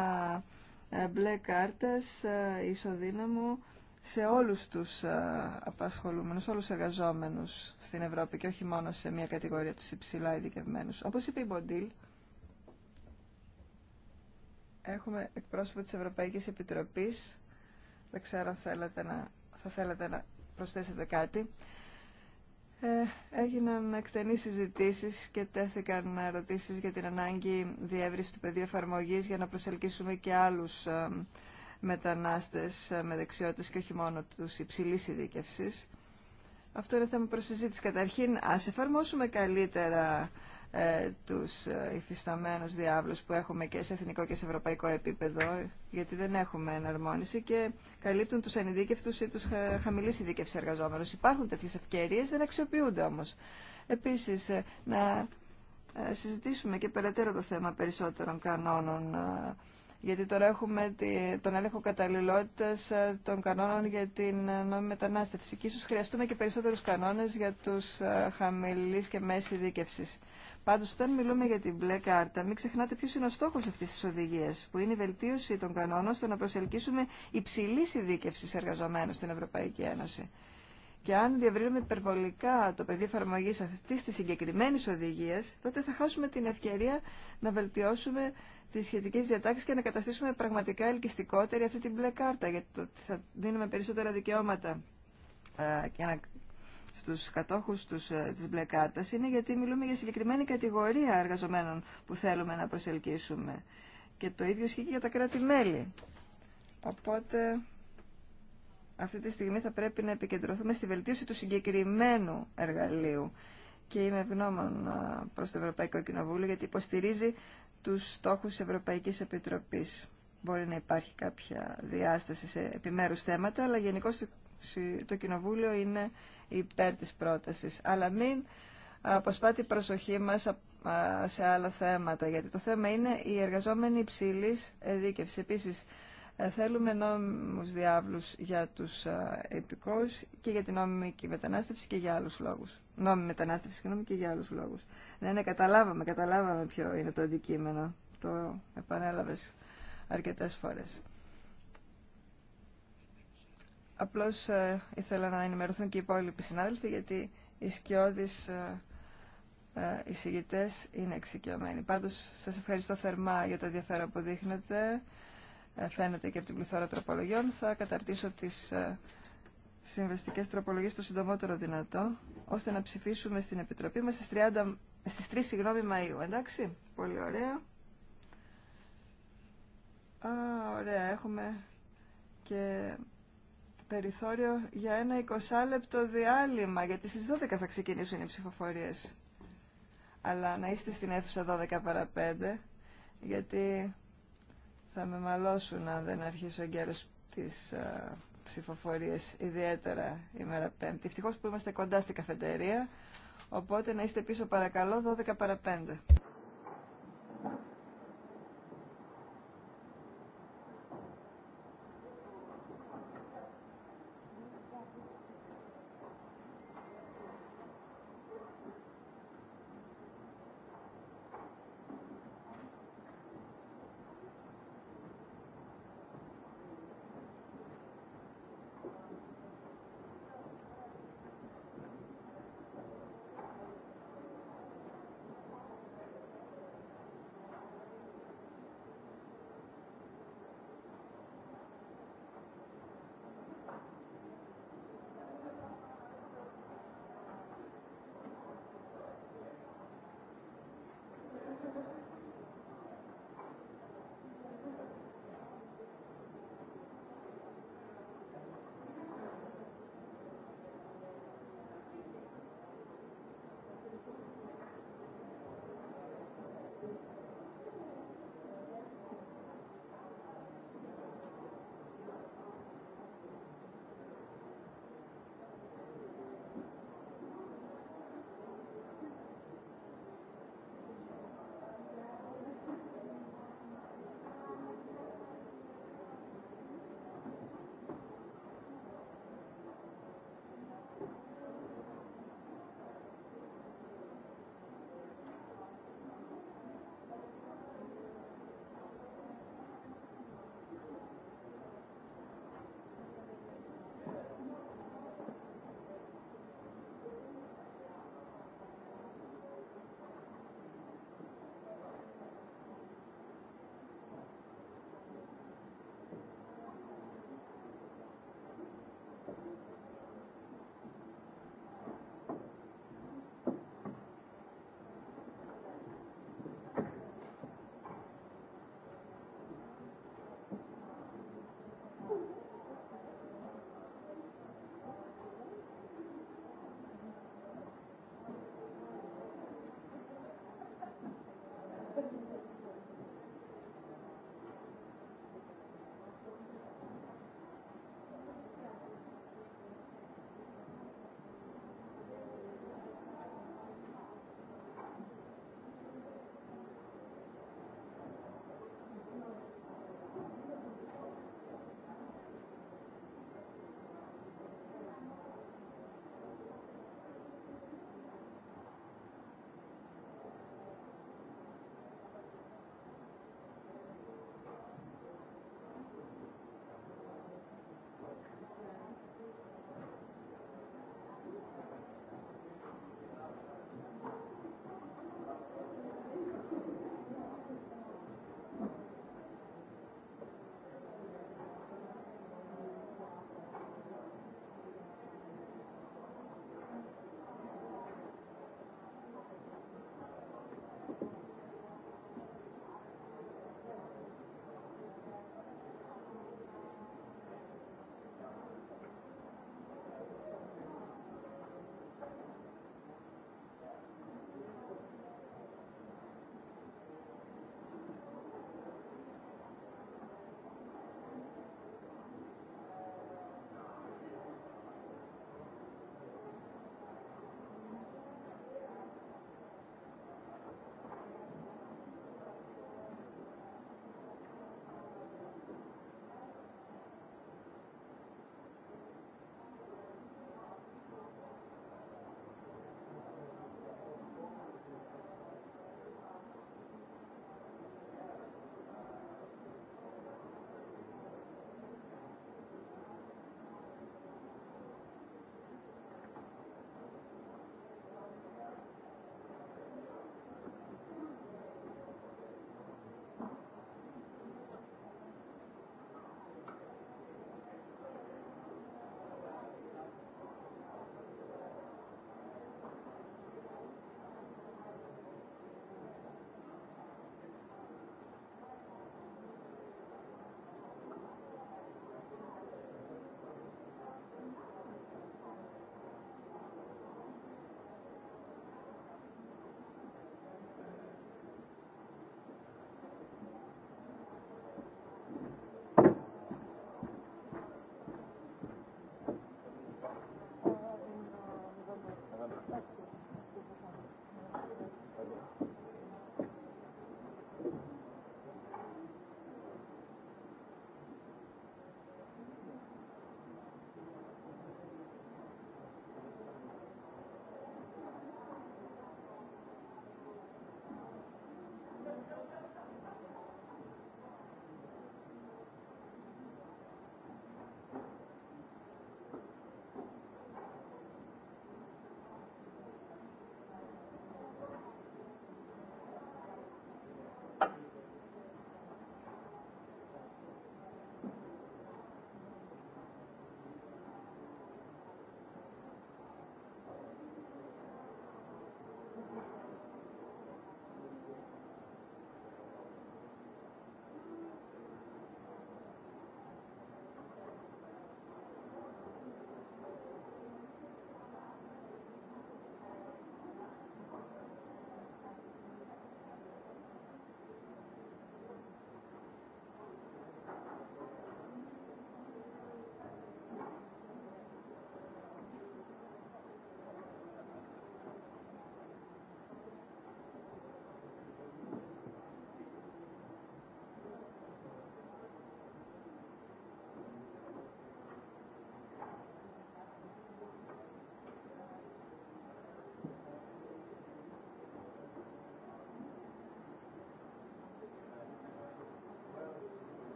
ε, μπλε κάρτες ε, ισοδύναμου, σε όλους τους ε, απασχολούμενους, όλους τους εργαζόμενους στην Ευρώπη και όχι μόνο σε μια κατηγορία τους υψηλά ειδικευμένου. Όπως είπε η Μποντήλ, έχουμε εκπρόσωπο της Ευρωπαϊκής Επιτροπής. Δεν ξέρω να, θα θέλετε να προσθέσετε κάτι. Ε, έγιναν εκτενεί συζητήσει και τέθηκαν ερωτήσεις για την ανάγκη διεύρυνση του πεδίου εφαρμογή για να προσελκύσουμε και άλλους ε, μετανάστες ε, με δεξιότητες και όχι μόνο τους υψηλή ειδίκευση. Αυτό είναι θέμα προσυζήτηση. Καταρχήν, ας εφαρμόσουμε καλύτερα ε, τους ε, υφισταμένους διάβλους που έχουμε και σε εθνικό και σε ευρωπαϊκό επίπεδο, γιατί δεν έχουμε εναρμόνιση και καλύπτουν τους ανειδίκευτους ή τους χαμηλής ειδίκευσης εργαζόμενους. Υπάρχουν τέτοιες ευκαιρίες, δεν αξιοποιούνται όμως. Επίσης, ε, να συζητήσουμε και περαιτέρω το θέμα περισσότερων κανόνων, γιατί τώρα έχουμε τον έλεγχο καταλληλότητας των κανόνων για την νόμη μετανάστευση και ίσως χρειαστούμε και περισσότερους κανόνες για τους χαμηλής και μέση δίκευσης. Πάντω όταν μιλούμε για την μπλε κάρτα, μην ξεχνάτε ποιο είναι ο στόχο αυτής της οδηγίας, που είναι η βελτίωση των κανόνων στο να προσελκύσουμε υψηλή ειδίκευση εργαζομένων στην Ευρωπαϊκή Ένωση. Και αν διαβρύνουμε υπερβολικά το πεδίο εφαρμογή αυτή τη συγκεκριμένη οδηγία, τότε θα χάσουμε την ευκαιρία να βελτιώσουμε τι σχετικέ διατάξει και να καταστήσουμε πραγματικά ελκυστικότερη αυτή την μπλε κάρτα, γιατί θα δίνουμε περισσότερα δικαιώματα ε, και να στους κατόχους τους, ε, της μπλε κάρτας είναι γιατί μιλούμε για συγκεκριμένη κατηγορία εργαζομένων που θέλουμε να προσελκύσουμε. Και το ίδιο ισχύει για τα κράτη-μέλη. Οπότε αυτή τη στιγμή θα πρέπει να επικεντρωθούμε στη βελτίωση του συγκεκριμένου εργαλείου. Και είμαι ευγνώμων ε, προς το Ευρωπαϊκό Κοινοβούλιο γιατί υποστηρίζει τους στόχους της Ευρωπαϊκής Επιτροπής. Μπορεί να υπάρχει κάποια διάσταση σε επιμέρους θέματα, αλλά γενικώ το Κοινοβούλιο είναι υπέρ της πρότασης. Αλλά μην αποσπά η προσοχή μας σε άλλα θέματα, γιατί το θέμα είναι η εργαζόμενη υψηλή δίκευση. Επίσης, ε, θέλουμε νόμιμους διάβλους για τους επικούς και για την νόμιμη μετανάστευση και για άλλους λόγους. Νόμιμη μετανάστευση, συγγνώμη, και για άλλους λόγους. Ναι, ναι, καταλάβαμε, καταλάβαμε ποιο είναι το αντικείμενο. Το επανέλαβες αρκετές φορές. Απλώς ε, ήθελα να ενημερωθούν και οι υπόλοιποι συνάδελφοι γιατί οι σκιώδεις ε, ε, εισηγητές είναι εξοικειωμένοι. Πάντως σας ευχαριστώ θερμά για το ενδιαφέρον που δείχνετε. Φαίνεται και από την πληθώρα τροπολογιών. Θα καταρτήσω τις συμβεστικές τροπολογίες το συντομότερο δυνατό, ώστε να ψηφίσουμε στην Επιτροπή μας στις, 30, στις 3 συγγνώμη, Μαΐου. Εντάξει, πολύ ωραία. Α, ωραία, έχουμε και περιθώριο για ένα 20 λεπτό διάλειμμα, γιατί στις 12 θα ξεκινήσουν οι ψηφοφορίες. Αλλά να είστε στην αίθουσα 12 παρα 5, γιατί θα με μαλώσουν αν δεν αρχίσω ο τις α, ε, ψηφοφορίες, ιδιαίτερα ημέρα 5. Ευτυχώς που είμαστε κοντά στην καφετερία, οπότε να είστε πίσω παρακαλώ 12 παρα 5.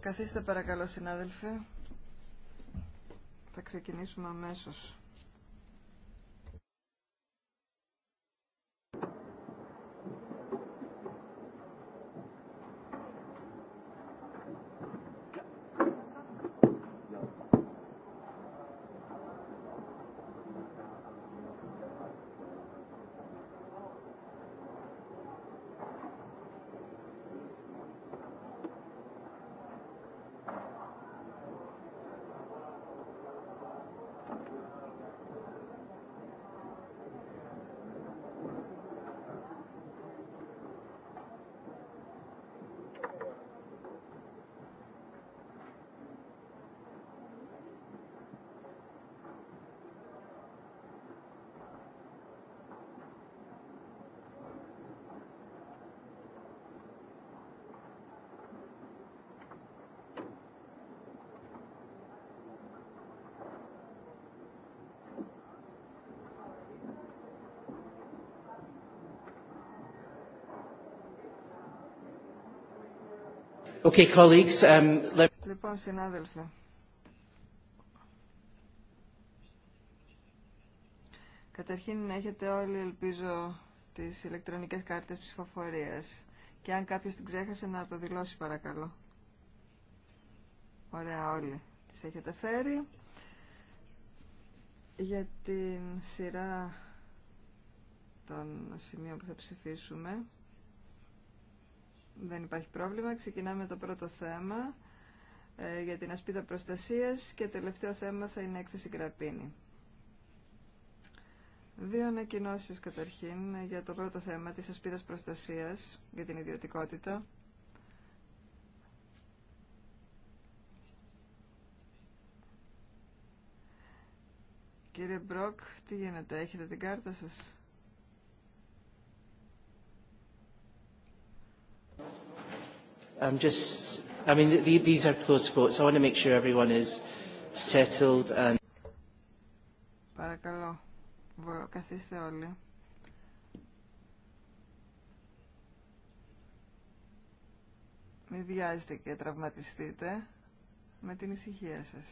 Καθίστε παρακαλώ συνάδελφοι. Θα ξεκινήσουμε αμέσως. Okay, colleagues, um, Λοιπόν, συνάδελφοι. Καταρχήν έχετε όλοι, ελπίζω, τις ηλεκτρονικές κάρτες ψηφοφορίας. Και αν κάποιος την ξέχασε, να το δηλώσει παρακαλώ. Ωραία όλοι. Τις έχετε φέρει. Για την σειρά των σημείων που θα ψηφίσουμε... Δεν υπάρχει πρόβλημα. Ξεκινάμε το πρώτο θέμα ε, για την ασπίδα προστασίας και τελευταίο θέμα θα είναι έκθεση γραπίνη. Δύο ανακοινώσει καταρχήν ε, για το πρώτο θέμα της ασπίδας προστασίας για την ιδιωτικότητα. Κύριε Μπροκ, τι γίνεται, έχετε την κάρτα σας. I'm just, I mean, these are close votes. I want to make sure everyone is settled and... Παρακαλώ, καθίστε όλοι. Μην βιάζετε και τραυματιστείτε με την ησυχία σας.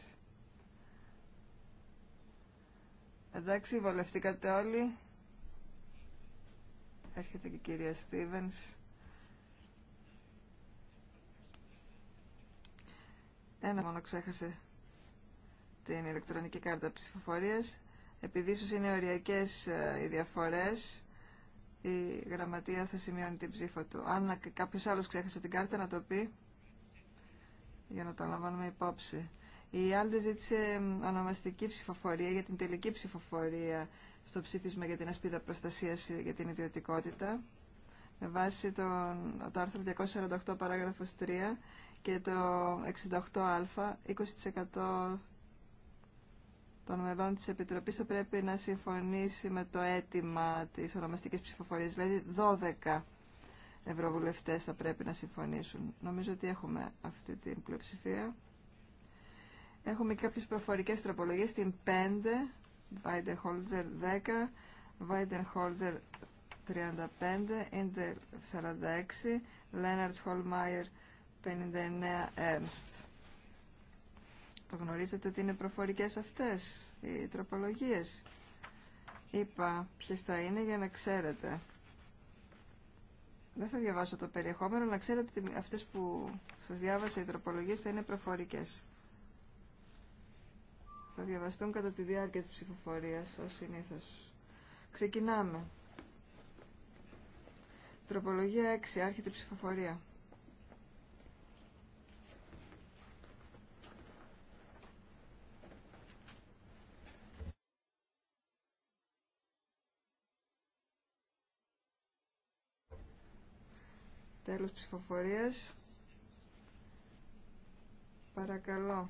Εντάξει, βολευτήκατε όλοι. Έρχεται και η κυρία Στίβενς. Ένα μόνο ξέχασε την ηλεκτρονική κάρτα ψηφοφορίας. Επειδή ίσως είναι οριακές ε, οι διαφορές, η γραμματεία θα σημειώνει την ψήφο του. Αν κάποιος άλλος ξέχασε την κάρτα να το πει, για να το λαμβάνουμε υπόψη. Η Άλντε ζήτησε ονομαστική ψηφοφορία για την τελική ψηφοφορία στο ψήφισμα για την ασπίδα προστασία ε, για την ιδιωτικότητα. Με βάση τον, το άρθρο 248 παράγραφος 3, και το 68α, 20% των μελών της Επιτροπής θα πρέπει να συμφωνήσει με το αίτημα της ονομαστικής ψηφοφορίας, δηλαδή 12 ευρωβουλευτές θα πρέπει να συμφωνήσουν. Νομίζω ότι έχουμε αυτή την πλειοψηφία. Έχουμε κάποιες προφορικές τροπολογίες, την 5, Weidenholzer 10, Χόλτζερ 35, Ιντερ 46, Λέναρτ Holmeyer 59 Ernst. Το γνωρίζετε ότι είναι προφορικές αυτές οι τροπολογίες. Είπα ποιες θα είναι για να ξέρετε. Δεν θα διαβάσω το περιεχόμενο, να ξέρετε ότι αυτές που σας διάβασα οι τροπολογίες θα είναι προφορικές. Θα διαβαστούν κατά τη διάρκεια της ψηφοφορίας, ως συνήθως. Ξεκινάμε. Τροπολογία 6, άρχεται η ψηφοφορία. Τέλος ψηφοφορίας. Παρακαλώ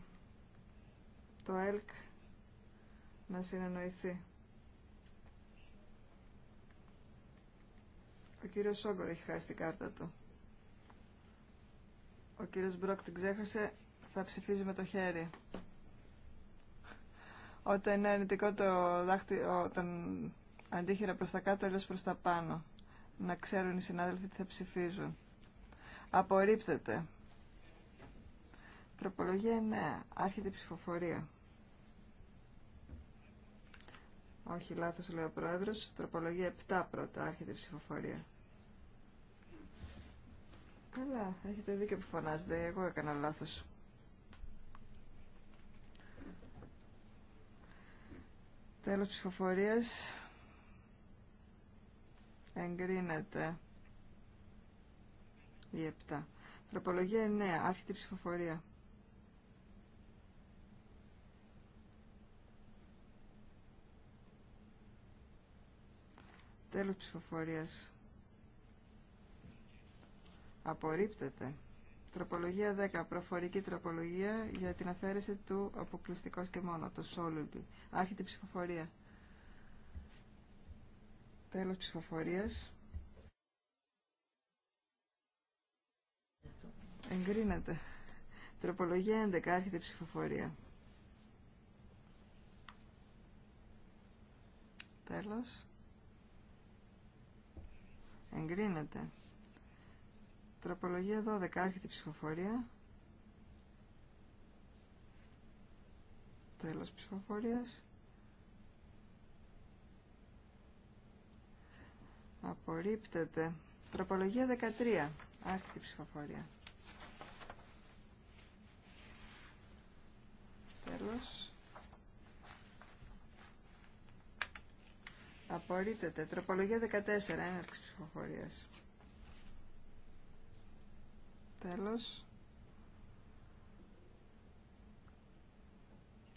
το ΕΛΚ να συνεννοηθεί. Ο κύριος Σόγκορ έχει χάσει την κάρτα του. Ο κύριος Μπρόκ την ξέχασε, θα ψηφίζει με το χέρι. Όταν είναι αρνητικό το δάχτυλο, όταν αντίχειρα προς τα κάτω, έλεγες προς τα πάνω. Να ξέρουν οι συνάδελφοι τι θα ψηφίζουν. Απορρίπτεται. Τροπολογία 9. Άρχεται η ψηφοφορία. Όχι, λάθος λέει ο πρόεδρος. Τροπολογία 7 πρώτα. Άρχεται η ψηφοφορία. Καλά, έχετε δίκιο που φωνάζετε. Εγώ έκανα λάθος. Τέλος ψηφοφορίας. Εγκρίνεται τροπολογια 9 Άρχιτε ψηφοφορια Απορρίπτεται. Τροπολογία 10. Προφορική τροπολογία για την αφαίρεση του αποκλειστικό και μόνο, το Σόλουμπι. Άρχιτε ψηφοφορία. Τέλος ψηφοφορίας. Εγκρίνεται. Τροπολογία 11. Άρχεται ψηφοφορία. Τέλος. Εγκρίνεται. Τροπολογία 12. Άρχεται ψηφοφορία. Τέλος ψηφοφορίας. Απορρίπτεται. Τροπολογία 13. Άρχεται ψηφοφορία. Τέλος. Απορρίπτεται. Τροπολογία 14. Έναρξη ψηφοφορίας. Τέλος.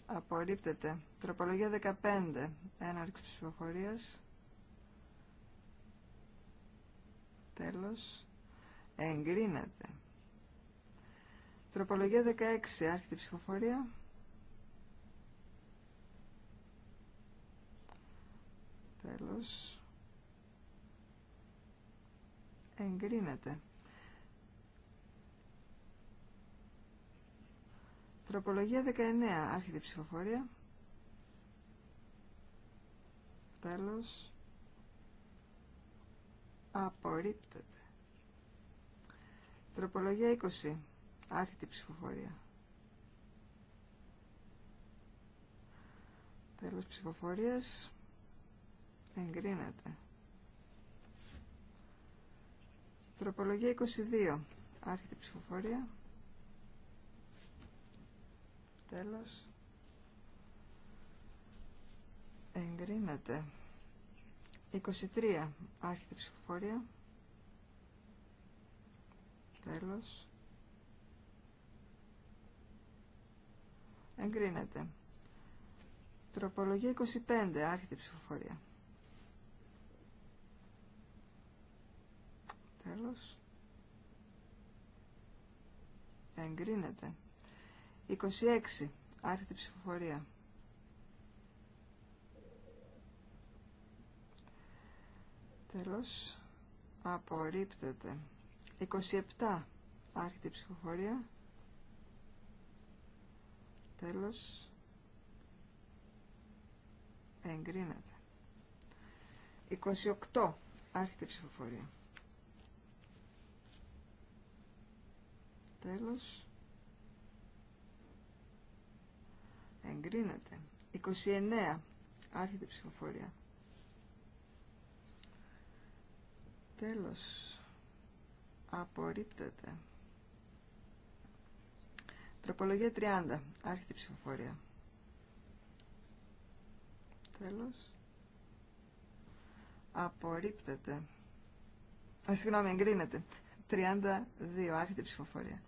Απορρίπτεται. Τροπολογία 15. Έναρξη ψηφοφορία. Τέλος. Εγκρίνεται. Τροπολογία 16. Άρχεται ψηφοφορία. Τέλος. Εγκρίνεται. Τροπολογία 19. άρχιτη ψηφοφορία. Τέλος. Απορρίπτεται. Τροπολογία 20. άρχιτη ψηφοφορία. Τέλος ψηφοφορίας. Εγκρίνεται. Τροπολογία 22. Άρχεται η ψηφοφορία. Τέλος. Εγκρίνεται. 23. Άρχεται η ψηφοφορία. Τέλος. Εγκρίνεται. Τροπολογία 25. Άρχεται η ψηφοφορία. Τέλος. Εγκρίνεται. 26. Άρχεται ψηφοφορία. Τέλος. Απορρίπτεται. 27. Άρχεται ψηφοφορία. Τέλος. Εγκρίνεται. 28. Άρχεται ψηφοφορία. Τέλος. Εγκρίνεται. 29. Άρχεται η ψηφοφορία. Τέλος. Απορρίπτεται. Τροπολογία 30. Άρχεται η ψηφοφορία. Τέλος. Απορρίπτεται. Α, συγγνώμη, εγκρίνεται. 32. Άρχεται η ψηφοφορία.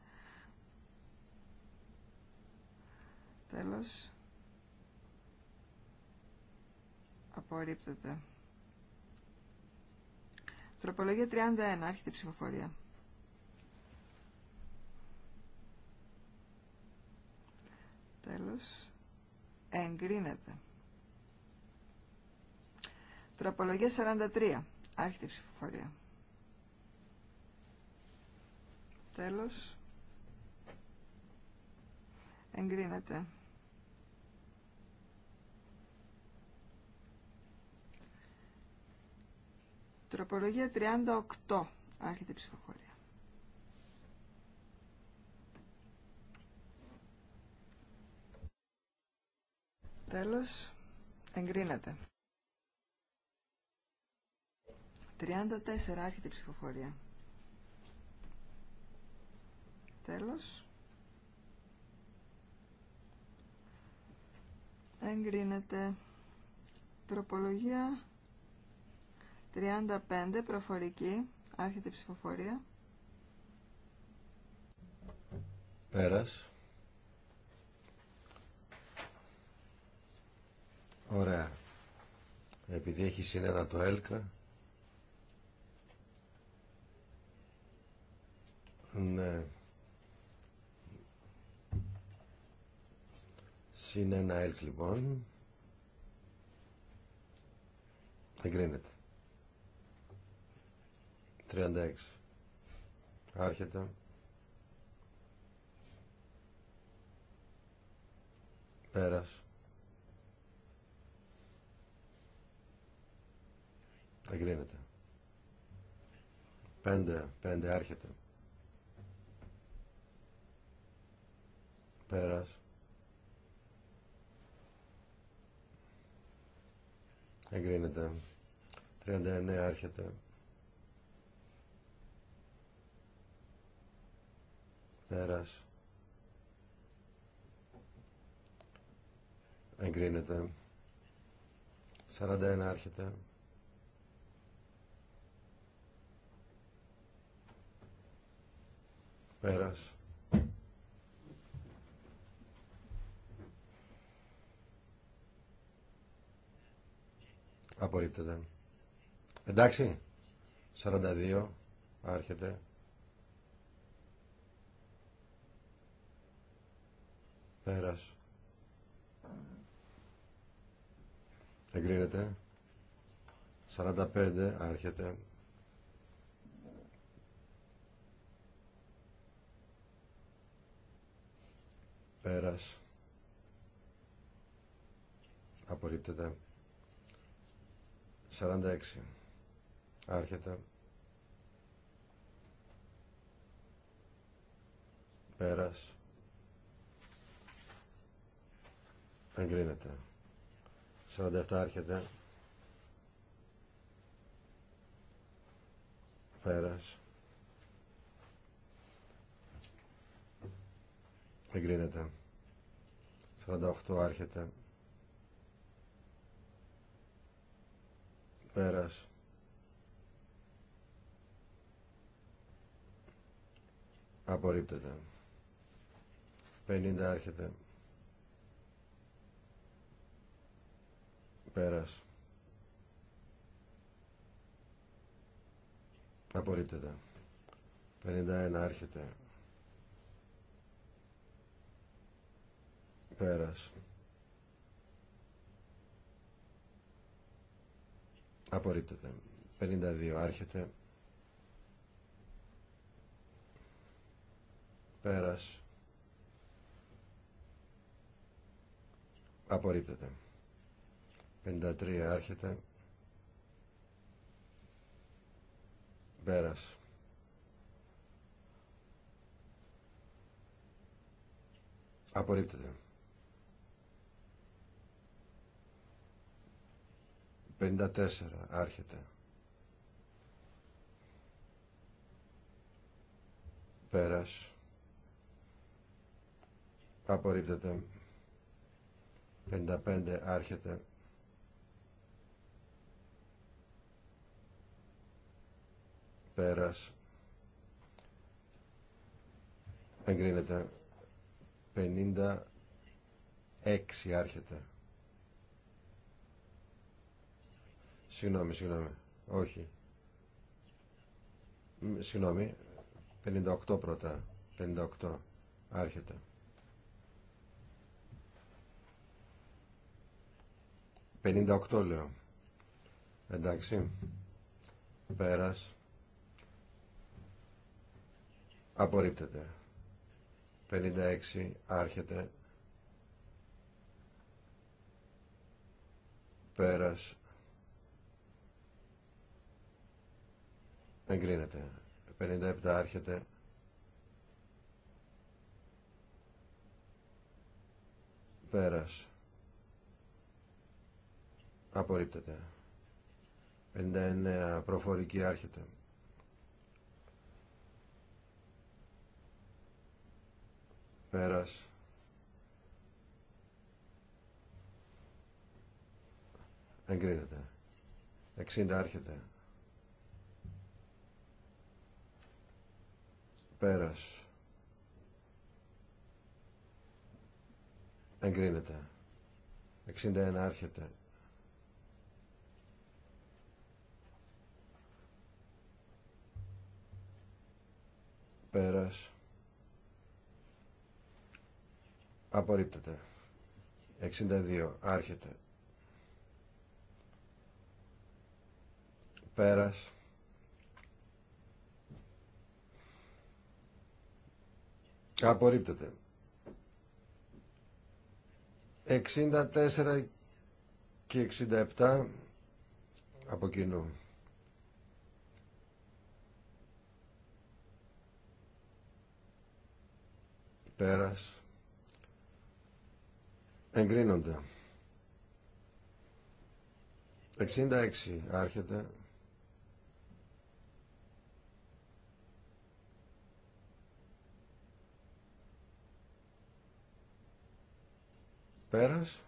Τέλος. Απορρίπτεται. Τροπολογία 31. Άρχεται ψηφοφορία. Τέλος. Εγκρίνεται. Τροπολογία 43. Άρχεται ψηφοφορία. Τέλος. Εγκρίνεται. Τροπολογία 38. Άρχεται η ψηφοφορία. Τέλος, εγκρίνεται. 34. Άρχεται η ψηφοφορία. Τέλος. Εγκρίνεται. Τροπολογία 35 προφορική άρχεται η ψηφοφορία πέρας ωραία επειδή έχει συνένα το ΕΛΚΑ ναι Συν ένα ΕΛΚ λοιπόν εγκρίνεται 36 άρχεται πέρας εγκρίνεται 5 5 άρχεται πέρας εγκρίνεται 39 άρχεται Πέρας. Εγκρίνεται. 41 άρχεται. Πέρας. Απορρίπτεται. Εντάξει. 42 άρχεται. Πέρας. Εγκρίνεται. 45 άρχεται. Πέρας. Απορρίπτεται. 46 άρχεται. Πέρας. εγκρίνεται 47 άρχεται πέρας εγκρίνεται 48 άρχεται πέρας απορρίπτεται 50 άρχεται πέρας απορρίπτεται 51 άρχεται πέρας απορρίπτεται 52 άρχεται πέρας απορρίπτεται 53 άρχεται πέρας απορρίπτεται 54 άρχεται πέρας απορρίπτεται 55 άρχεται πέρας εγκρίνεται 56 άρχεται συγγνώμη συγγνώμη όχι συγγνώμη 58 πρώτα 58 άρχεται «58» λέω. Εντάξει. Πέρας. Απορρίπτεται. 56 άρχεται. Πέρας. Εγκρίνεται. 57 άρχεται. Πέρας. Απορρίπτεται. 59 προφορική άρχεται. Πέρας. Εγκρίνεται. 60 άρχεται. Πέρας. Εγκρίνεται. 61 άρχεται. Πέρας. Απορρίπτεται. 62. Άρχεται. Πέρας. Απορρίπτεται. 64 και 67 από κοινού. Πέρας. Εγκρίνονται. 66 άρχεται. Πέρας.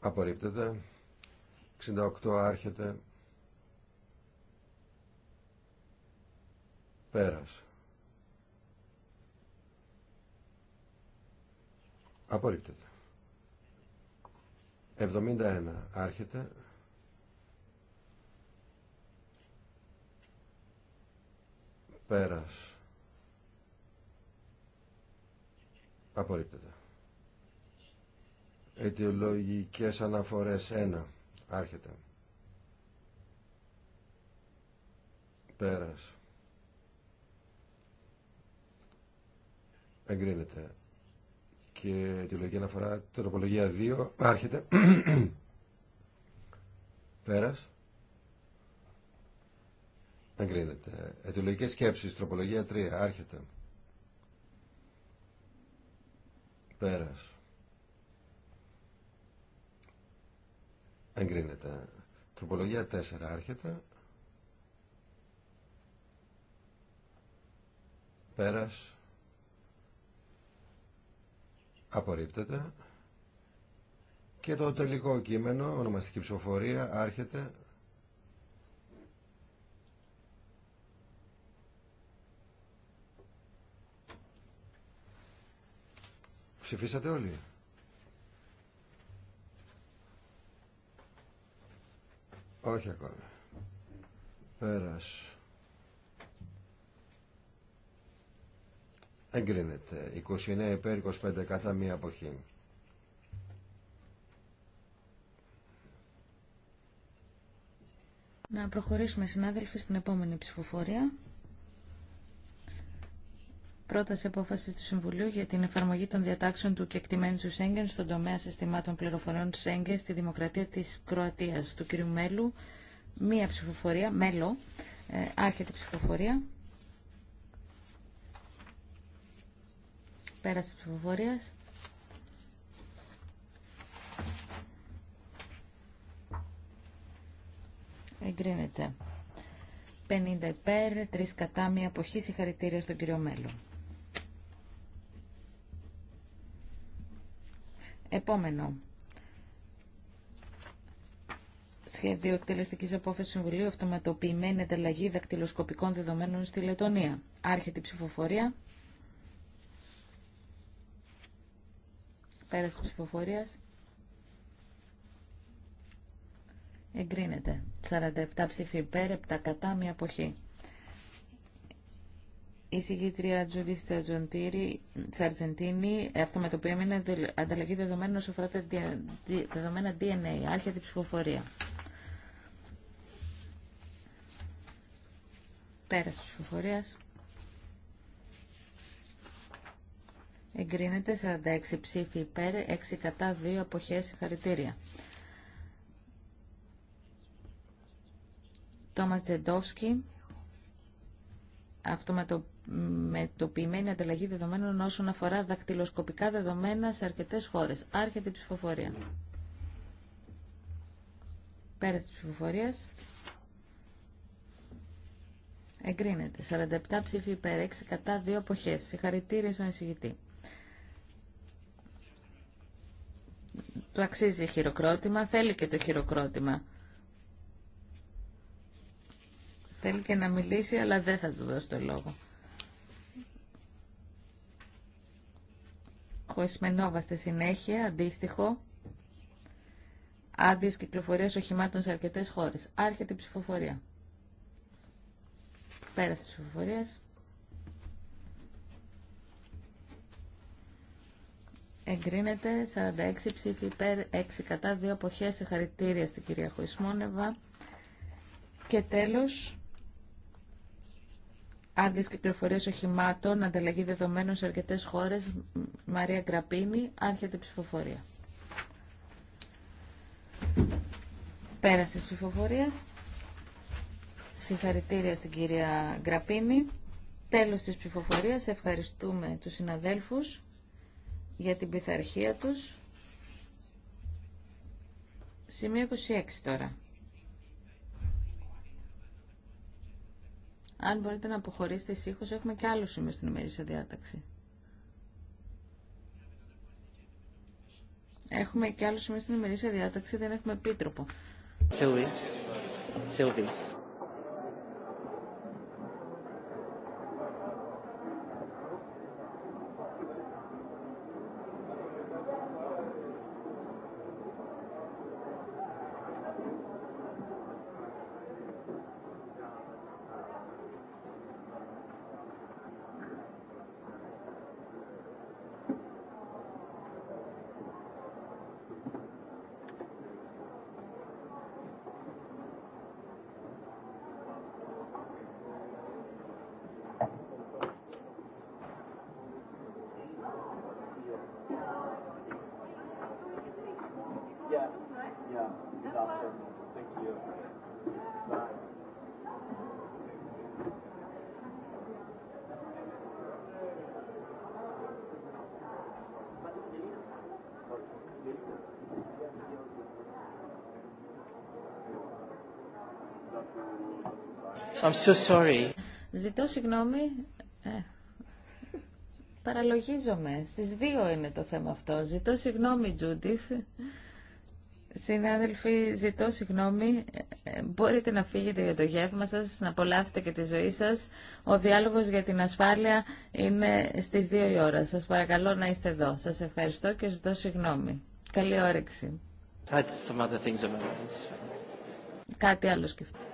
Απορρίπτεται. 68 άρχεται. Πέρας. Απορρίπτεται. 71. Άρχεται. Πέρας. Απορρίπτεται. Αιτιολογικές αναφορές 1. Άρχεται. Πέρας. Εγκρίνεται και αιτιολογική αναφορά, τροπολογία 2, άρχεται. Πέρας. Εγκρίνεται. Αιτιολογικές σκέψεις, τροπολογία 3, άρχεται. Πέρας. Εγκρίνεται. Τροπολογία 4, άρχεται. Πέρας απορρίπτεται και το τελικό κείμενο, ονομαστική ψηφοφορία, άρχεται Ψηφίσατε όλοι. Όχι ακόμα. Πέρασε. εγκρίνεται 29 υπέρ 25 κατά μία αποχή Να προχωρήσουμε συνάδελφοι στην επόμενη ψηφοφορία Πρόταση απόφαση του Συμβουλίου για την εφαρμογή των διατάξεων του κεκτημένου του Σέγγεν στον τομέα συστημάτων πληροφοριών Σέγγεν στη Δημοκρατία της Κροατίας του κ. Μέλου. Μία ψηφοφορία, μέλο, ε, άρχεται ψηφοφορία. Πέραση της Εγκρίνεται. 50 υπέρ, 3 κατά, μία αποχή. Συγχαρητήρια στον κύριο Μέλλο. Επόμενο. Σχέδιο εκτελεστική απόφαση Συμβουλίου Αυτοματοποιημένη ανταλλαγή δακτυλοσκοπικών δεδομένων στη Λετωνία. Άρχεται η ψηφοφορία. Πέραση ψηφοφορίας Εγκρίνεται. 47 ψήφοι υπέρ, 7 κατά, μία αποχή. Η συγκήτρια Τζούντιθ Τσαρτζεντίνη, αυτό με το οποίο είναι ανταλλαγή δεδομένων όσο αφορά τα δεδομένα DNA, άρχεται η ψηφοφορία. Πέραση ψηφοφορίας. Εγκρίνεται 46 ψήφοι υπέρ, 6 κατά, 2 αποχές συγχαρητήρια. Τόμας Τζεντόφσκι, αυτομετωπιμένη ανταλλαγή δεδομένων όσον αφορά δακτυλοσκοπικά δεδομένα σε αρκετές χώρες. Άρχεται η ψηφοφορία. Πέρας της ψηφοφορίας. Εγκρίνεται. 47 ψήφοι υπέρ, 6 κατά, 2 αποχές. Συγχαρητήρια στον εισηγητή. του αξίζει χειροκρότημα, θέλει και το χειροκρότημα. Θέλει και να μιλήσει, αλλά δεν θα του δώσω το λόγο. Κοσμενόβαστε συνέχεια, αντίστοιχο. Άδειε κυκλοφορία οχημάτων σε αρκετέ χώρε. Άρχεται η ψηφοφορία. Πέρασε τη ψηφοφορία. Εγκρίνεται 46 ψήφοι υπέρ, 6 κατά, 2 αποχές, συγχαρητήρια στην κυρία Χωισμόνεβα. Και τέλος, και κυκλοφορίας οχημάτων, ανταλλαγή δεδομένων σε αρκετές χώρες, Μαρία Γκραπίνη, άρχεται ψηφοφορία. Πέρασε της ψηφοφορίας. Συγχαρητήρια στην κυρία Γκραπίνη. Τέλος της ψηφοφορίας. Ευχαριστούμε τους συναδέλφους για την πειθαρχία τους. Σημείο 26 τώρα. Αν μπορείτε να αποχωρήσετε ησύχως, έχουμε και άλλους σημείο στην ημερήσια διάταξη. Έχουμε και άλλους σημείο στην ημερήσια διάταξη, δεν έχουμε επίτροπο. Σιλβί. Σιλβί. I'm so sorry. Ζητώ συγγνώμη. Ε, παραλογίζομαι. Στις δύο είναι το θέμα αυτό. Ζητώ συγγνώμη, Τζούντιθ. Συνάδελφοι, ζητώ συγγνώμη. Ε, μπορείτε να φύγετε για το γεύμα σας, να απολαύσετε και τη ζωή σας. Ο διάλογος για την ασφάλεια είναι στις δύο η ώρα. Σας παρακαλώ να είστε εδώ. Σας ευχαριστώ και ζητώ συγγνώμη. Καλή όρεξη. Κάτι άλλο σκεφτείτε.